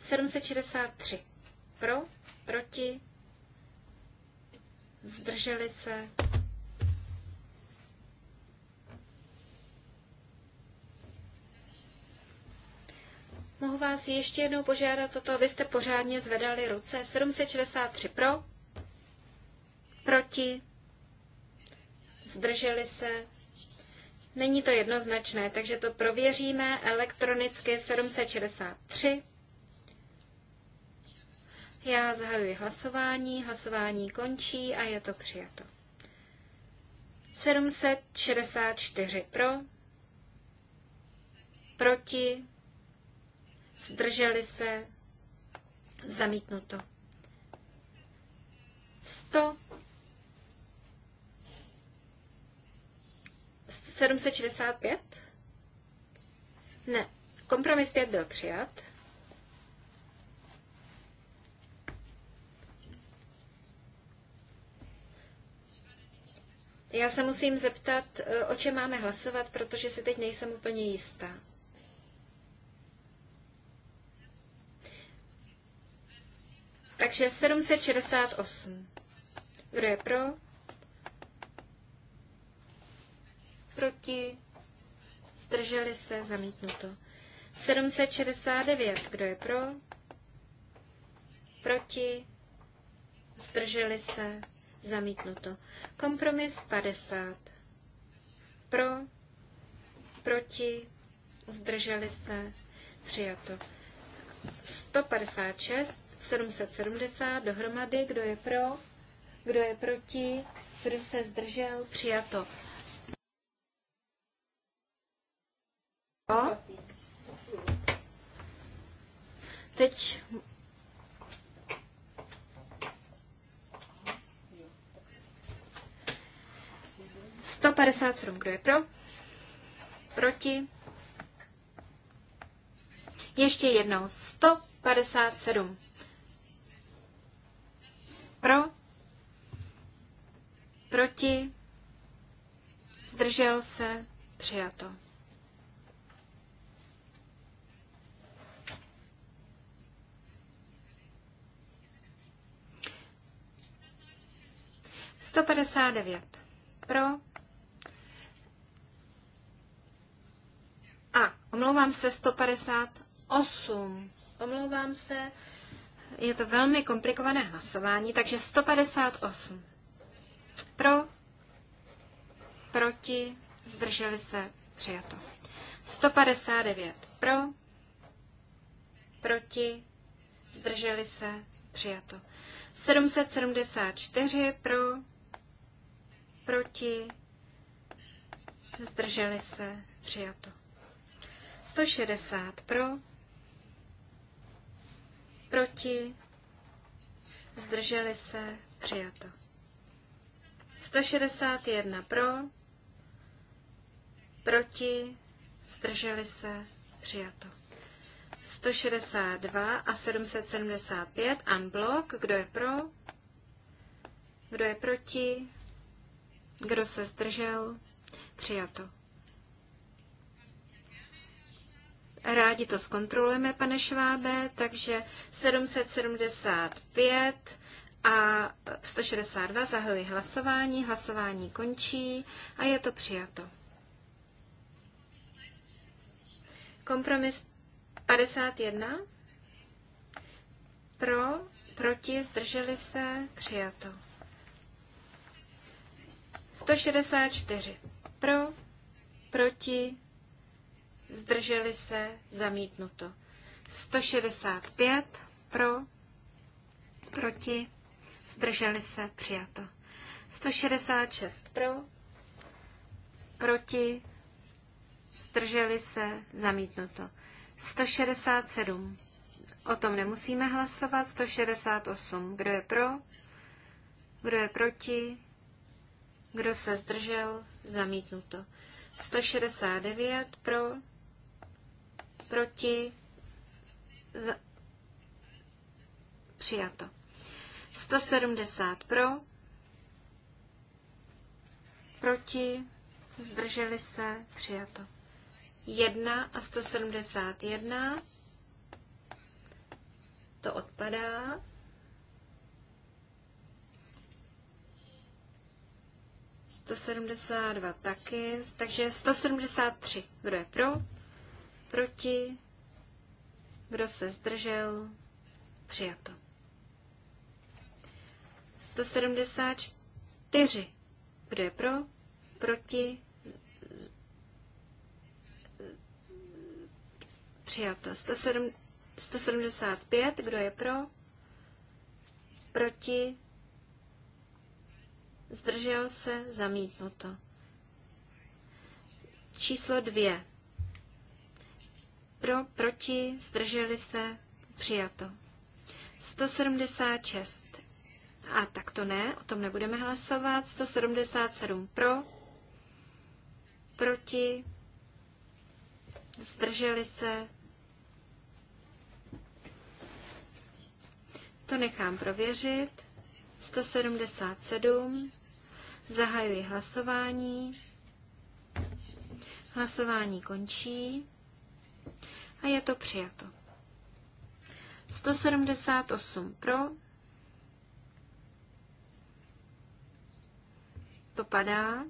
763. Pro, proti, zdrželi se, Mohu vás ještě jednou požádat o to, abyste pořádně zvedali ruce. 763 pro, proti, zdrželi se. Není to jednoznačné, takže to prověříme elektronicky 763. Já zahajuji hlasování, hlasování končí a je to přijato. 764 pro, proti, zdrželi se, zamítnuto. 100, 765? Ne, kompromis 5 byl přijat. Já se musím zeptat, eh, o čem máme hlasovat, protože si teď nejsem úplně jistá. Takže 768. Kdo je pro? Proti? Zdrželi se? Zamítnuto. 769. Kdo je pro? Proti? Zdrželi se? Zamítnuto. Kompromis 50. Pro? Proti? Zdrželi se? Přijato. 156 770 dohromady. Kdo je pro? Kdo je proti? Kdo se zdržel? Přijato. Jo? Teď Sto padesát sedm, kdo je pro? Proti? Ještě jednou, sto padesát sedm. Pro? Proti? Zdržel se? Přijato. Sto padesát devět. Pro. A, omlouvám se, sto padesát osm. Omlouvám se, je to velmi komplikované hlasování, takže 158. Pro, proti, zdrželi se, přijato. 159 pro, proti, zdrželi se, přijato. 774 pro, proti, zdrželi se, přijato. 160 pro, Proti? Zdrželi se? Přijato. 161 pro, proti, zdrželi se, přijato. 162 a 775 unblock, kdo je pro, kdo je proti, kdo se zdržel, přijato. Rádi to zkontrolujeme, pane Švábe, takže 775 a 162 zahajuji hlasování, hlasování končí a je to přijato. Kompromis 51. Pro, proti, zdrželi se, přijato. 164. Pro, proti, zdrželi se, zamítnuto. 165 pro, proti, zdrželi se, přijato. 166 pro, proti, zdrželi se, zamítnuto. 167. O tom nemusíme hlasovat. 168. Kdo je pro? Kdo je proti? Kdo se zdržel? Zamítnuto. 169 pro, proti, z... přijato. 170 pro, proti, zdrželi se, přijato. 1 a 171, to odpadá. To 72 taky, takže 173. Kdo je pro? Proti? Kdo se zdržel? Přijato. 174. Kdo je pro? Proti? Přijato. 175. Kdo je pro? Proti? Zdržel se? Zamítnuto. Číslo 2 pro, proti, zdrželi se, přijato. 176. A tak to ne, o tom nebudeme hlasovat. 177 pro, proti, zdrželi se. To nechám prověřit. 177. Zahajuji hlasování. Hlasování končí a je to přijato. 178 pro, to padá,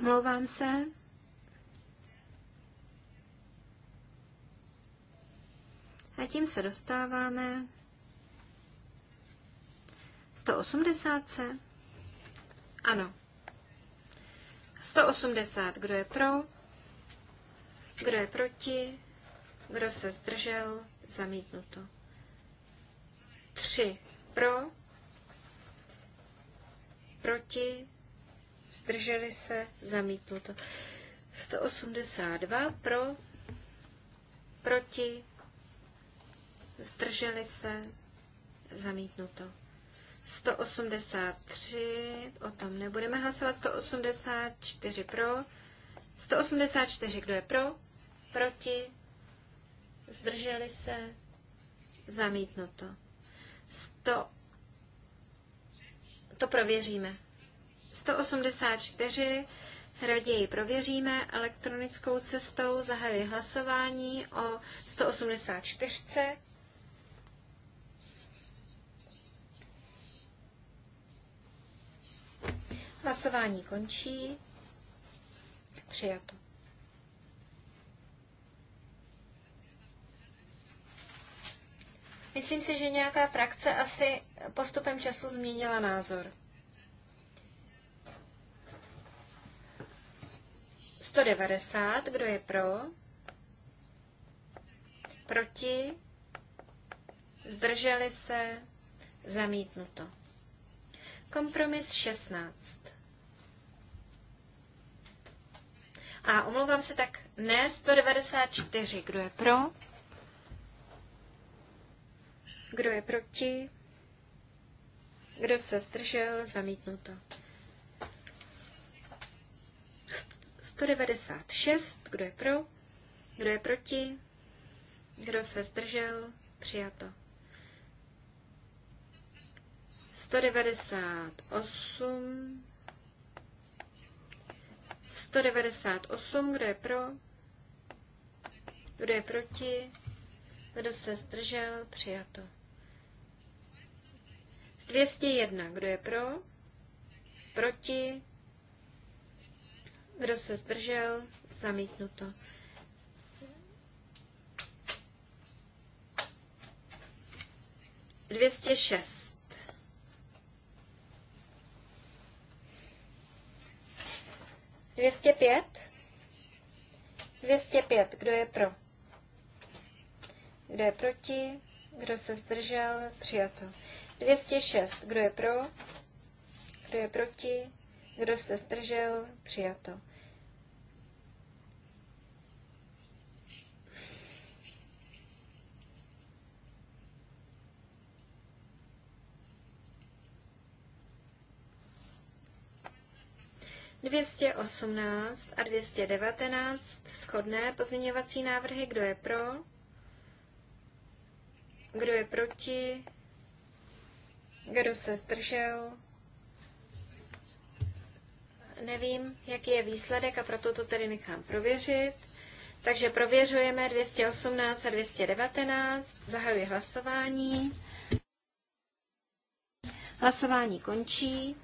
omlouvám se, a tím se dostáváme 180 se? Ano. 180, kdo je pro? Kdo je proti? Kdo se zdržel? Zamítnuto. 3 pro, proti, zdrželi se, zamítnuto. 182 pro, proti, zdrželi se, zamítnuto. 183, o tom nebudeme hlasovat, 184 pro, 184, kdo je pro, proti, zdrželi se, zamítnuto. 100. To prověříme. 184 raději prověříme elektronickou cestou, zahajuji hlasování o 184. Hlasování končí. Přijato. Myslím si, že nějaká frakce asi postupem času změnila názor. 190, kdo je pro? Proti? Zdrželi se? Zamítnuto. Kompromis 16. A omlouvám se tak, ne 194, kdo je pro? Kdo je proti? Kdo se zdržel? Zamítnuto. 196. Kdo je pro? Kdo je proti? Kdo se zdržel? Přijato. 198. 198. Kdo je pro? Kdo je proti? Kdo se zdržel? Přijato. 201. Kdo je pro? Proti? Kdo se zdržel? Zamítnuto. Dvěstě šest. Dvěstě pět? Dvěstě pět. Kdo je pro? Kdo je proti? Kdo se zdržel? Přijato. 206. Kdo je pro? Kdo je proti? Kdo se zdržel? Přijato. Dvěstě osmnáct a dvěstě devatenáct schodné pozměňovací návrhy. Kdo je pro? Kdo je proti? Kdo se zdržel? Nevím, jaký je výsledek a proto to tedy nechám prověřit. Takže prověřujeme 218 a 219. Zahajuji hlasování. Hlasování končí.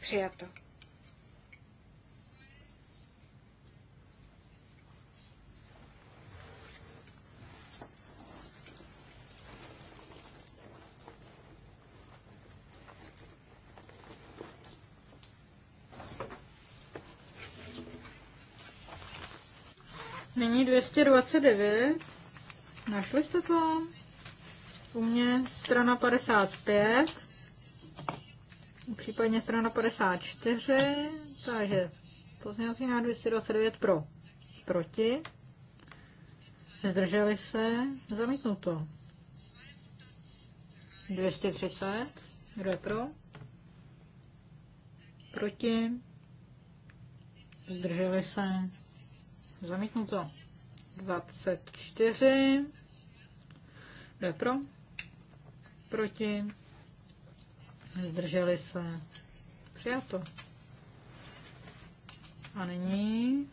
Přijato. Nyní 229. Našli jste to? U mě strana 55. Případně strana 54. Takže pozměňovací na 229 pro. Proti. Zdrželi se. Zamítnuto. 230. Kdo je pro? Proti. Zdrželi se. Zamítnuto. 24. Kdo je pro? Proti? Zdrželi se. Přijato. A nyní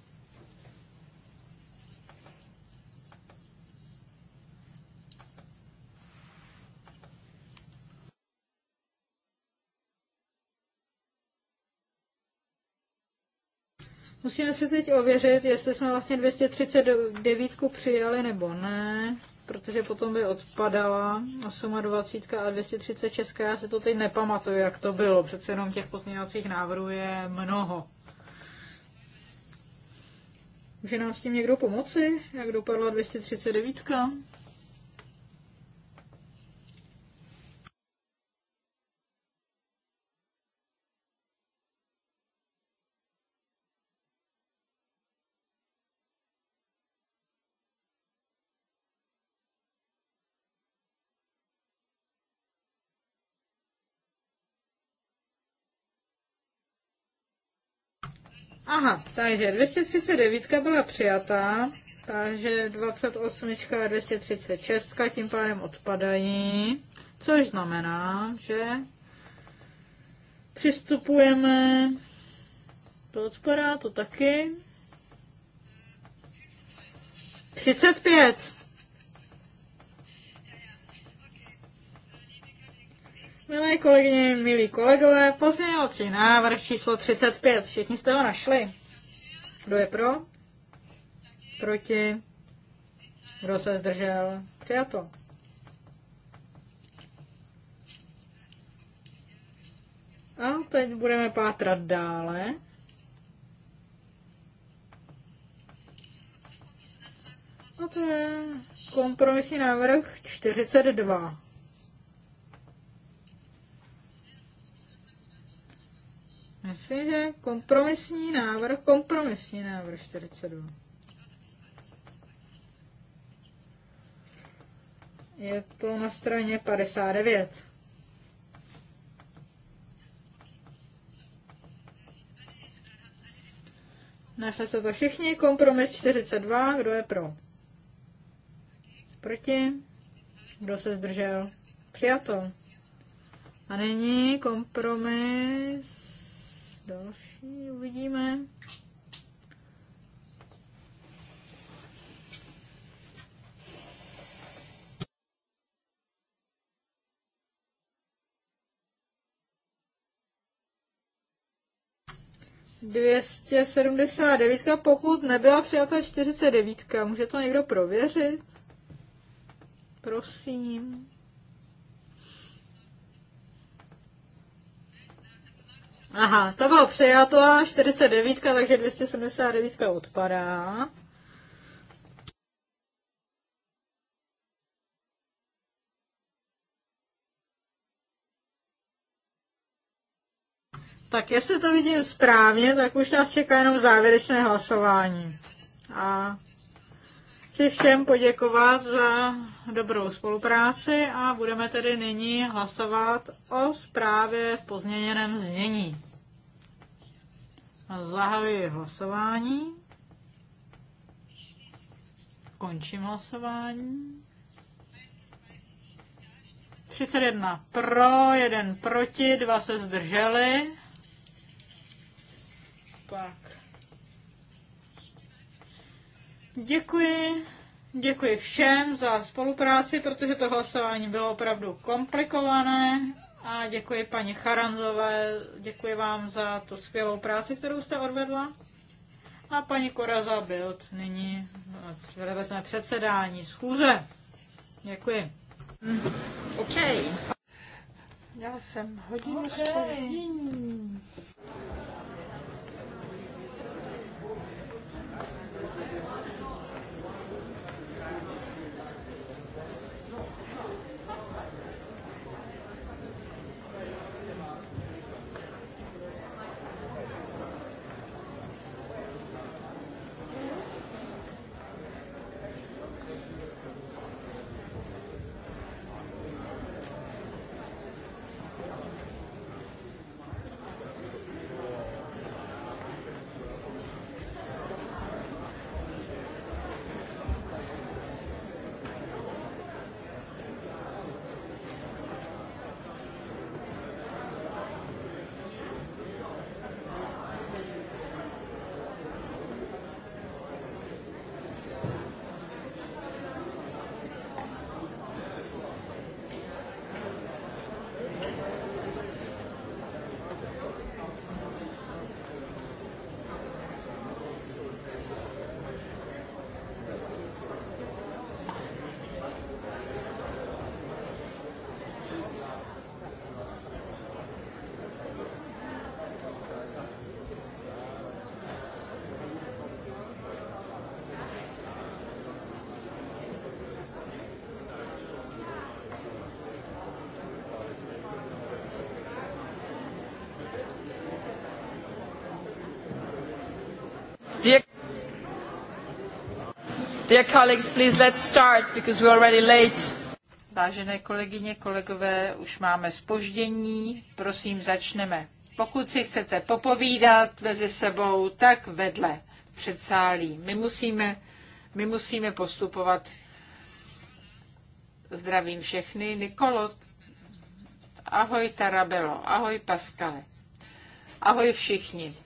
Musíme se teď ověřit, jestli jsme vlastně 239 přijali nebo ne, protože potom by odpadala 28 a 230 česká. Já si to teď nepamatuju, jak to bylo. Přece jenom těch pozměňovacích návrhů je mnoho. Může nám s tím někdo pomoci, jak dopadla 239? Aha, takže 239 byla přijatá, takže 28 a 236 tím pádem odpadají, což znamená, že přistupujeme, to odpadá, to taky, 35. Milé kolegyně, milí kolegové, pozměňovací návrh číslo 35. Všichni jste ho našli. Kdo je pro? Proti? Kdo se zdržel? Přijato. A teď budeme pátrat dále. A to je kompromisní návrh 42. Myslím, že kompromisní návrh, kompromisní návrh 42. Je to na straně 59. Našli se to všichni. Kompromis 42. Kdo je pro? Proti? Kdo se zdržel? Přijato. A nyní kompromis další uvidíme. Dvěstě sedmdesát devítka, pokud nebyla přijata čtyřicet devítka, může to někdo prověřit? Prosím. Aha, to bylo přijato, 49, takže 279 odpadá. Tak jestli to vidím správně, tak už nás čeká jenom závěrečné hlasování. A Chci všem poděkovat za dobrou spolupráci a budeme tedy nyní hlasovat o zprávě v pozměněném znění. Zahajuji hlasování. Končím hlasování. 31 pro, 1 proti, 2 se zdrželi. Pak Děkuji. Děkuji všem za spolupráci, protože to hlasování bylo opravdu komplikované. A děkuji paní Charanzové, děkuji vám za tu skvělou práci, kterou jste odvedla. A paní Koraza Bild nyní vezme předsedání schůze. Děkuji. OK. Já jsem hodinu okay. Dear colleagues, please let's start, because we're already late. Vážené kolegyně, kolegové, už máme spoždění, prosím začneme. Pokud si chcete popovídat mezi sebou, tak vedle, před sálí. My musíme, my musíme postupovat. Zdravím všechny. Nikolo, ahoj Tarabelo, ahoj Paskale, ahoj všichni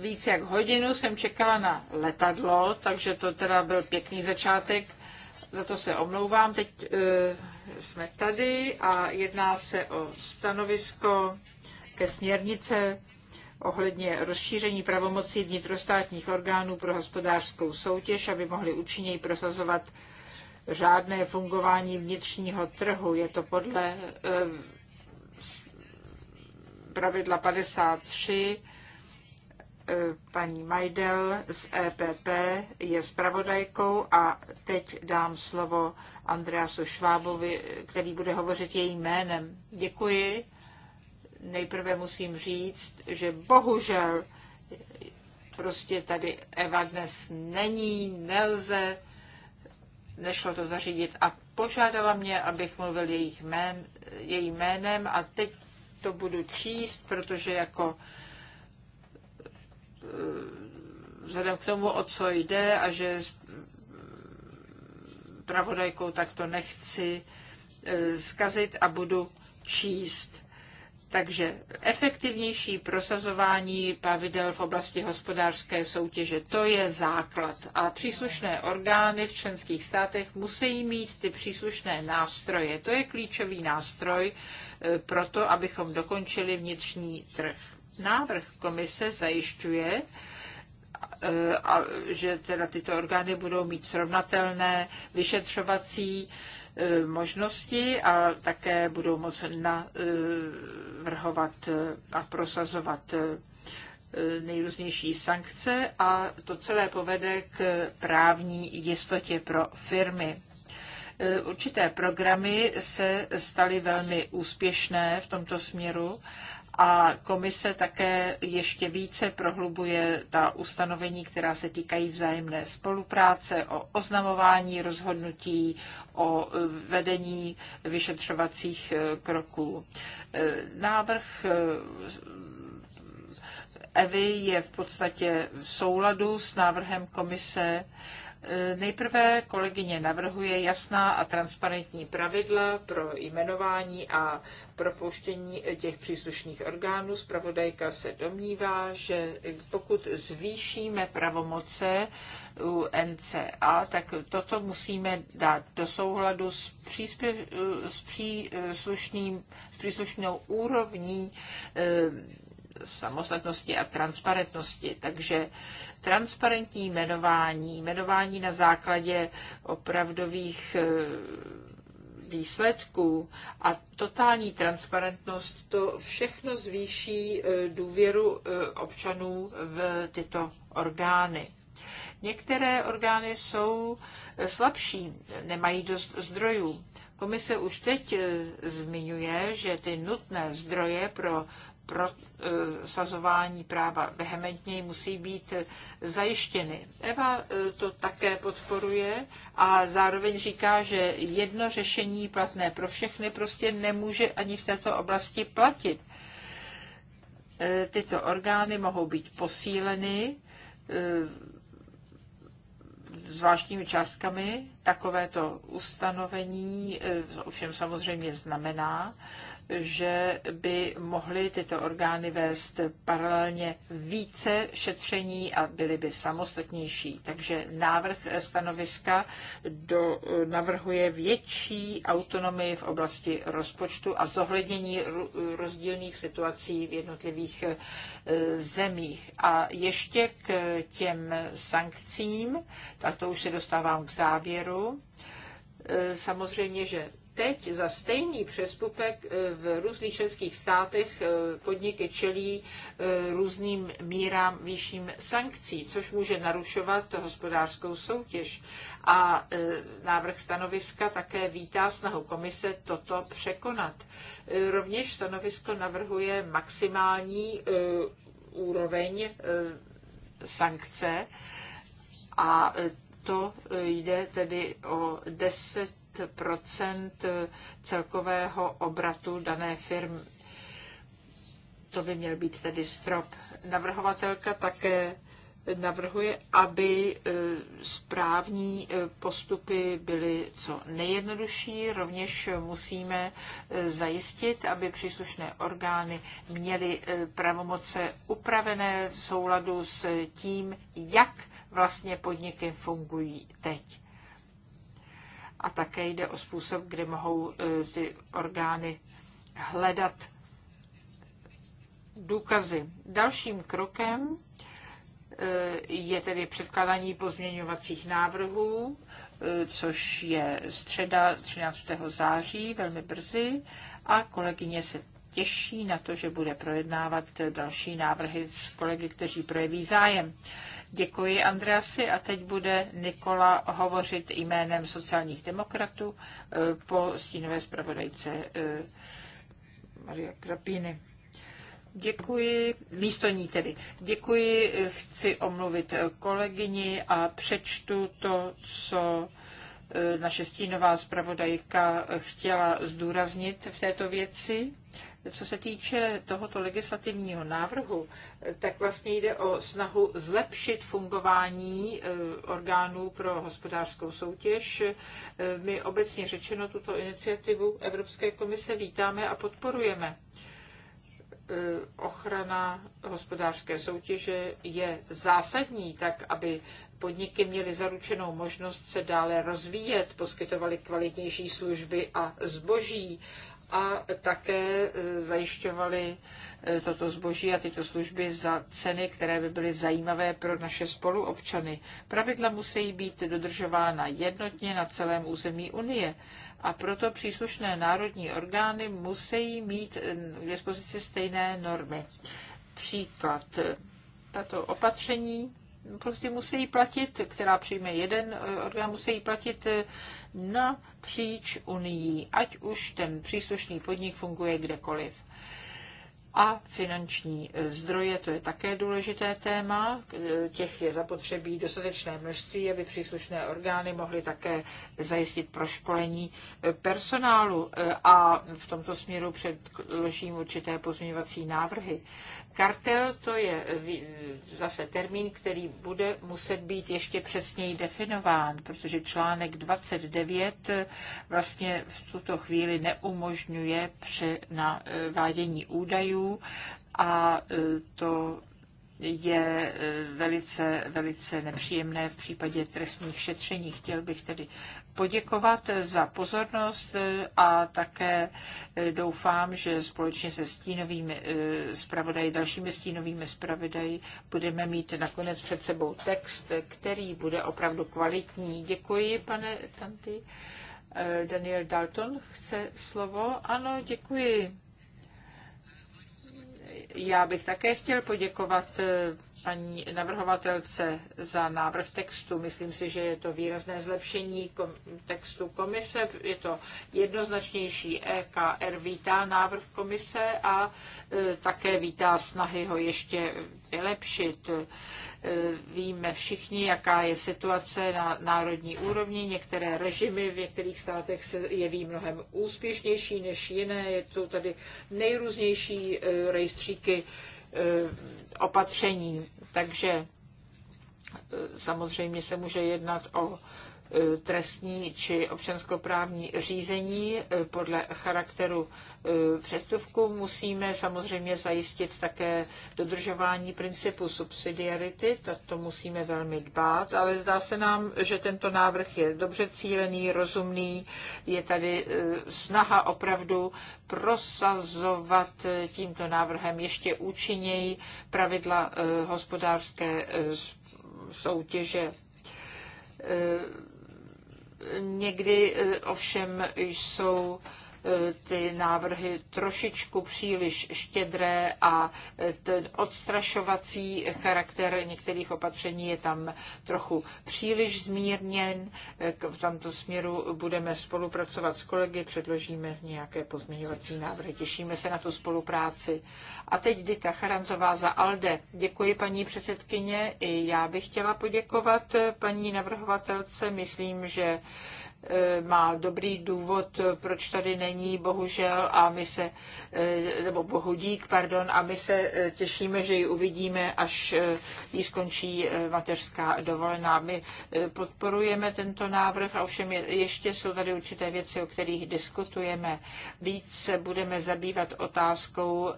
víc jak hodinu jsem čekala na letadlo, takže to teda byl pěkný začátek. Za to se omlouvám. Teď e, jsme tady a jedná se o stanovisko ke směrnice ohledně rozšíření pravomocí vnitrostátních orgánů pro hospodářskou soutěž, aby mohli účinněji prosazovat řádné fungování vnitřního trhu. Je to podle e, pravidla 53 paní Majdel z EPP je zpravodajkou a teď dám slovo Andreasu Švábovi, který bude hovořit jejím jménem. Děkuji. Nejprve musím říct, že bohužel prostě tady Eva dnes není, nelze, nešlo to zařídit a požádala mě, abych mluvil jejich jmén, jejím jménem a teď to budu číst, protože jako vzhledem k tomu, o co jde a že pravodajkou tak to nechci eh, zkazit a budu číst. Takže efektivnější prosazování pravidel v oblasti hospodářské soutěže, to je základ. A příslušné orgány v členských státech musí mít ty příslušné nástroje. To je klíčový nástroj eh, pro to, abychom dokončili vnitřní trh. Návrh komise zajišťuje, eh, a že teda tyto orgány budou mít srovnatelné vyšetřovací eh, možnosti a také budou moct navrhovat eh, a prosazovat nejrůznější sankce a to celé povede k právní jistotě pro firmy. Určité programy se staly velmi úspěšné v tomto směru a komise také ještě více prohlubuje ta ustanovení, která se týkají vzájemné spolupráce, o oznamování rozhodnutí, o vedení vyšetřovacích eh, kroků. Eh, návrh eh, Evy je v podstatě v souladu s návrhem komise Eh, nejprve kolegyně navrhuje jasná a transparentní pravidla pro jmenování a propouštění těch příslušných orgánů. Spravodajka se domnívá, že pokud zvýšíme pravomoce u NCA, tak toto musíme dát do souhladu s, příspě- s, příslušným, s příslušnou úrovní eh, samostatnosti a transparentnosti. Takže transparentní jmenování, jmenování na základě opravdových eh, výsledků a totální transparentnost, to všechno zvýší eh, důvěru eh, občanů v tyto orgány. Některé orgány jsou slabší, nemají dost zdrojů. Komise už teď zmiňuje, že ty nutné zdroje pro prosazování eh, práva vehementněji musí být zajištěny. Eva eh, to také podporuje a zároveň říká, že jedno řešení platné pro všechny prostě nemůže ani v této oblasti platit. Eh, tyto orgány mohou být posíleny zvláštními částkami. Takovéto ustanovení ovšem samozřejmě znamená, že by mohly tyto orgány vést paralelně více šetření a byly by samostatnější. Takže návrh stanoviska do, navrhuje větší autonomii v oblasti rozpočtu a zohlednění rozdílných situací v jednotlivých eh, zemích. A ještě k těm sankcím, tak to už se dostávám k závěru. Eh, samozřejmě, že teď za stejný přestupek eh, v různých členských státech eh, podniky čelí eh, různým mírám výším sankcí, což může narušovat hospodářskou soutěž. A návrh stanoviska také vítá snahu komise toto překonat. Rovněž stanovisko navrhuje maximální úroveň sankce a to jde tedy o 10 Eh, celkového obratu dané firmy. To by měl být tedy strop. Navrhovatelka také navrhuje, aby eh, správní eh, postupy byly co nejjednodušší. Rovněž musíme zajistit, aby příslušné orgány měly pravomoce upravené v souladu s tím, jak vlastně podniky fungují teď a také jde o způsob, kdy mohou e, ty orgány hledat důkazy. Dalším krokem e, je tedy předkládání pozměňovacích návrhů, e, což je středa 13. září, velmi brzy, a kolegyně se těší na to, že bude projednávat další návrhy s kolegy, kteří projeví zájem. Děkuji, Andreasi. A teď bude Nikola hovořit jménem sociálních demokratů eh, po stínové zpravodajce eh, Maria Krapíny. Děkuji, místo ní tedy. Děkuji, eh, chci omluvit kolegyni a přečtu to, co naše stínová zpravodajka chtěla zdůraznit v této věci. Co se týče tohoto legislativního návrhu, tak vlastně jde o snahu zlepšit fungování eh, orgánů pro hospodářskou soutěž. Eh, my obecně řečeno tuto iniciativu Evropské komise vítáme a podporujeme eh, ochrana hospodářské soutěže je zásadní, tak aby podniky měly zaručenou možnost se dále rozvíjet, poskytovaly kvalitnější služby a zboží a také e, zajišťovali e, toto zboží a tyto služby za ceny, které by byly zajímavé pro naše spoluobčany. Pravidla musí být dodržována jednotně na celém území Unie a proto příslušné národní orgány musí mít e, k dispozici stejné normy. Příklad. Tato opatření prostě musí platit, která přijme jeden eh, orgán, musí platit eh, na příč unii, ať už ten příslušný podnik funguje kdekoliv. A finanční eh, zdroje, to je také důležité téma. Těch je zapotřebí dostatečné množství, aby příslušné orgány mohly také zajistit proškolení personálu. A v tomto směru předložím určité pozměňovací návrhy. Kartel to je eh, zase termín, který bude muset být ještě přesněji definován, protože článek 29 eh, vlastně v tuto chvíli neumožňuje přenavádění údajů a eh, to je e, velice, velice nepříjemné v případě trestních šetření. Chtěl bych tedy poděkovat za pozornost e, a také e, doufám, že společně se stínovými zpravodaji, dalšími stínovými zpravodaji budeme mít nakonec před sebou text, který bude opravdu kvalitní. Děkuji, pane Tanty. Daniel Dalton chce slovo. Ano, děkuji. Já bych také chtěl poděkovat eh, paní navrhovatelce za návrh textu. Myslím si, že je to výrazné zlepšení kom- textu komise, je to jednoznačnější. EKR vítá návrh komise a e, také vítá snahy ho ještě vylepšit. E, víme všichni, jaká je situace na národní úrovni. Některé režimy v některých státech se jeví mnohem úspěšnější než jiné. Je to tady nejrůznější e, rejstříky e, opatření. Takže e, samozřejmě se může jednat o e, trestní či občanskoprávní řízení e, podle charakteru E, přestupku musíme samozřejmě zajistit také dodržování principu subsidiarity, tak to musíme velmi dbát, ale zdá se nám, že tento návrh je dobře cílený, rozumný, je tady e, snaha opravdu prosazovat e, tímto návrhem ještě účinněji pravidla hospodářské soutěže. Někdy ovšem jsou ty návrhy trošičku příliš štědré a ten odstrašovací charakter některých opatření je tam trochu příliš zmírněn. V tomto směru budeme spolupracovat s kolegy, předložíme nějaké pozměňovací návrhy. Těšíme se na tu spolupráci. A teď Dita Charanzová za ALDE. Děkuji paní předsedkyně. I já bych chtěla poděkovat paní navrhovatelce. Myslím, že Eh, má dobrý důvod, proč tady není, bohužel, a my se, eh, nebo bohudík, pardon, a my se eh, těšíme, že ji uvidíme, až jí skončí mateřská dovolená. My podporujeme tento návrh, a ovšem ještě jsou tady určité věci, o kterých diskutujeme. Víc se budeme zabývat otázkou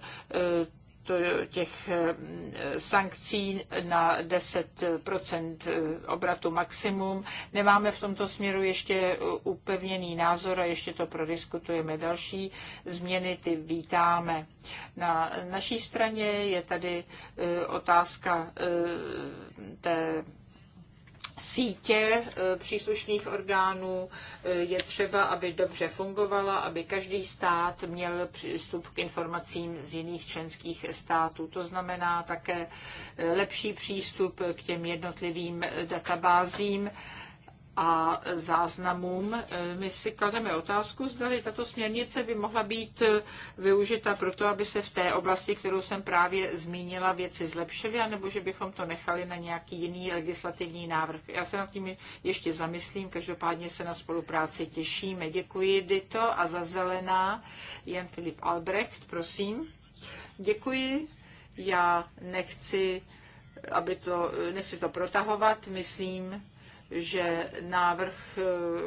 těch eh, sankcí na 10 eh, obratu maximum. Nemáme v tomto směru ještě eh, upevněný názor a ještě to prodiskutujeme. Další změny ty vítáme. Na naší straně je tady otázka té sítě e, příslušných orgánů e, je třeba, aby dobře fungovala, aby každý stát měl přístup k informacím z jiných členských států. To znamená také e, lepší přístup k těm jednotlivým databázím a záznamům. E, my si klademe otázku, zda tato směrnice by mohla být e, využita pro to, aby se v té oblasti, kterou jsem právě zmínila, věci zlepšily, anebo že bychom to nechali na nějaký jiný legislativní návrh. Já se nad tím ještě zamyslím, každopádně se na spolupráci těšíme. Děkuji, Dito, a za zelená Jan Filip Albrecht, prosím. Děkuji. Já nechci, aby to, nechci to protahovat, myslím, že návrh,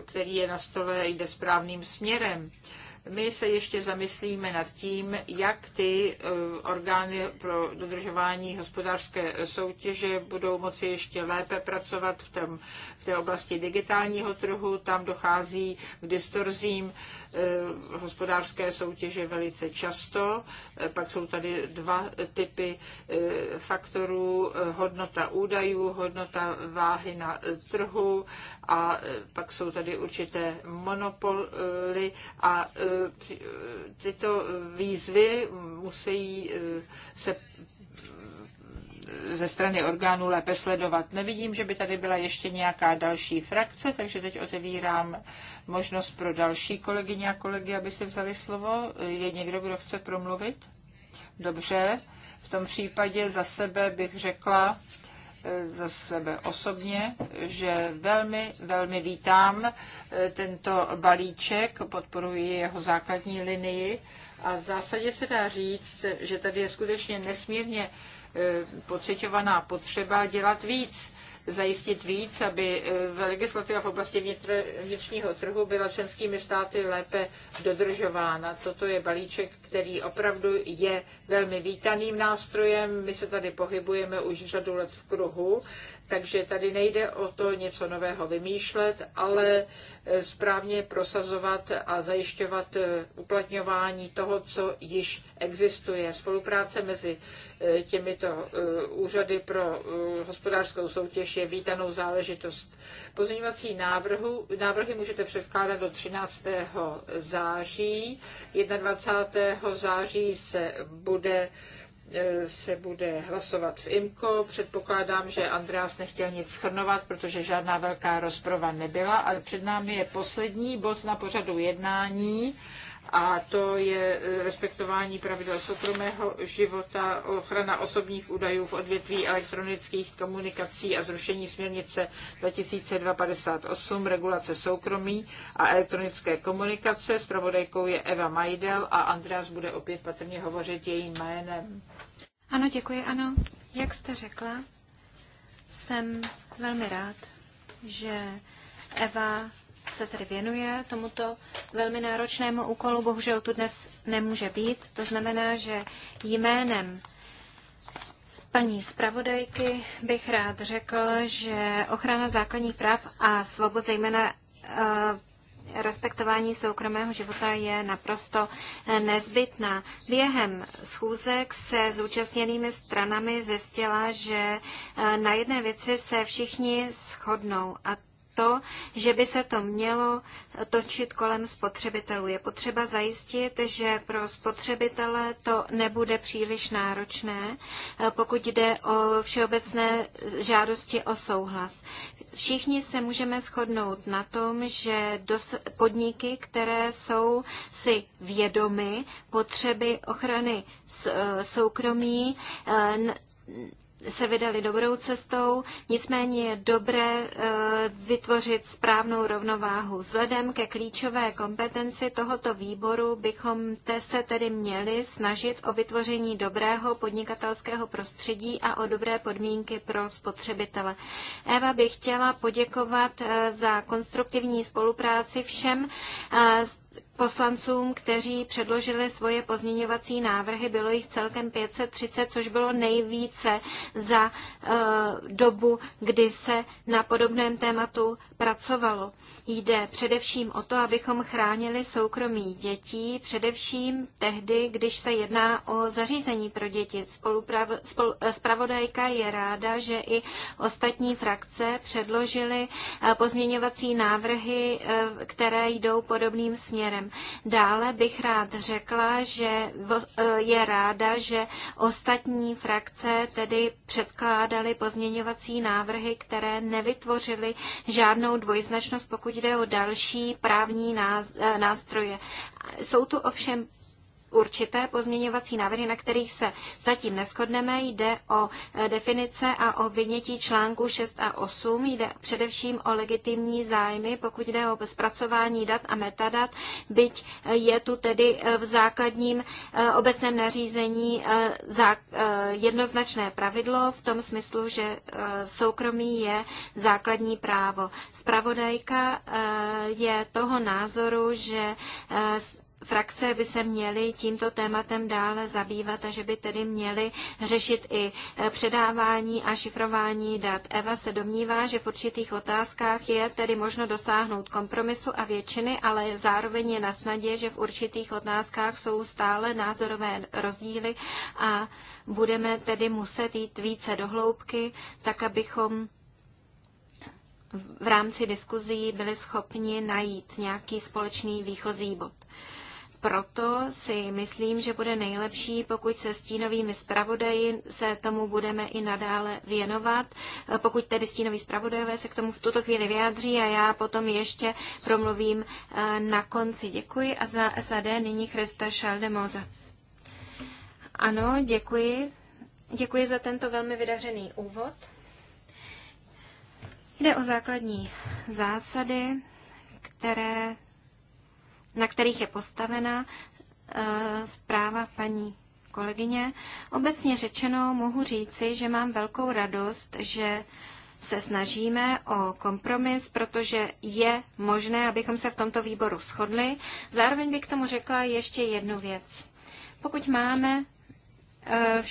který je na stole, jde správným směrem. My se ještě zamyslíme nad tím, jak ty eh, orgány pro dodržování hospodářské soutěže budou moci ještě lépe pracovat v, tom, v té oblasti digitálního trhu. Tam dochází k distorzím Eh, hospodářské soutěže velice často. Eh, pak jsou tady dva typy eh, faktorů, hodnota údajů, hodnota váhy na trhu a pak jsou tady určité monopoly a tyto výzvy musí se ze strany orgánů lépe sledovat. Nevidím, že by tady byla ještě nějaká další frakce, takže teď otevírám možnost pro další kolegyně a kolegy, aby si vzali slovo. Je někdo, kdo chce promluvit? Dobře, v tom případě za sebe bych řekla, eh, za sebe osobně, že velmi, velmi vítám eh, tento balíček, podporuji jeho základní linii a v zásadě se dá říct, že tady je skutečně nesmírně E, pocitovaná potřeba dělat víc zajistit víc, aby e, legislativa v oblasti vnitř, vnitřního trhu byla členskými státy lépe dodržována. Toto je balíček, který opravdu je velmi vítaným nástrojem. My se tady pohybujeme už řadu let v kruhu takže tady nejde o to něco nového vymýšlet, ale eh, správně prosazovat a zajišťovat eh, uplatňování toho, co již existuje. Spolupráce mezi eh, těmito úřady pro hospodářskou soutěž je vítanou záležitost. Pozměňovací návrhu, návrhy můžete předkládat do 13. září. 21. září se bude E, se bude hlasovat v IMKO. Předpokládám, že Andreas nechtěl nic schrnovat, protože žádná velká rozprava nebyla, ale před námi je poslední bod na pořadu jednání a to je e, respektování pravidel soukromého života, ochrana osobních údajů v odvětví elektronických komunikací a zrušení směrnice 2258 regulace soukromí a elektronické komunikace. Spravodajkou je Eva Majdel a Andreas bude opět patrně hovořit jejím jménem. Ano, děkuji, ano. Jak jste řekla, jsem velmi rád, že Eva se tedy věnuje tomuto velmi náročnému úkolu. Bohužel tu dnes nemůže být. To znamená, že jménem paní zpravodajky bych rád řekl, že ochrana základních práv a svobod, zejména eh, respektování soukromého života je naprosto eh, nezbytná. Během schůzek se zúčastněnými stranami zjistila, že eh, na jedné věci se všichni shodnou a to, že by se to mělo točit kolem spotřebitelů. Je potřeba zajistit, že pro spotřebitele to nebude příliš náročné, pokud jde o všeobecné žádosti o souhlas. Všichni se můžeme shodnout na tom, že podniky, které jsou si vědomy potřeby ochrany soukromí, se vydali dobrou cestou, nicméně je dobré eh, vytvořit správnou rovnováhu. Vzhledem ke klíčové kompetenci tohoto výboru bychom te se tedy měli snažit o vytvoření dobrého podnikatelského prostředí a o dobré podmínky pro spotřebitele. Eva bych chtěla poděkovat eh, za konstruktivní spolupráci všem eh, poslancům, kteří předložili svoje pozměňovací návrhy. Bylo jich celkem 530, což bylo nejvíce za eh, dobu, kdy se na podobném tématu pracovalo. Jde především o to, abychom chránili soukromí dětí, především tehdy, když se jedná o zařízení pro děti. spravodajka je ráda, že i ostatní frakce předložily eh, pozměňovací návrhy, eh, které jdou podobným směrem. Dále bych rád řekla, že eh, je ráda, že ostatní frakce tedy předkládaly pozměňovací návrhy, které nevytvořily žádnou možnou dvojznačnost, pokud jde o další právní e, nástroje. Jsou tu ovšem určité pozměňovací návrhy, na kterých se zatím neschodneme. Jde o eh, definice a o vynětí článku 6 a 8. Jde především o legitimní zájmy, pokud jde o zpracování dat a metadat, byť eh, je tu tedy eh, v základním obecném nařízení jednoznačné pravidlo v tom smyslu, že soukromí je základní právo. Spravodajka je toho názoru, že frakce by se měly tímto tématem dále zabývat a že by tedy měly řešit i eh, předávání a šifrování dat. Eva se domnívá, že v určitých otázkách je tedy možno dosáhnout kompromisu a většiny, ale zároveň je na snadě, že v určitých otázkách jsou stále názorové rozdíly a budeme tedy muset jít více do hloubky, tak abychom v rámci diskuzí byli schopni najít nějaký společný výchozí bod proto si myslím, že bude nejlepší, pokud se stínovými zpravodaji se tomu budeme i nadále věnovat. E, pokud tedy stínoví zpravodajové se k tomu v tuto chvíli vyjádří a já potom ještě promluvím e, na konci. Děkuji a za SAD nyní Christa Šaldemoza. Ano, děkuji. Děkuji za tento velmi vydařený úvod. Jde o základní zásady, které na kterých je postavena eh, zpráva paní kolegyně. Obecně řečeno mohu říci, že mám velkou radost, že se snažíme o kompromis, protože je možné, abychom se v tomto výboru shodli. Zároveň bych k tomu řekla ještě jednu věc. Pokud máme eh,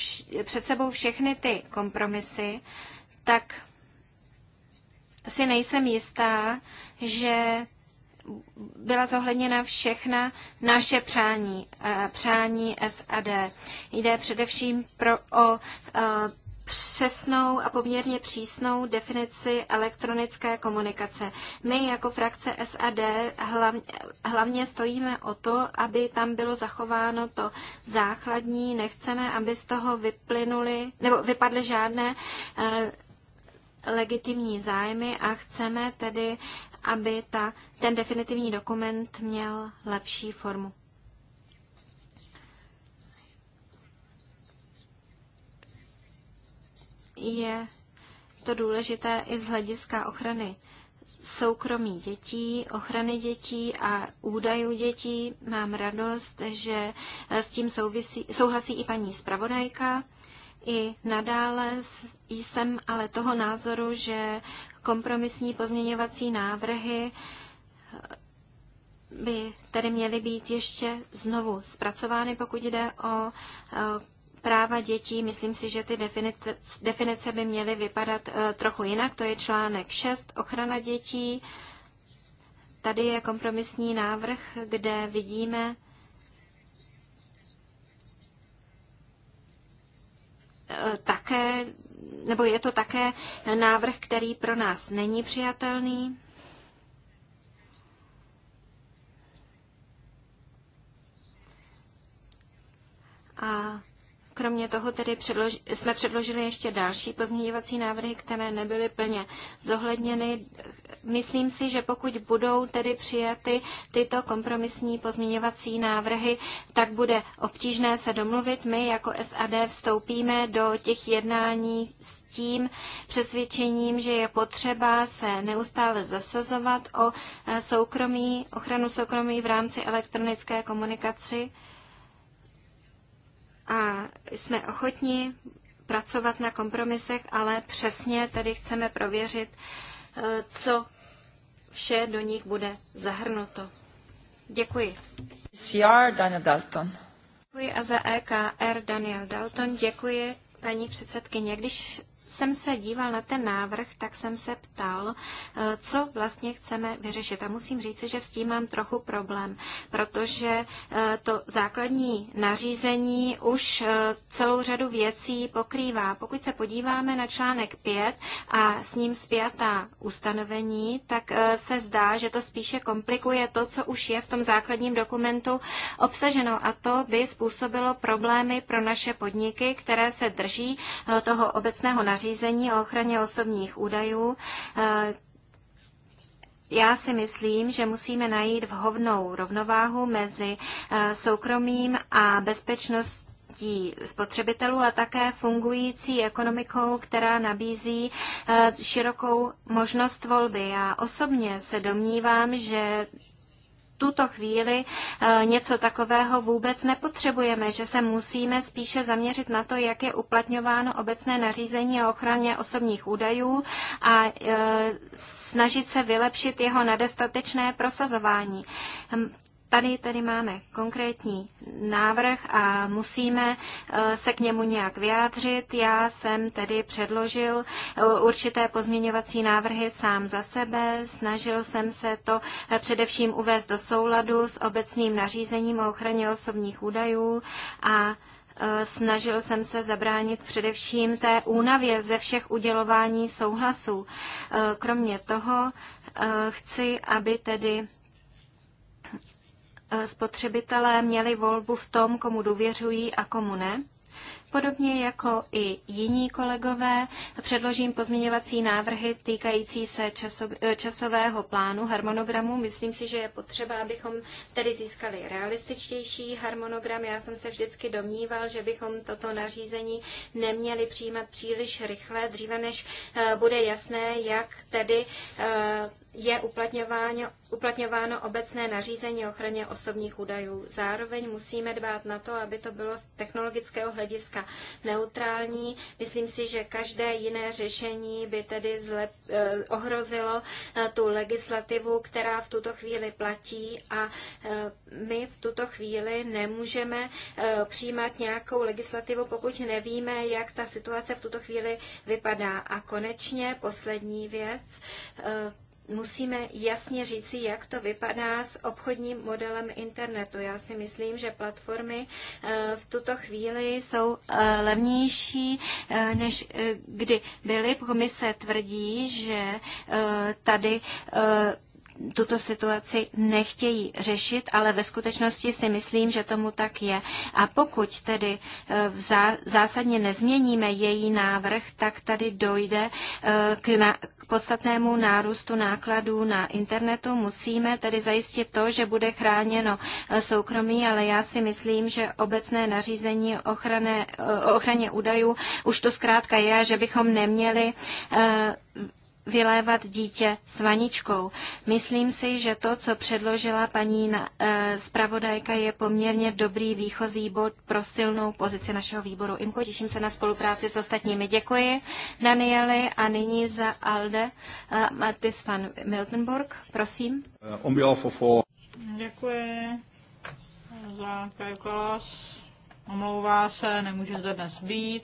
před sebou všechny ty kompromisy, tak si nejsem jistá, že byla zohledněna všechna naše přání, eh, přání SAD. Jde především pro, o eh, přesnou a poměrně přísnou definici elektronické komunikace. My jako frakce SAD hlavně, hlavně stojíme o to, aby tam bylo zachováno to základní. Nechceme, aby z toho vyplynuly nebo vypadly žádné eh, legitimní zájmy a chceme tedy aby ta, ten definitivní dokument měl lepší formu. Je to důležité i z hlediska ochrany soukromí dětí, ochrany dětí a údajů dětí. Mám radost, že s tím souvisí, souhlasí i paní zpravodajka. I nadále jsem ale toho názoru, že kompromisní pozměňovací návrhy eh, by tedy měly být ještě znovu zpracovány, pokud jde o eh, práva dětí. Myslím si, že ty definice, definice by měly vypadat eh, trochu jinak. To je článek 6, ochrana dětí. Tady je kompromisní návrh, kde vidíme, Eh, také, nebo je to také návrh, který pro nás není přijatelný. A Kromě toho tedy předloži, jsme předložili ještě další pozměňovací návrhy, které nebyly plně zohledněny. Myslím si, že pokud budou tedy přijaty tyto kompromisní pozměňovací návrhy, tak bude obtížné se domluvit. My jako SAD vstoupíme do těch jednání s tím přesvědčením, že je potřeba se neustále zasazovat o eh, soukromí, ochranu soukromí v rámci elektronické komunikaci a jsme ochotní pracovat na kompromisech, ale přesně tady chceme prověřit, eh, co vše do nich bude zahrnuto. Děkuji. CR Daniel Dalton. Děkuji a za EKR Daniel Dalton. Děkuji, paní předsedkyně. Když jsem se díval na ten návrh, tak jsem se ptal, eh, co vlastně chceme vyřešit. A musím říct, že s tím mám trochu problém, protože eh, to základní nařízení už eh, celou řadu věcí pokrývá. Pokud se podíváme na článek 5 a s ním zpětá ustanovení, tak se zdá, že to spíše komplikuje to, co už je v tom základním dokumentu obsaženo. A to by způsobilo problémy pro naše podniky, které se drží toho obecného nařízení nařízení o ochraně osobních údajů, eh, já si myslím, že musíme najít vhodnou rovnováhu mezi eh, soukromým a bezpečností spotřebitelů a také fungující ekonomikou, která nabízí eh, širokou možnost volby. Já osobně se domnívám, že tuto chvíli eh, něco takového vůbec nepotřebujeme, že se musíme spíše zaměřit na to, jak je uplatňováno obecné nařízení o ochraně osobních údajů a eh, snažit se vylepšit jeho nedostatečné prosazování. Hm, Tady tedy máme konkrétní návrh a musíme eh, se k němu nějak vyjádřit. Já jsem tedy předložil eh, určité pozměňovací návrhy sám za sebe. Snažil jsem se to eh, především uvést do souladu s obecným nařízením o ochraně osobních údajů a snažil jsem se zabránit především té únavě ze všech udělování souhlasů. Kromě toho chci, aby tedy Eh, spotřebitelé měli volbu v tom, komu důvěřují a komu ne. Podobně jako i jiní kolegové předložím pozměňovací návrhy týkající se eh, časového plánu harmonogramu. Myslím si, že je potřeba, abychom tedy získali realističtější harmonogram. Já jsem se vždycky domníval, že bychom toto nařízení neměli přijímat příliš rychle, dříve než eh, bude jasné, jak tedy je uplatňováno, uplatňováno obecné nařízení ochraně osobních údajů. Zároveň musíme dbát na to, aby to bylo z technologického hlediska neutrální. Myslím si, že každé jiné řešení by tedy zlep, eh, ohrozilo eh, tu legislativu, která v tuto chvíli platí a eh, my v tuto chvíli nemůžeme eh, přijímat nějakou legislativu, pokud nevíme, jak ta situace v tuto chvíli vypadá. A konečně poslední věc. Eh, musíme jasně říci, jak to vypadá s obchodním modelem internetu. Já si myslím, že platformy eh, v tuto chvíli jsou eh, levnější, eh, než kdy byly. Komise tvrdí, že tady tuto situaci nechtějí řešit, ale ve skutečnosti si myslím, že tomu tak je. A pokud tedy e, zásadně nezměníme její návrh, tak tady dojde e, k, podstatnému nárůstu nákladů na internetu. Musíme tedy zajistit to, že bude chráněno e, soukromí, ale já si myslím, že obecné nařízení ochrany, ochraně údajů už to zkrátka je, že bychom neměli vylévat dítě s vaničkou. Myslím si, že to, co předložila paní eh, zpravodajka, je poměrně dobrý výchozí bod pro silnou pozici našeho výboru. Imko, těším se na spolupráci s ostatními. Děkuji Danieli a nyní za Alde eh, Matis van Miltenburg. Prosím. Eh, Děkuji za Kajkalas. Omlouvá se, nemůže zde dnes být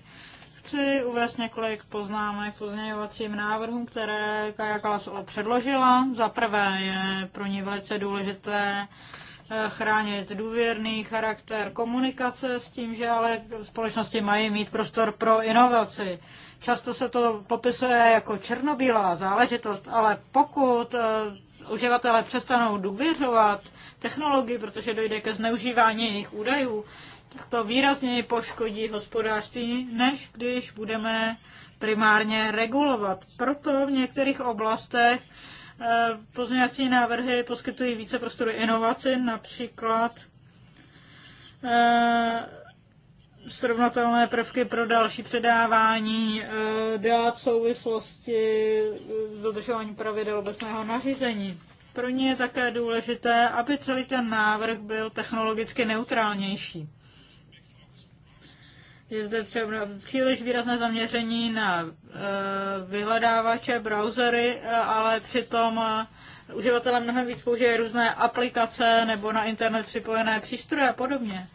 chci uvést několik poznámek k pozměňovacím návrhům, které Kaja Kalasolo předložila. Za prvé je pro ní velice důležité eh, chránit důvěrný charakter komunikace s tím, že ale společnosti mají mít prostor pro inovaci. Často se to popisuje jako černobílá záležitost, ale pokud eh, uživatelé přestanou důvěřovat technologii, protože dojde ke zneužívání jejich údajů, tak to výrazněji poškodí hospodářství, než když budeme primárně regulovat. Proto v některých oblastech eh, pozměňovací návrhy poskytují více prostoru inovaci, například eh, srovnatelné prvky pro další předávání, eh, dát souvislosti dodržování pravidel obecného nařízení. Pro ně je také důležité, aby celý ten návrh byl technologicky neutrálnější je zde třeba příliš výrazné zaměření na eh, vyhledávače, browsery, eh, ale přitom eh, uživatelé mnohem víc použije různé aplikace nebo na internet připojené přístroje a podobně.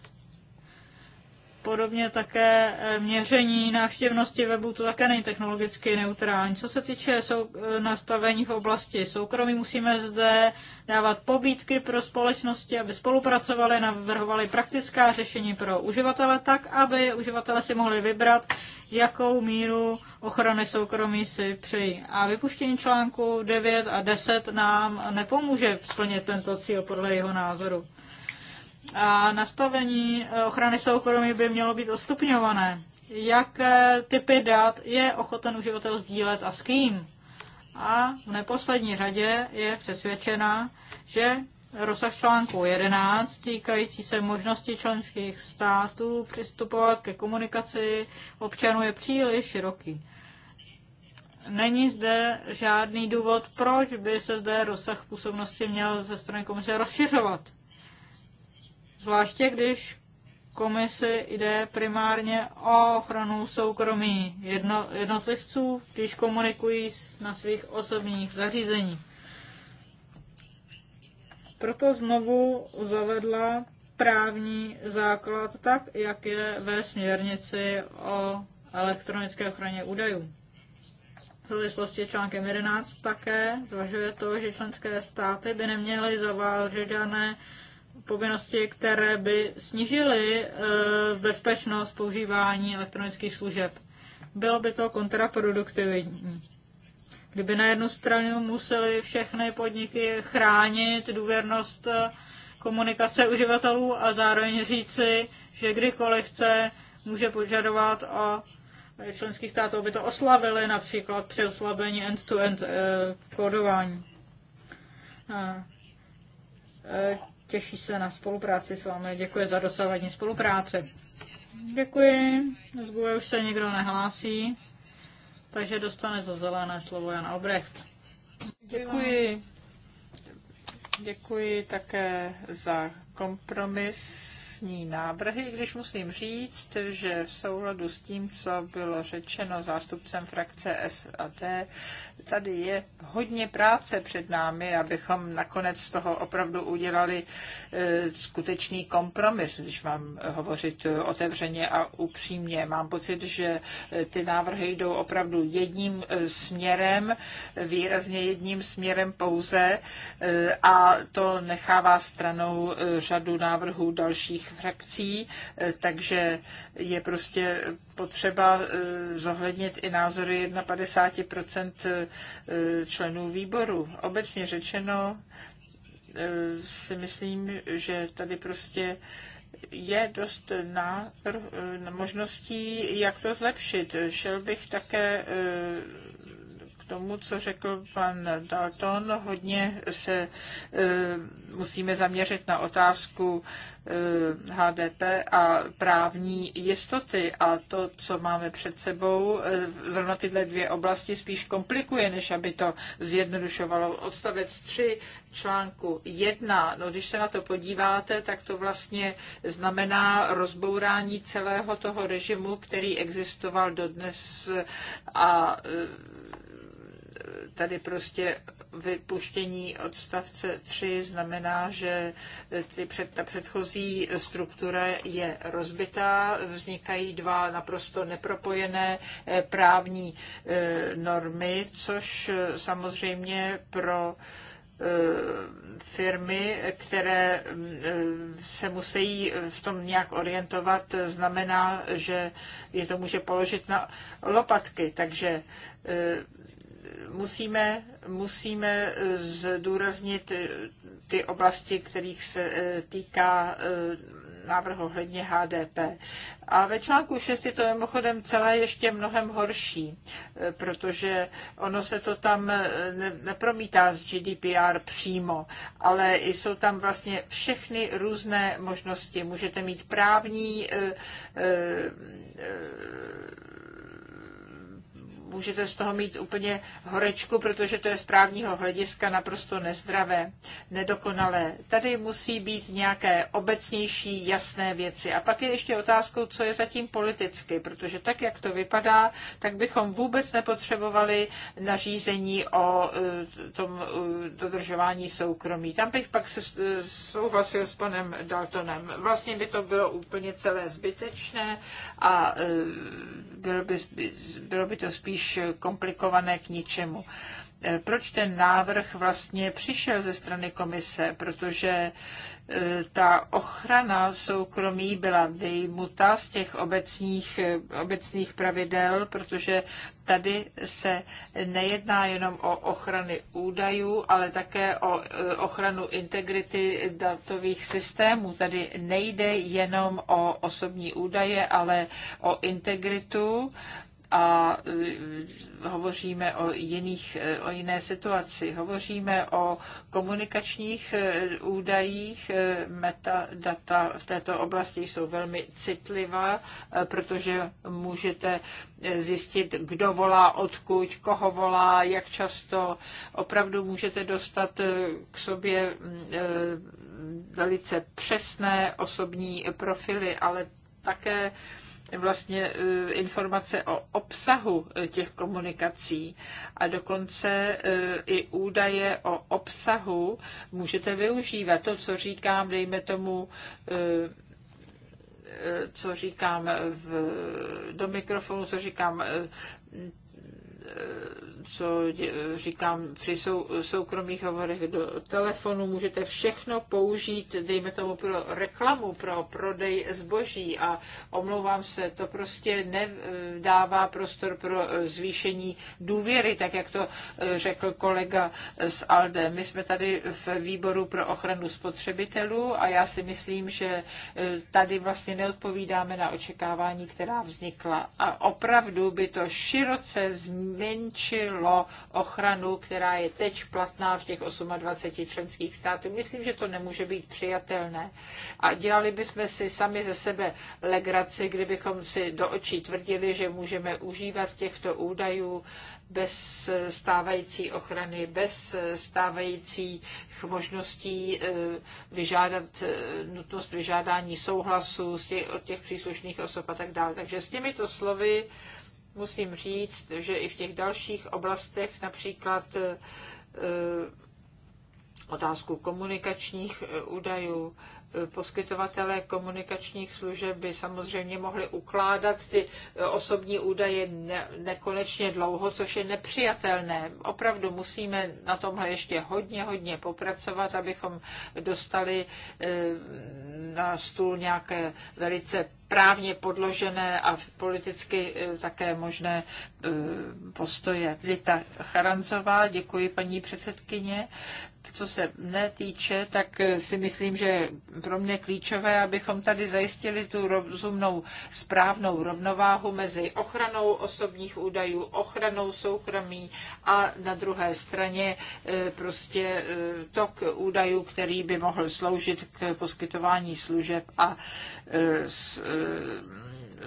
Podobně také eh, měření návštěvnosti webu, to také není technologicky neutrální. Co se týče sou, eh, nastavení v oblasti soukromí, musíme zde dávat pobídky pro společnosti, aby spolupracovali, navrhovali praktická řešení pro uživatele tak, aby uživatele si mohli vybrat, jakou míru ochrany soukromí si přejí. A vypuštění článku 9 a 10 nám nepomůže splnit tento cíl podle jeho názoru. A nastavení eh, ochrany soukromí by mělo být odstupňované. Jaké typy dat je ochoten uživatel sdílet a s kým? A v neposlední řadě je přesvědčena, že rozsah článku 11 týkající se možnosti členských států přistupovat ke komunikaci občanů je příliš široký. Není zde žádný důvod, proč by se zde rozsah působnosti měl ze strany komise rozšiřovat. Zvláště když komisi jde primárně o ochranu soukromí jedno, jednotlivců, když komunikují na svých osobních zařízeních. Proto znovu zavedla právní základ tak, jak je ve směrnici o elektronické ochraně údajů. V souvislosti s článkem 11 také zvažuje to, že členské státy by neměly zavádět žádné povinnosti, které by snížily eh, bezpečnost používání elektronických služeb. Bylo by to kontraproduktivní. Kdyby na jednu stranu museli všechny podniky chránit důvěrnost eh, komunikace uživatelů a zároveň říci, že kdykoliv chce, může požadovat o eh, členský stát aby to oslavili například při oslabení end-to-end -end, kódování těší se na spolupráci s vámi. Děkuji za dosavadní spolupráce. Děkuji. Z Google už se nikdo nehlásí, takže dostane za zelené slovo Jan Albrecht. Děkuji. Děkuji také za kompromis kompromisní návrhy, když musím říct, že v souladu s tím, co bylo řečeno zástupcem frakce SAD, tady je hodně práce před námi, abychom nakonec z toho opravdu udělali e, skutečný kompromis, když mám hovořit otevřeně a upřímně. Mám pocit, že e, ty návrhy jdou opravdu jedním e, směrem, výrazně jedním směrem pouze a to nechává stranou řadu návrhů dalších frakcí, eh, takže je prostě potřeba eh, zohlednit i názory 51% eh, členů výboru. Obecně řečeno si myslím, že tady prostě je dost na, na možností, jak to zlepšit. Šel bych také tomu, co řekl pan Dalton. Hodně se e, musíme zaměřit na otázku e, HDP a právní jistoty a to, co máme před sebou, e, zrovna tyhle dvě oblasti spíš komplikuje, než aby to zjednodušovalo. Odstavec 3 článku 1, no když se na to podíváte, tak to vlastně znamená rozbourání celého toho režimu, který existoval dodnes a tady prostě vypuštění odstavce 3 znamená, že ty před, ta předchozí struktura je rozbitá, vznikají dva naprosto nepropojené eh, právní eh, normy, což samozřejmě pro eh, firmy, které se musí v tom nějak orientovat, znamená, že je to může položit na lopatky. Takže musíme, musíme eh, zdůraznit eh, ty oblasti, kterých se eh, týká návrh ohledně HDP. A ve článku 6 je to mimochodem celé ještě mnohem horší, protože ono se to tam nepromítá z GDPR přímo, ale jsou tam vlastně všechny různé možnosti. Můžete mít právní můžete z toho mít úplně horečku, protože to je z právního hlediska naprosto nezdravé, nedokonalé. Tady musí být nějaké obecnější, jasné věci. A pak je ještě otázkou, co je zatím politicky, protože tak, jak to vypadá, tak bychom vůbec nepotřebovali nařízení o e, tom e, dodržování soukromí. Tam bych pak e, souhlasil s panem Daltonem. Vlastně by to bylo úplně celé zbytečné a bylo by, bylo by to spíš komplikované k ničemu. Eh, proč ten návrh vlastně přišel ze strany komise? Protože ta ochrana soukromí byla vyjmuta z těch obecních, obecných pravidel, protože tady se nejedná jenom o ochrany údajů, ale také o e, ochranu integrity datových systémů. Tady nejde jenom o osobní údaje, ale o integritu a e, hovoříme o, jiných, e, o jiné situaci. Hovoříme o komunikačních e, údajích. Metadata v této oblasti jsou velmi citlivá, protože můžete zjistit, kdo volá odkud, koho volá, jak často. Opravdu můžete dostat k sobě velice přesné osobní profily, ale také vlastně e, informace o obsahu e, těch komunikací a dokonce e, i údaje o obsahu můžete využívat. To, co říkám, dejme tomu, co říkám v, do mikrofonu, co říkám co dě, říkám při sou, soukromých hovorech do telefonu, můžete všechno použít, dejme tomu pro reklamu, pro prodej zboží a omlouvám se, to prostě nedává prostor pro eh, zvýšení důvěry, tak jak to eh, řekl kolega z ALDE. My jsme tady v výboru pro ochranu spotřebitelů a já si myslím, že eh, tady vlastně neodpovídáme na očekávání, která vznikla. A opravdu by to široce zmenšilo lo ochranu, která je teď platná v těch 28 členských států. Myslím, že to nemůže být přijatelné. A dělali bychom si sami ze sebe legraci, kdybychom si do očí tvrdili, že můžeme užívat těchto údajů bez stávající ochrany, bez stávajících možností eh, vyžádat, eh, nutnost vyžádání souhlasu od těch příslušných osob a tak dále. Takže s těmito slovy musím říct, že i v těch dalších oblastech, například e, e, otázku komunikačních e, údajů, poskytovatelé komunikačních služeb by samozřejmě mohli ukládat ty osobní údaje ne, nekonečně dlouho, což je nepřijatelné. Opravdu musíme na tomhle ještě hodně, hodně popracovat, abychom dostali eh, na stůl nějaké velice právně podložené a politicky eh, také možné eh, postoje. Lita Charanzová, děkuji paní předsedkyně co se mne týče, tak si myslím, že pro mě klíčové, abychom tady zajistili tu rozumnou správnou rovnováhu mezi ochranou osobních údajů, ochranou soukromí a na druhé straně e, prostě e, tok údajů, který by mohl sloužit k poskytování služeb a e, s,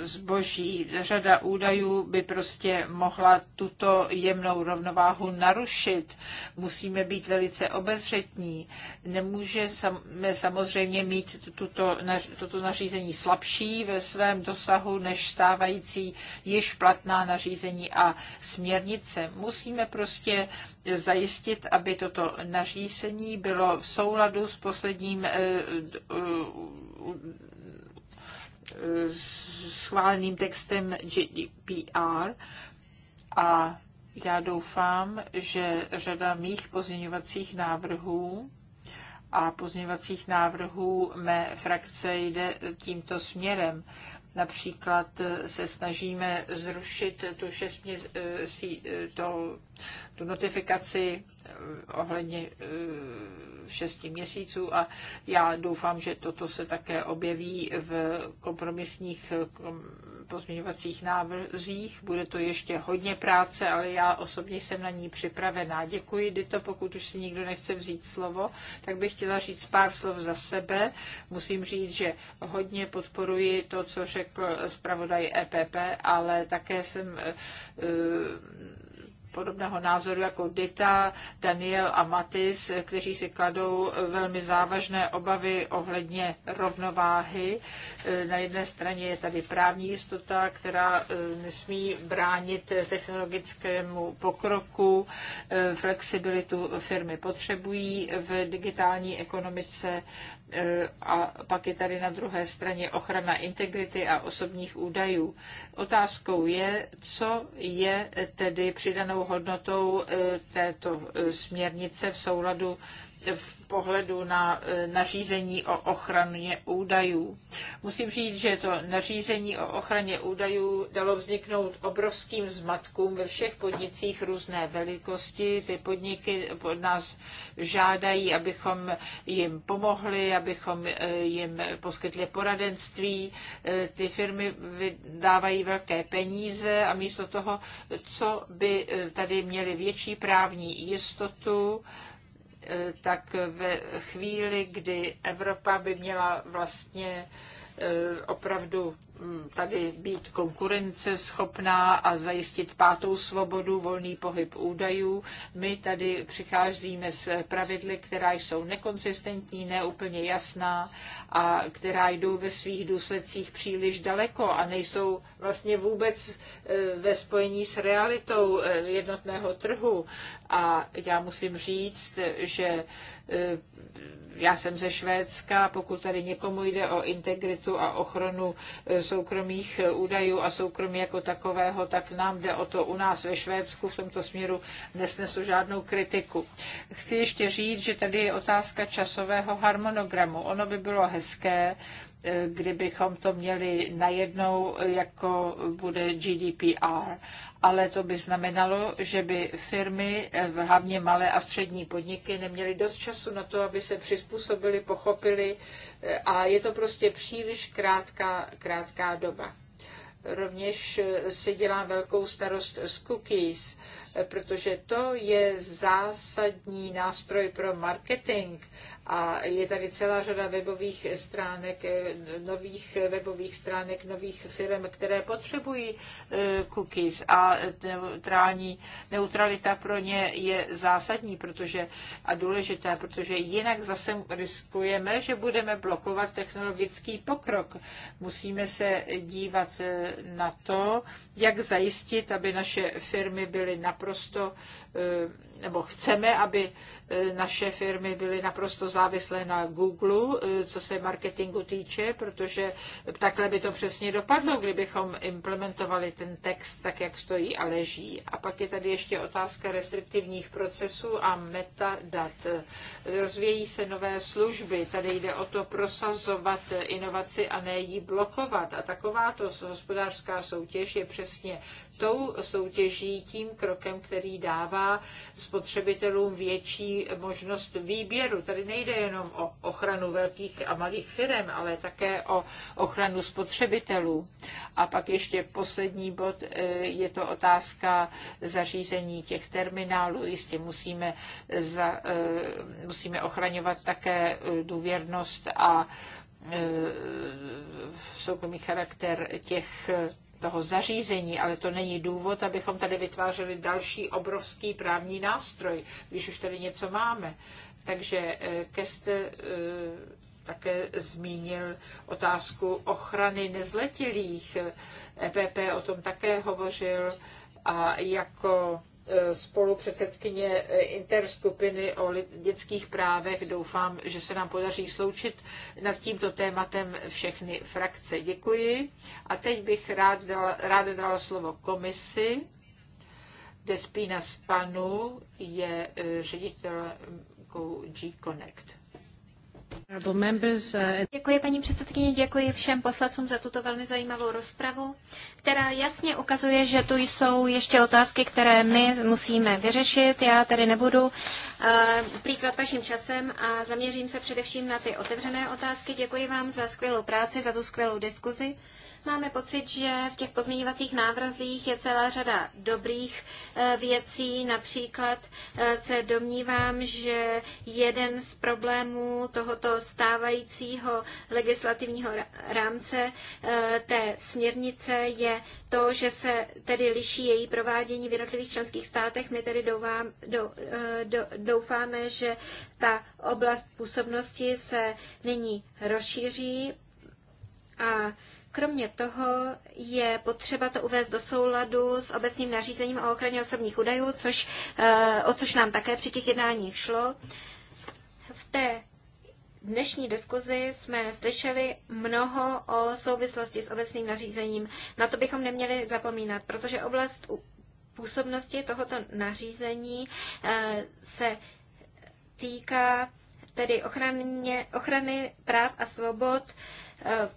zboží. Řada údajů by prostě mohla tuto jemnou rovnováhu narušit. Musíme být velice obezřetní. Nemůžeme samozřejmě mít tuto, toto nařízení slabší ve svém dosahu než stávající již platná nařízení a směrnice. Musíme prostě zajistit, aby toto nařízení bylo v souladu s posledním eh, schváleným textem GDPR a já doufám, že řada mých pozměňovacích návrhů a pozměňovacích návrhů mé frakce jde tímto směrem. Například eh, se snažíme zrušit tu, šest měs, eh, eh, to, tu notifikaci ohledně šesti měsíců a já doufám, že toto se také objeví v kompromisních pozměňovacích návrzích. Bude to ještě hodně práce, ale já osobně jsem na ní připravená. Děkuji, Dito, pokud už si nikdo nechce vzít slovo, tak bych chtěla říct pár slov za sebe. Musím říct, že hodně podporuji to, co řekl zpravodaj EPP, ale také jsem eh, podobného názoru jako Dita, Daniel a Matis, kteří si kladou velmi závažné obavy ohledně rovnováhy. Eh, na jedné straně je tady právní jistota, která eh, nesmí bránit technologickému pokroku, eh, flexibilitu firmy potřebují v digitální ekonomice Eh, a pak je tady na druhé straně ochrana integrity a osobních údajů. Otázkou je, co je tedy přidanou hodnotou eh, této eh, směrnice v souladu v pohledu na eh, nařízení o ochraně údajů. Musím říct, že to nařízení o ochraně údajů dalo vzniknout obrovským zmatkům ve všech podnicích různé velikosti. Ty podniky od nás žádají, abychom jim pomohli, abychom eh, jim poskytli poradenství. Eh, ty firmy vydávají velké peníze a místo toho, co by tady měli větší právní jistotu, Eh, tak ve chvíli, kdy Evropa by měla vlastně eh, opravdu Mm, tady být konkurenceschopná a zajistit pátou svobodu, volný pohyb údajů. My tady přicházíme s pravidly, která jsou nekonzistentní, neúplně jasná a která jdou ve svých důsledcích příliš daleko a nejsou vlastně vůbec e, ve spojení s realitou e, jednotného trhu. A já musím říct, že e, já jsem ze Švédska, pokud tady někomu jde o integritu a ochranu soukromých eh, údajů a soukromí jako takového, tak nám jde o to u nás ve Švédsku v tomto směru nesnesu žádnou kritiku. Chci ještě říct, že tady je otázka časového harmonogramu. Ono by bylo hezké, kdybychom to měli najednou, jako bude GDPR. Ale to by znamenalo, že by firmy, eh, hlavně malé a střední podniky, neměly dost času na to, aby se přizpůsobili, pochopili eh, a je to prostě příliš krátká, krátká doba. Rovněž eh, si dělám velkou starost s cookies protože to je zásadní nástroj pro marketing a je tady celá řada webových stránek, eh, nových webových stránek, nových firm, které potřebují eh, cookies a neutrální, neutralita pro ně je zásadní protože, a důležitá, protože jinak zase riskujeme, že budeme blokovat technologický pokrok. Musíme se dívat eh, na to, jak zajistit, aby naše firmy byly naplněny naprosto, eh, nebo chceme, aby eh, naše firmy byly naprosto závislé na Google, eh, co se marketingu týče, protože takhle by to přesně dopadlo, kdybychom implementovali ten text tak, jak stojí a leží. A pak je tady ještě otázka restriktivních procesů a metadat. Rozvějí se nové služby, tady jde o to prosazovat inovaci a ne ji blokovat. A takováto hospodářská soutěž je přesně tou soutěží, tím krokem, který dává spotřebitelům větší možnost výběru. Tady nejde jenom o ochranu velkých a malých firm, ale také o ochranu spotřebitelů. A pak ještě poslední bod, e, je to otázka zařízení těch terminálů. Jistě musíme, za, e, musíme ochraňovat také e, důvěrnost a soukromý charakter těch toho zařízení, ale to není důvod, abychom tady vytvářeli další obrovský právní nástroj, když už tady něco máme. Takže eh, Keste eh, také zmínil otázku ochrany nezletilých. EPP o tom také hovořil a jako Eh, spolupředsedkyně eh, interskupiny o dětských právech. Doufám, že se nám podaří sloučit nad tímto tématem všechny frakce. Děkuji. A teď bych rád dala, ráda dala slovo komisi. Despina Spanu je eh, ředitelkou G-Connect. Děkuji paní předsedkyně, děkuji všem poslancům za tuto velmi zajímavou rozpravu, která jasně ukazuje, že tu jsou ještě otázky, které my musíme vyřešit. Já tady nebudu eh, plýtvat vaším časem a zaměřím se především na ty otevřené otázky. Děkuji vám za skvělou práci, za tu skvělou diskuzi. Máme pocit, že v těch pozměňovacích návrzích je celá řada dobrých eh, věcí. Například eh, se domnívám, že jeden z problémů tohoto stávajícího legislativního rámce eh, té směrnice je to, že se tedy liší její provádění v jednotlivých členských státech. My tedy do, doufáme, že ta oblast působnosti se nyní rozšíří a Kromě toho je potřeba to uvést do souladu s obecným nařízením o ochraně osobních údajů, což, eh, o což nám také při těch jednáních šlo. V té dnešní diskuzi jsme slyšeli mnoho o souvislosti s obecným nařízením. Na to bychom neměli zapomínat, protože oblast působnosti tohoto nařízení eh, se týká tedy ochrany práv a svobod eh,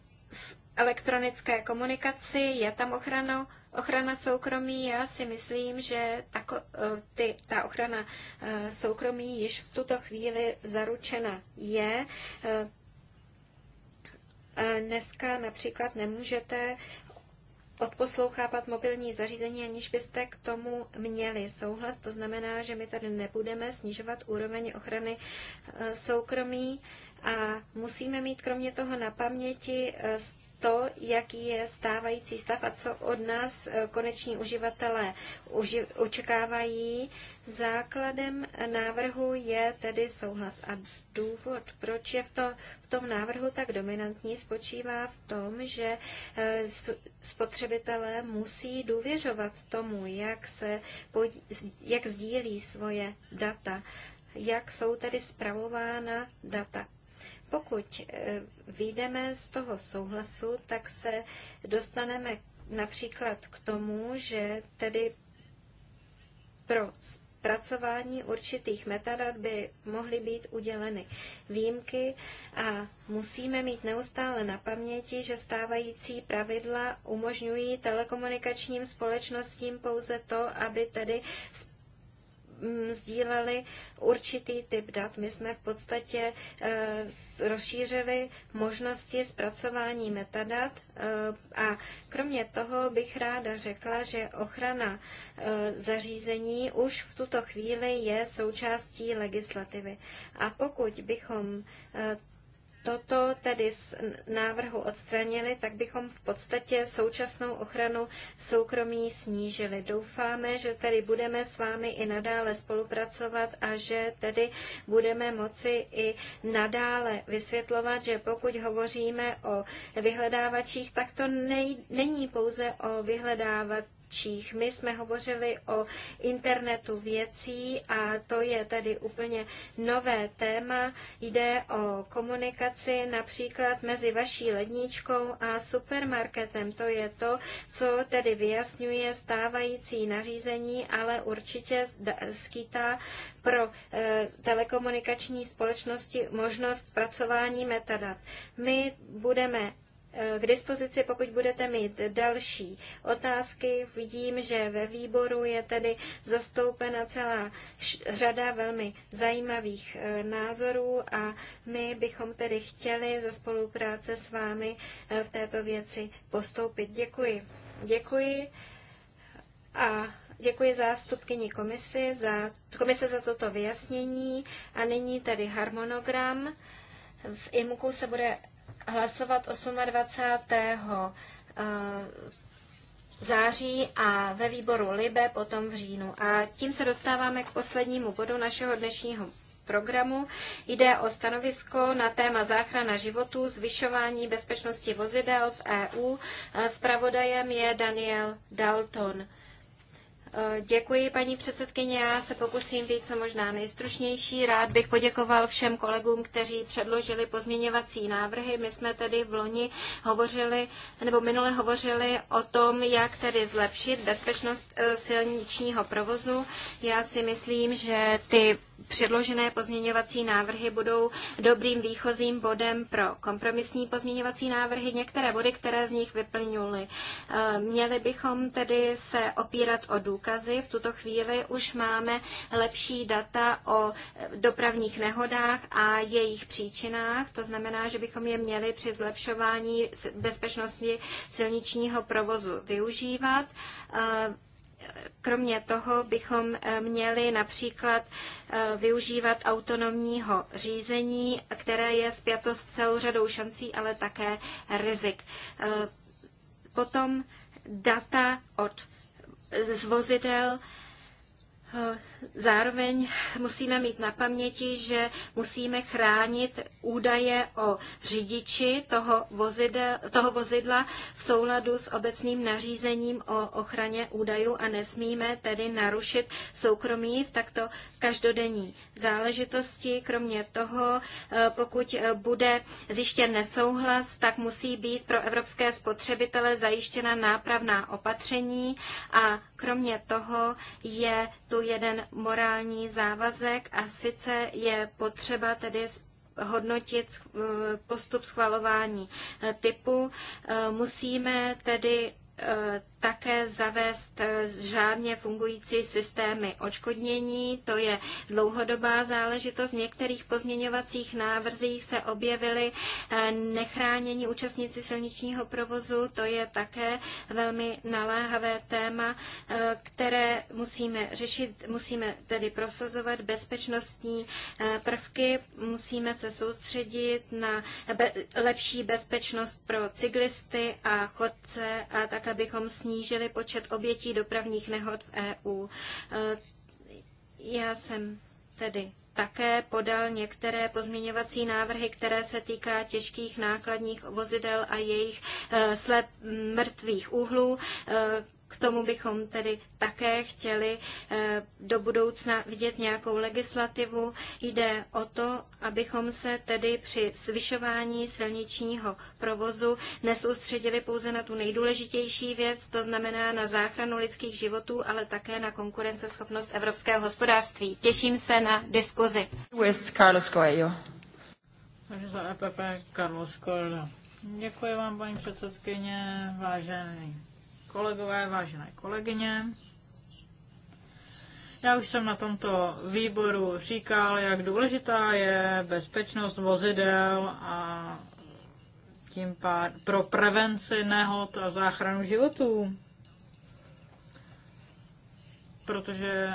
elektronické komunikaci, je tam ochrana, ochrana soukromí. Já si myslím, že ta, eh, ty, ta ochrana eh, soukromí již v tuto chvíli zaručena je. Eh, dneska například nemůžete odposlouchávat mobilní zařízení, aniž byste k tomu měli souhlas. To znamená, že my tady nebudeme snižovat úroveň ochrany soukromí a musíme mít kromě toho na paměti to, jaký je stávající stav a co od nás eh, koneční uživatelé očekávají. Základem návrhu je tedy souhlas a důvod, proč je v, to, v tom návrhu tak dominantní, spočívá v tom, že eh, spotřebitelé musí důvěřovat tomu, jak, se, jak sdílí svoje data, jak jsou tedy zpravována data. Pokud eh, vyjdeme z toho souhlasu, tak se dostaneme například k tomu, že tedy pro zpracování určitých metadat by mohly být uděleny výjimky a musíme mít neustále na paměti, že stávající pravidla umožňují telekomunikačním společnostím pouze to, aby tedy Mm, sdíleli určitý typ dat. My jsme v podstatě eh, rozšířili možnosti zpracování metadat eh, a kromě toho bych ráda řekla, že ochrana eh, zařízení už v tuto chvíli je součástí legislativy. A pokud bychom toto tedy z návrhu odstranili, tak bychom v podstatě současnou ochranu soukromí snížili. Doufáme, že tedy budeme s vámi i nadále spolupracovat a že tedy budeme moci i nadále vysvětlovat, že pokud hovoříme o vyhledávačích, tak to nej, není pouze o vyhledávat očích. My jsme hovořili o internetu věcí a to je tady úplně nové téma. Jde o komunikaci například mezi vaší ledničkou a supermarketem. To je to, co tedy vyjasňuje stávající nařízení, ale určitě skýtá pro eh, telekomunikační společnosti možnost zpracování metadat. My budeme k dispozici, pokud budete mít další otázky. Vidím, že ve výboru je tedy zastoupena celá řada velmi zajímavých eh, názorů a my bychom tedy chtěli za spolupráce s vámi eh, v této věci postoupit. Děkuji. Děkuji a děkuji zástupkyni komisi za, komise za toto vyjasnění a nyní tedy harmonogram. V IMKU se bude hlasovat 28. Eh, září a ve výboru Libe potom v říjnu. A tím se dostáváme k poslednímu bodu našeho dnešního programu. Jde o stanovisko na téma záchrana životů, zvyšování bezpečnosti vozidel v EU. Spravodajem eh, je Daniel Dalton. Eh, děkuji, paní předsedkyně. Já se pokusím být co možná nejstručnější. Rád bych poděkoval všem kolegům, kteří předložili pozměňovací návrhy. My jsme tedy v loni hovořili, nebo minule hovořili o tom, jak tedy zlepšit bezpečnost eh, silničního provozu. Já si myslím, že ty předložené pozměňovací návrhy budou dobrým výchozím bodem pro kompromisní pozměňovací návrhy. Některé body, které z nich vyplňuly. Eh, měli bychom tedy se opírat o důkazy. V tuto chvíli už máme lepší data o dopravních nehodách a jejich příčinách. To znamená, že bychom je měli při zlepšování bezpečnosti silničního provozu využívat. Eh, Kromě toho bychom eh, měli například eh, využívat autonomního řízení, které je zpěto s celou řadou šancí, ale také rizik. Eh, potom data od z vozidel Zároveň musíme mít na paměti, že musíme chránit údaje o řidiči toho, vozidla, toho vozidla v souladu s obecným nařízením o ochraně údajů a nesmíme tedy narušit soukromí v takto každodenní záležitosti. Kromě toho, eh, pokud eh, bude zjištěn nesouhlas, tak musí být pro evropské spotřebitele zajištěna nápravná opatření a kromě toho je tu jeden morální závazek a sice je potřeba tedy hodnotit eh, postup schvalování typu. Musíme tedy Eh, také zavést eh, řádně fungující systémy očkodnění. To je dlouhodobá záležitost. V některých pozměňovacích návrzích se objevily eh, nechránění účastníci silničního provozu. To je také velmi naléhavé téma, které musíme řešit. Musíme tedy prosazovat bezpečnostní prvky. Musíme se soustředit na lepší bezpečnost pro cyklisty a chodce a také abychom snížili počet obětí dopravních nehod v EU. E, já jsem tedy také podal některé pozměňovací návrhy, které se týká těžkých nákladních vozidel a jejich e, slep mrtvých úhlů. E, k tomu bychom tedy také chtěli eh, do budoucna vidět nějakou legislativu. Jde o to, abychom se tedy při zvyšování silničního provozu nesoustředili pouze na tu nejdůležitější věc, to znamená na záchranu lidských životů, ale také na konkurenceschopnost evropského hospodářství. Těším se na diskuzi. With Carlos Coelho. Za EPP Carlos Coelho. Děkuji vám, paní předsedkyně, vážený kolegové, vážené kolegyně. Já už jsem na tomto výboru říkal, jak důležitá je bezpečnost vozidel a tím pár pro prevenci nehod a záchranu životů. Protože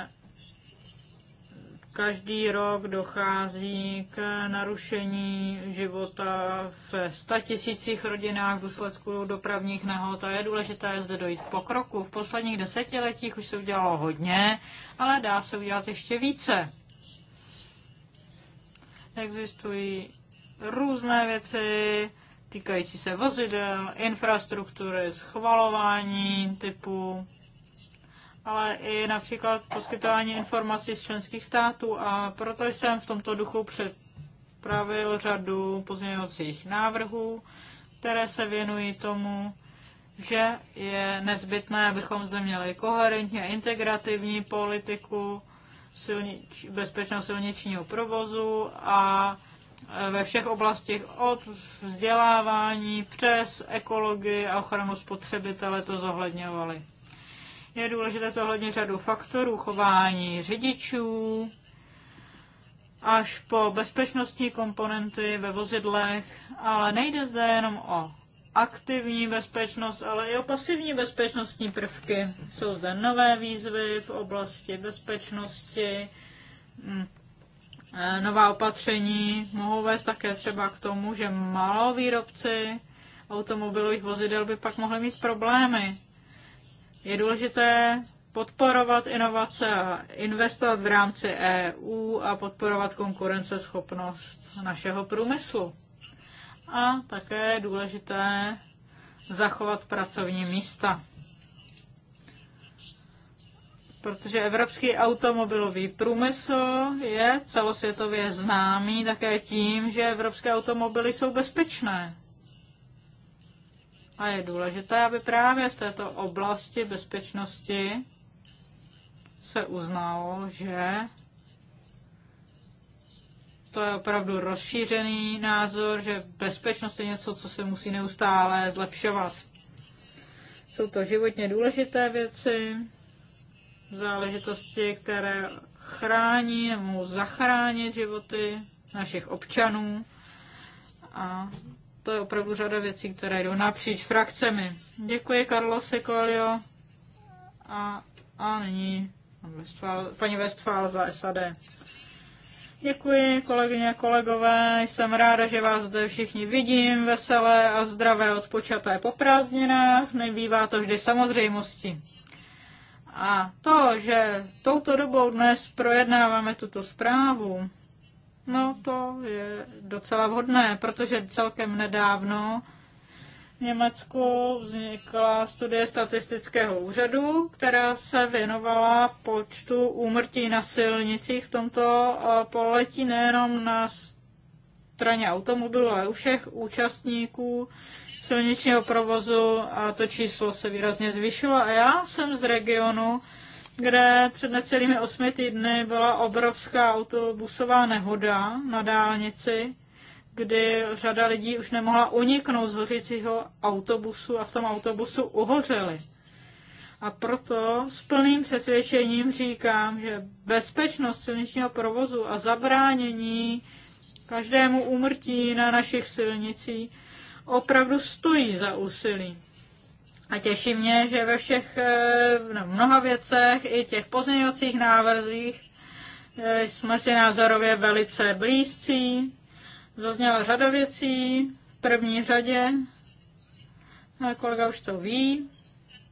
Každý rok dochází k narušení života v tisících rodinách v důsledku dopravních nehod a je důležité zde dojít po kroku. V posledních desetiletích už se udělalo hodně, ale dá se udělat ještě více. Existují různé věci týkající se vozidel, infrastruktury, schvalování typu ale i například poskytování informací z členských států a proto jsem v tomto duchu připravil řadu pozměňovacích návrhů, které se věnují tomu, že je nezbytné, abychom zde měli koherentní a integrativní politiku silnič, bezpečnost silničního provozu a ve všech oblastech od vzdělávání přes ekologii a ochranu spotřebitele to zohledňovali je důležité zohlednit řadu faktorů chování řidičů, až po bezpečnostní komponenty ve vozidlech, ale nejde zde jenom o aktivní bezpečnost, ale i o pasivní bezpečnostní prvky. Jsou zde nové výzvy v oblasti bezpečnosti, hm, e, nová opatření mohou vést také třeba k tomu, že malovýrobci automobilových vozidel by pak mohli mít problémy je důležité podporovat inovace a investovat v rámci EU a podporovat konkurenceschopnost našeho průmyslu. A také je důležité zachovat pracovní místa. Protože evropský automobilový průmysl je celosvětově známý také tím, že evropské automobily jsou bezpečné. A je důležité, aby právě v této oblasti bezpečnosti se uznalo, že to je opravdu rozšířený názor, že bezpečnost je něco, co se musí neustále zlepšovat. Jsou to životně důležité věci, záležitosti, které chrání nebo zachránit životy našich občanů a to je opravdu řada věcí, které jdou napříč frakcemi. Děkuji, Karlo Sekolio. A, a nyní Westfál, paní Westfál za SAD. Děkuji, kolegyně a kolegové. Jsem ráda, že vás zde všichni vidím, veselé a zdravé odpočaté po prázdninách. Nebývá to vždy samozřejmostí. A to, že touto dobou dnes projednáváme tuto zprávu, No to je docela vhodné, protože celkem nedávno v Německu vznikla studie statistického úřadu, která se věnovala počtu úmrtí na silnicích v tomto eh, poletí nejenom na straně automobilu, ale u všech účastníků silničního provozu a to číslo se výrazně zvyšilo. A já jsem z regionu, kde před necelými osmi týdny byla obrovská autobusová nehoda na dálnici, kdy řada lidí už nemohla uniknout z hořícího autobusu a v tom autobusu uhořeli. A proto s plným přesvědčením říkám, že bezpečnost silničního provozu a zabránění každému úmrtí na našich silnicích opravdu stojí za úsilí. A těší mě, že ve všech, eh, no, mnoha věcech i těch pozměňovacích návrzích eh, jsme si názorově velice blízcí. Zazněla řada věcí v první řadě. Kolega už to ví.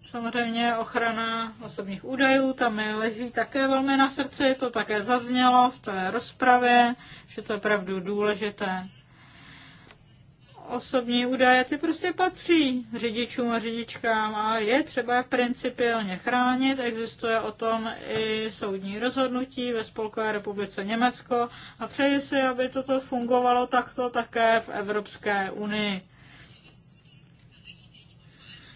Samozřejmě ochrana osobních údajů, tam mi leží také velmi na srdci, to také zaznělo v té rozpravě, že to je opravdu důležité osobní údaje, ty prostě patří řidičům a řidičkám a je třeba principiálně chránit. Existuje o tom i soudní rozhodnutí ve Spolkové republice Německo a přeji si, aby toto fungovalo takto také v Evropské unii.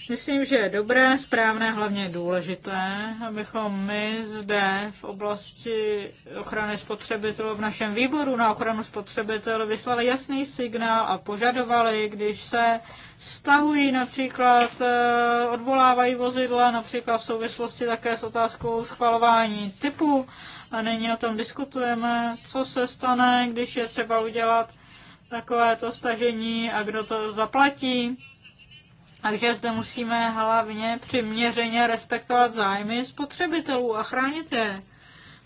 Myslím, že je dobré, správné, hlavně důležité, abychom my zde v oblasti ochrany spotřebitelů v našem výboru na ochranu spotřebitelů vyslali jasný signál a požadovali, když se stahují například, eh, odvolávají vozidla, například v souvislosti také s otázkou schvalování typu a nyní o tom diskutujeme, co se stane, když je třeba udělat takovéto stažení a kdo to zaplatí takže zde musíme hlavně přiměřeně respektovat zájmy spotřebitelů a chránit je,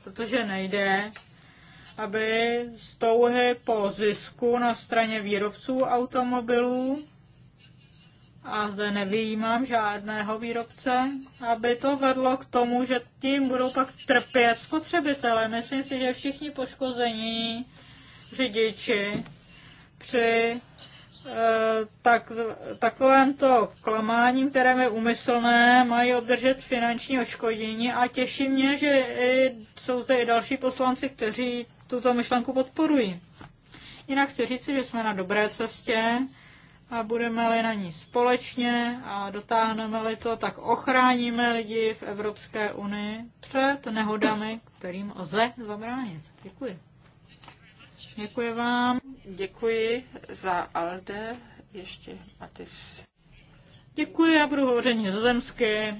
protože nejde, aby z touhy po zisku na straně výrobců automobilů a zde nevyjímám žádného výrobce, aby to vedlo k tomu, že tím budou pak trpět spotřebitele. Myslím si, že všichni poškození řidiči při Eh, tak, takovémto klamáním, které je umyslné, mají obdržet finanční odškodění a těší mě, že i, jsou zde i další poslanci, kteří tuto myšlenku podporují. Jinak chci říci, že jsme na dobré cestě a budeme-li na ní společně a dotáhneme-li to, tak ochráníme lidi v Evropské unii před nehodami, kterým lze zabránit. Děkuji. Děkuji vám. Děkuji za Alde. Ještě Matis. Děkuji, já budu hovořit nizozemsky.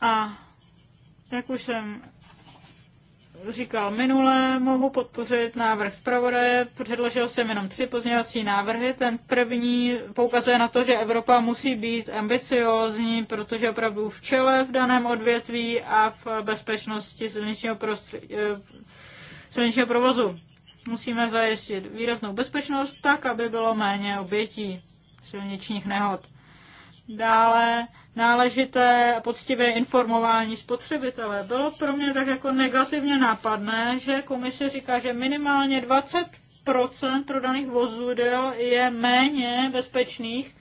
A jak už jsem říkal minule, mohu podpořit návrh zpravodaje. Předložil jsem jenom tři pozměňovací návrhy. Ten první poukazuje na to, že Evropa musí být ambiciózní, protože opravdu v čele v daném odvětví a v bezpečnosti silničního prostředí eh, silničního provozu. Musíme zajistit výraznou bezpečnost tak, aby bylo méně obětí silničních nehod. Dále náležité poctivé informování spotřebitele. Bylo pro mě tak jako negativně nápadné, že komise říká, že minimálně 20% prodaných vozidel je méně bezpečných,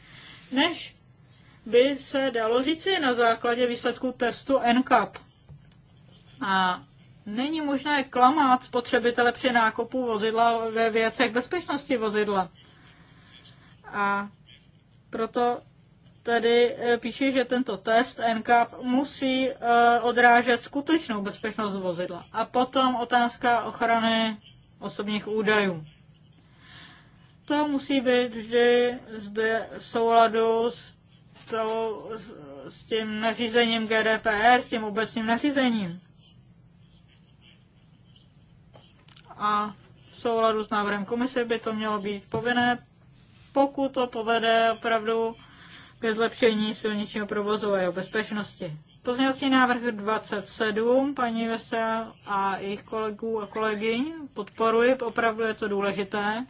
než by se dalo říci na základě výsledků testu NCAP. A Není možné klamat spotřebitele při nákupu vozidla ve věcech bezpečnosti vozidla. A proto tedy eh, píše, že tento test NCAP musí eh, odrážet skutečnou bezpečnost vozidla. A potom otázka ochrany osobních údajů. To musí být vždy zde v souladu s, to, s tím nařízením GDPR, s tím obecným nařízením. a v souladu s návrhem komise by to mělo být povinné, pokud to povede opravdu ke zlepšení silničního provozu a jeho bezpečnosti. Pozměňovací návrh 27 paní Vesel a jejich kolegů a kolegyň podporuji, opravdu je to důležité,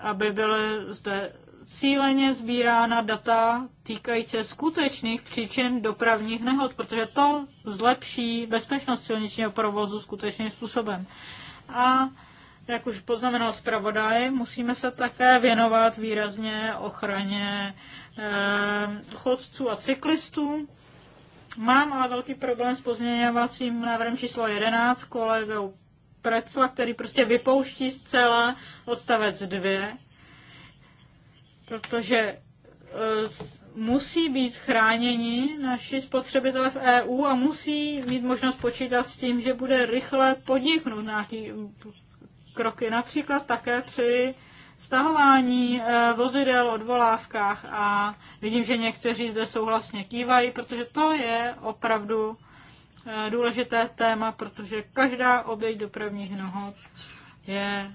aby byly zde cíleně sbírána data týkající se skutečných příčin dopravních nehod, protože to zlepší bezpečnost silničního provozu skutečným způsobem. A jak už poznamenal zpravodaj, musíme se také věnovat výrazně ochraně eh, chodců a cyklistů. Mám ale velký problém s pozměňovacím návrhem číslo 11 kolegou Precla, který prostě vypouští zcela odstavec 2 protože e, musí být chráněni naši spotřebitelé v EU a musí mít možnost počítat s tím, že bude rychle podniknout nějaké kroky, například také při stahování e, vozidel, odvolávkách a vidím, že někteří zde souhlasně kývají, protože to je opravdu e, důležité téma, protože každá oběť dopravních nohod je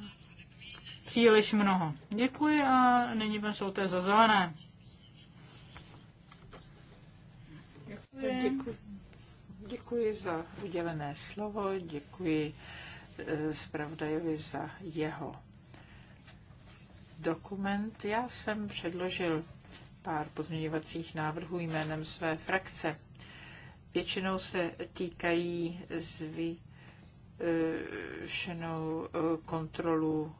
příliš mnoho. Děkuji a nyní pan Šouté za zelené. Děkuji. Děkuji. Děkuji za udělené slovo, děkuji eh, zpravodajovi za jeho dokument. Já jsem předložil pár pozměňovacích návrhů jménem své frakce. Většinou se týkají zvýšenou eh, kontrolu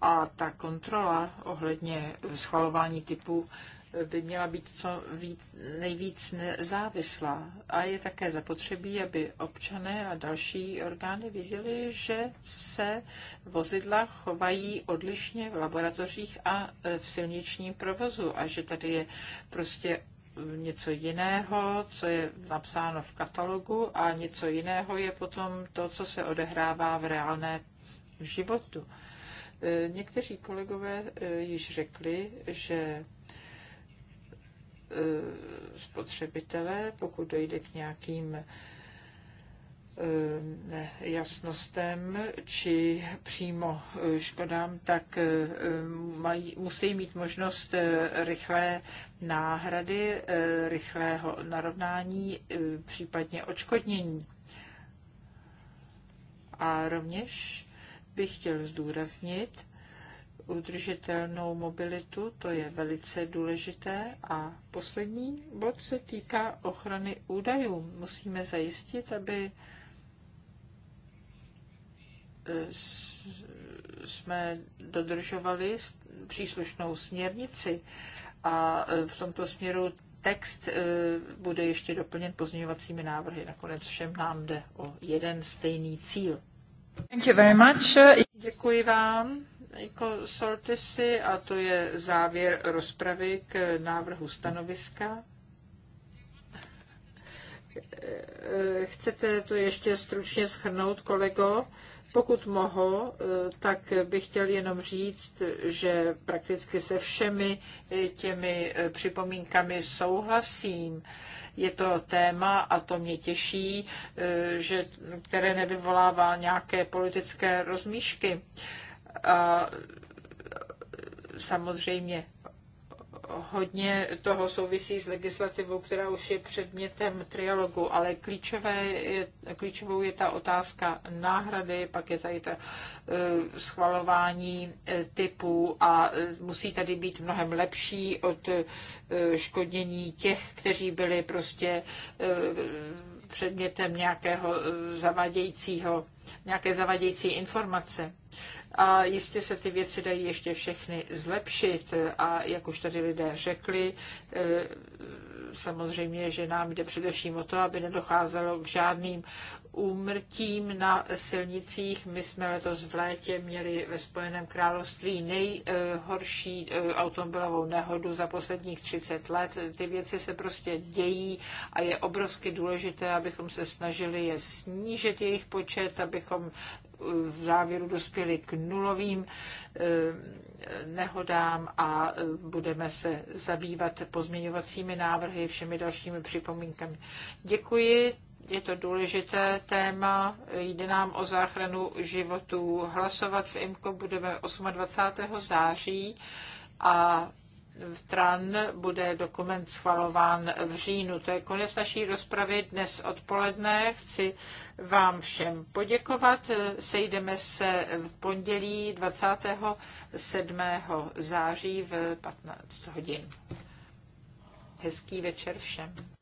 a ta kontrola ohledně schvalování typu by měla být co víc, nejvíc nezávislá. A je také zapotřebí, aby občané a další orgány viděli, že se vozidla chovají odlišně v laboratořích a v silničním provozu a že tady je prostě něco jiného, co je napsáno v katalogu a něco jiného je potom to, co se odehrává v reálné životu. E, někteří kolegové e, již řekli, že e, spotřebitelé, pokud dojde k nějakým E, nejasnostem či přímo e, škodám, tak e, mají, musí mít možnost rychlé náhrady, rychlého narovnání, případně očkodnění. A rovněž bych chtěl zdůraznit udržitelnou mobilitu, to je velice důležité. A poslední bod se týká ochrany údajů. Musíme zajistit, aby jsme dodržovali příslušnou směrnici a e, v tomto směru text e, bude ještě doplněn pozměňovacími návrhy. Nakonec všem nám jde o jeden stejný cíl. Thank you very much. Děkuji vám. Jako Soltisi, a to je závěr rozpravy k návrhu stanoviska. E, chcete to ještě stručně schrnout, kolego? Pokud mohu, eh, tak bych chtěl jenom říct, že prakticky se všemi eh, těmi eh, připomínkami souhlasím. Je to téma, a to mě těší, že, které nevyvolává nějaké politické rozmíšky. A samozřejmě hodně toho souvisí s legislativou, která už je předmětem trialogu, ale klíčové je, klíčovou je ta otázka náhrady, pak je tady ta eh, schvalování eh, typů a eh, musí tady být mnohem lepší od škodnění těch, kteří byli prostě předmětem nějakého zavadějícího, nějaké zavadějící informace a jistě se ty věci dají ještě všechny zlepšit. A jak už tady lidé řekli, e, samozřejmě, že nám jde především o to, aby nedocházelo k žádným úmrtím na silnicích. My jsme letos v létě měli ve Spojeném království nejhorší e, automobilovou nehodu za posledních 30 let. Ty věci se prostě dějí a je obrovsky důležité, abychom se snažili je snížit jejich počet, abychom v závěru dospěli k nulovým eh, nehodám a eh, budeme se zabývat pozměňovacími návrhy, všemi dalšími připomínkami. Děkuji, je to důležité téma, jde nám o záchranu životů. Hlasovat v IMCO budeme 28. září a v TRAN bude dokument schvalován v říjnu. To je konec naší rozpravy dnes odpoledne. Chci vám všem poděkovat. Sejdeme se v pondělí 27. září v 15 hodin. Hezký večer všem.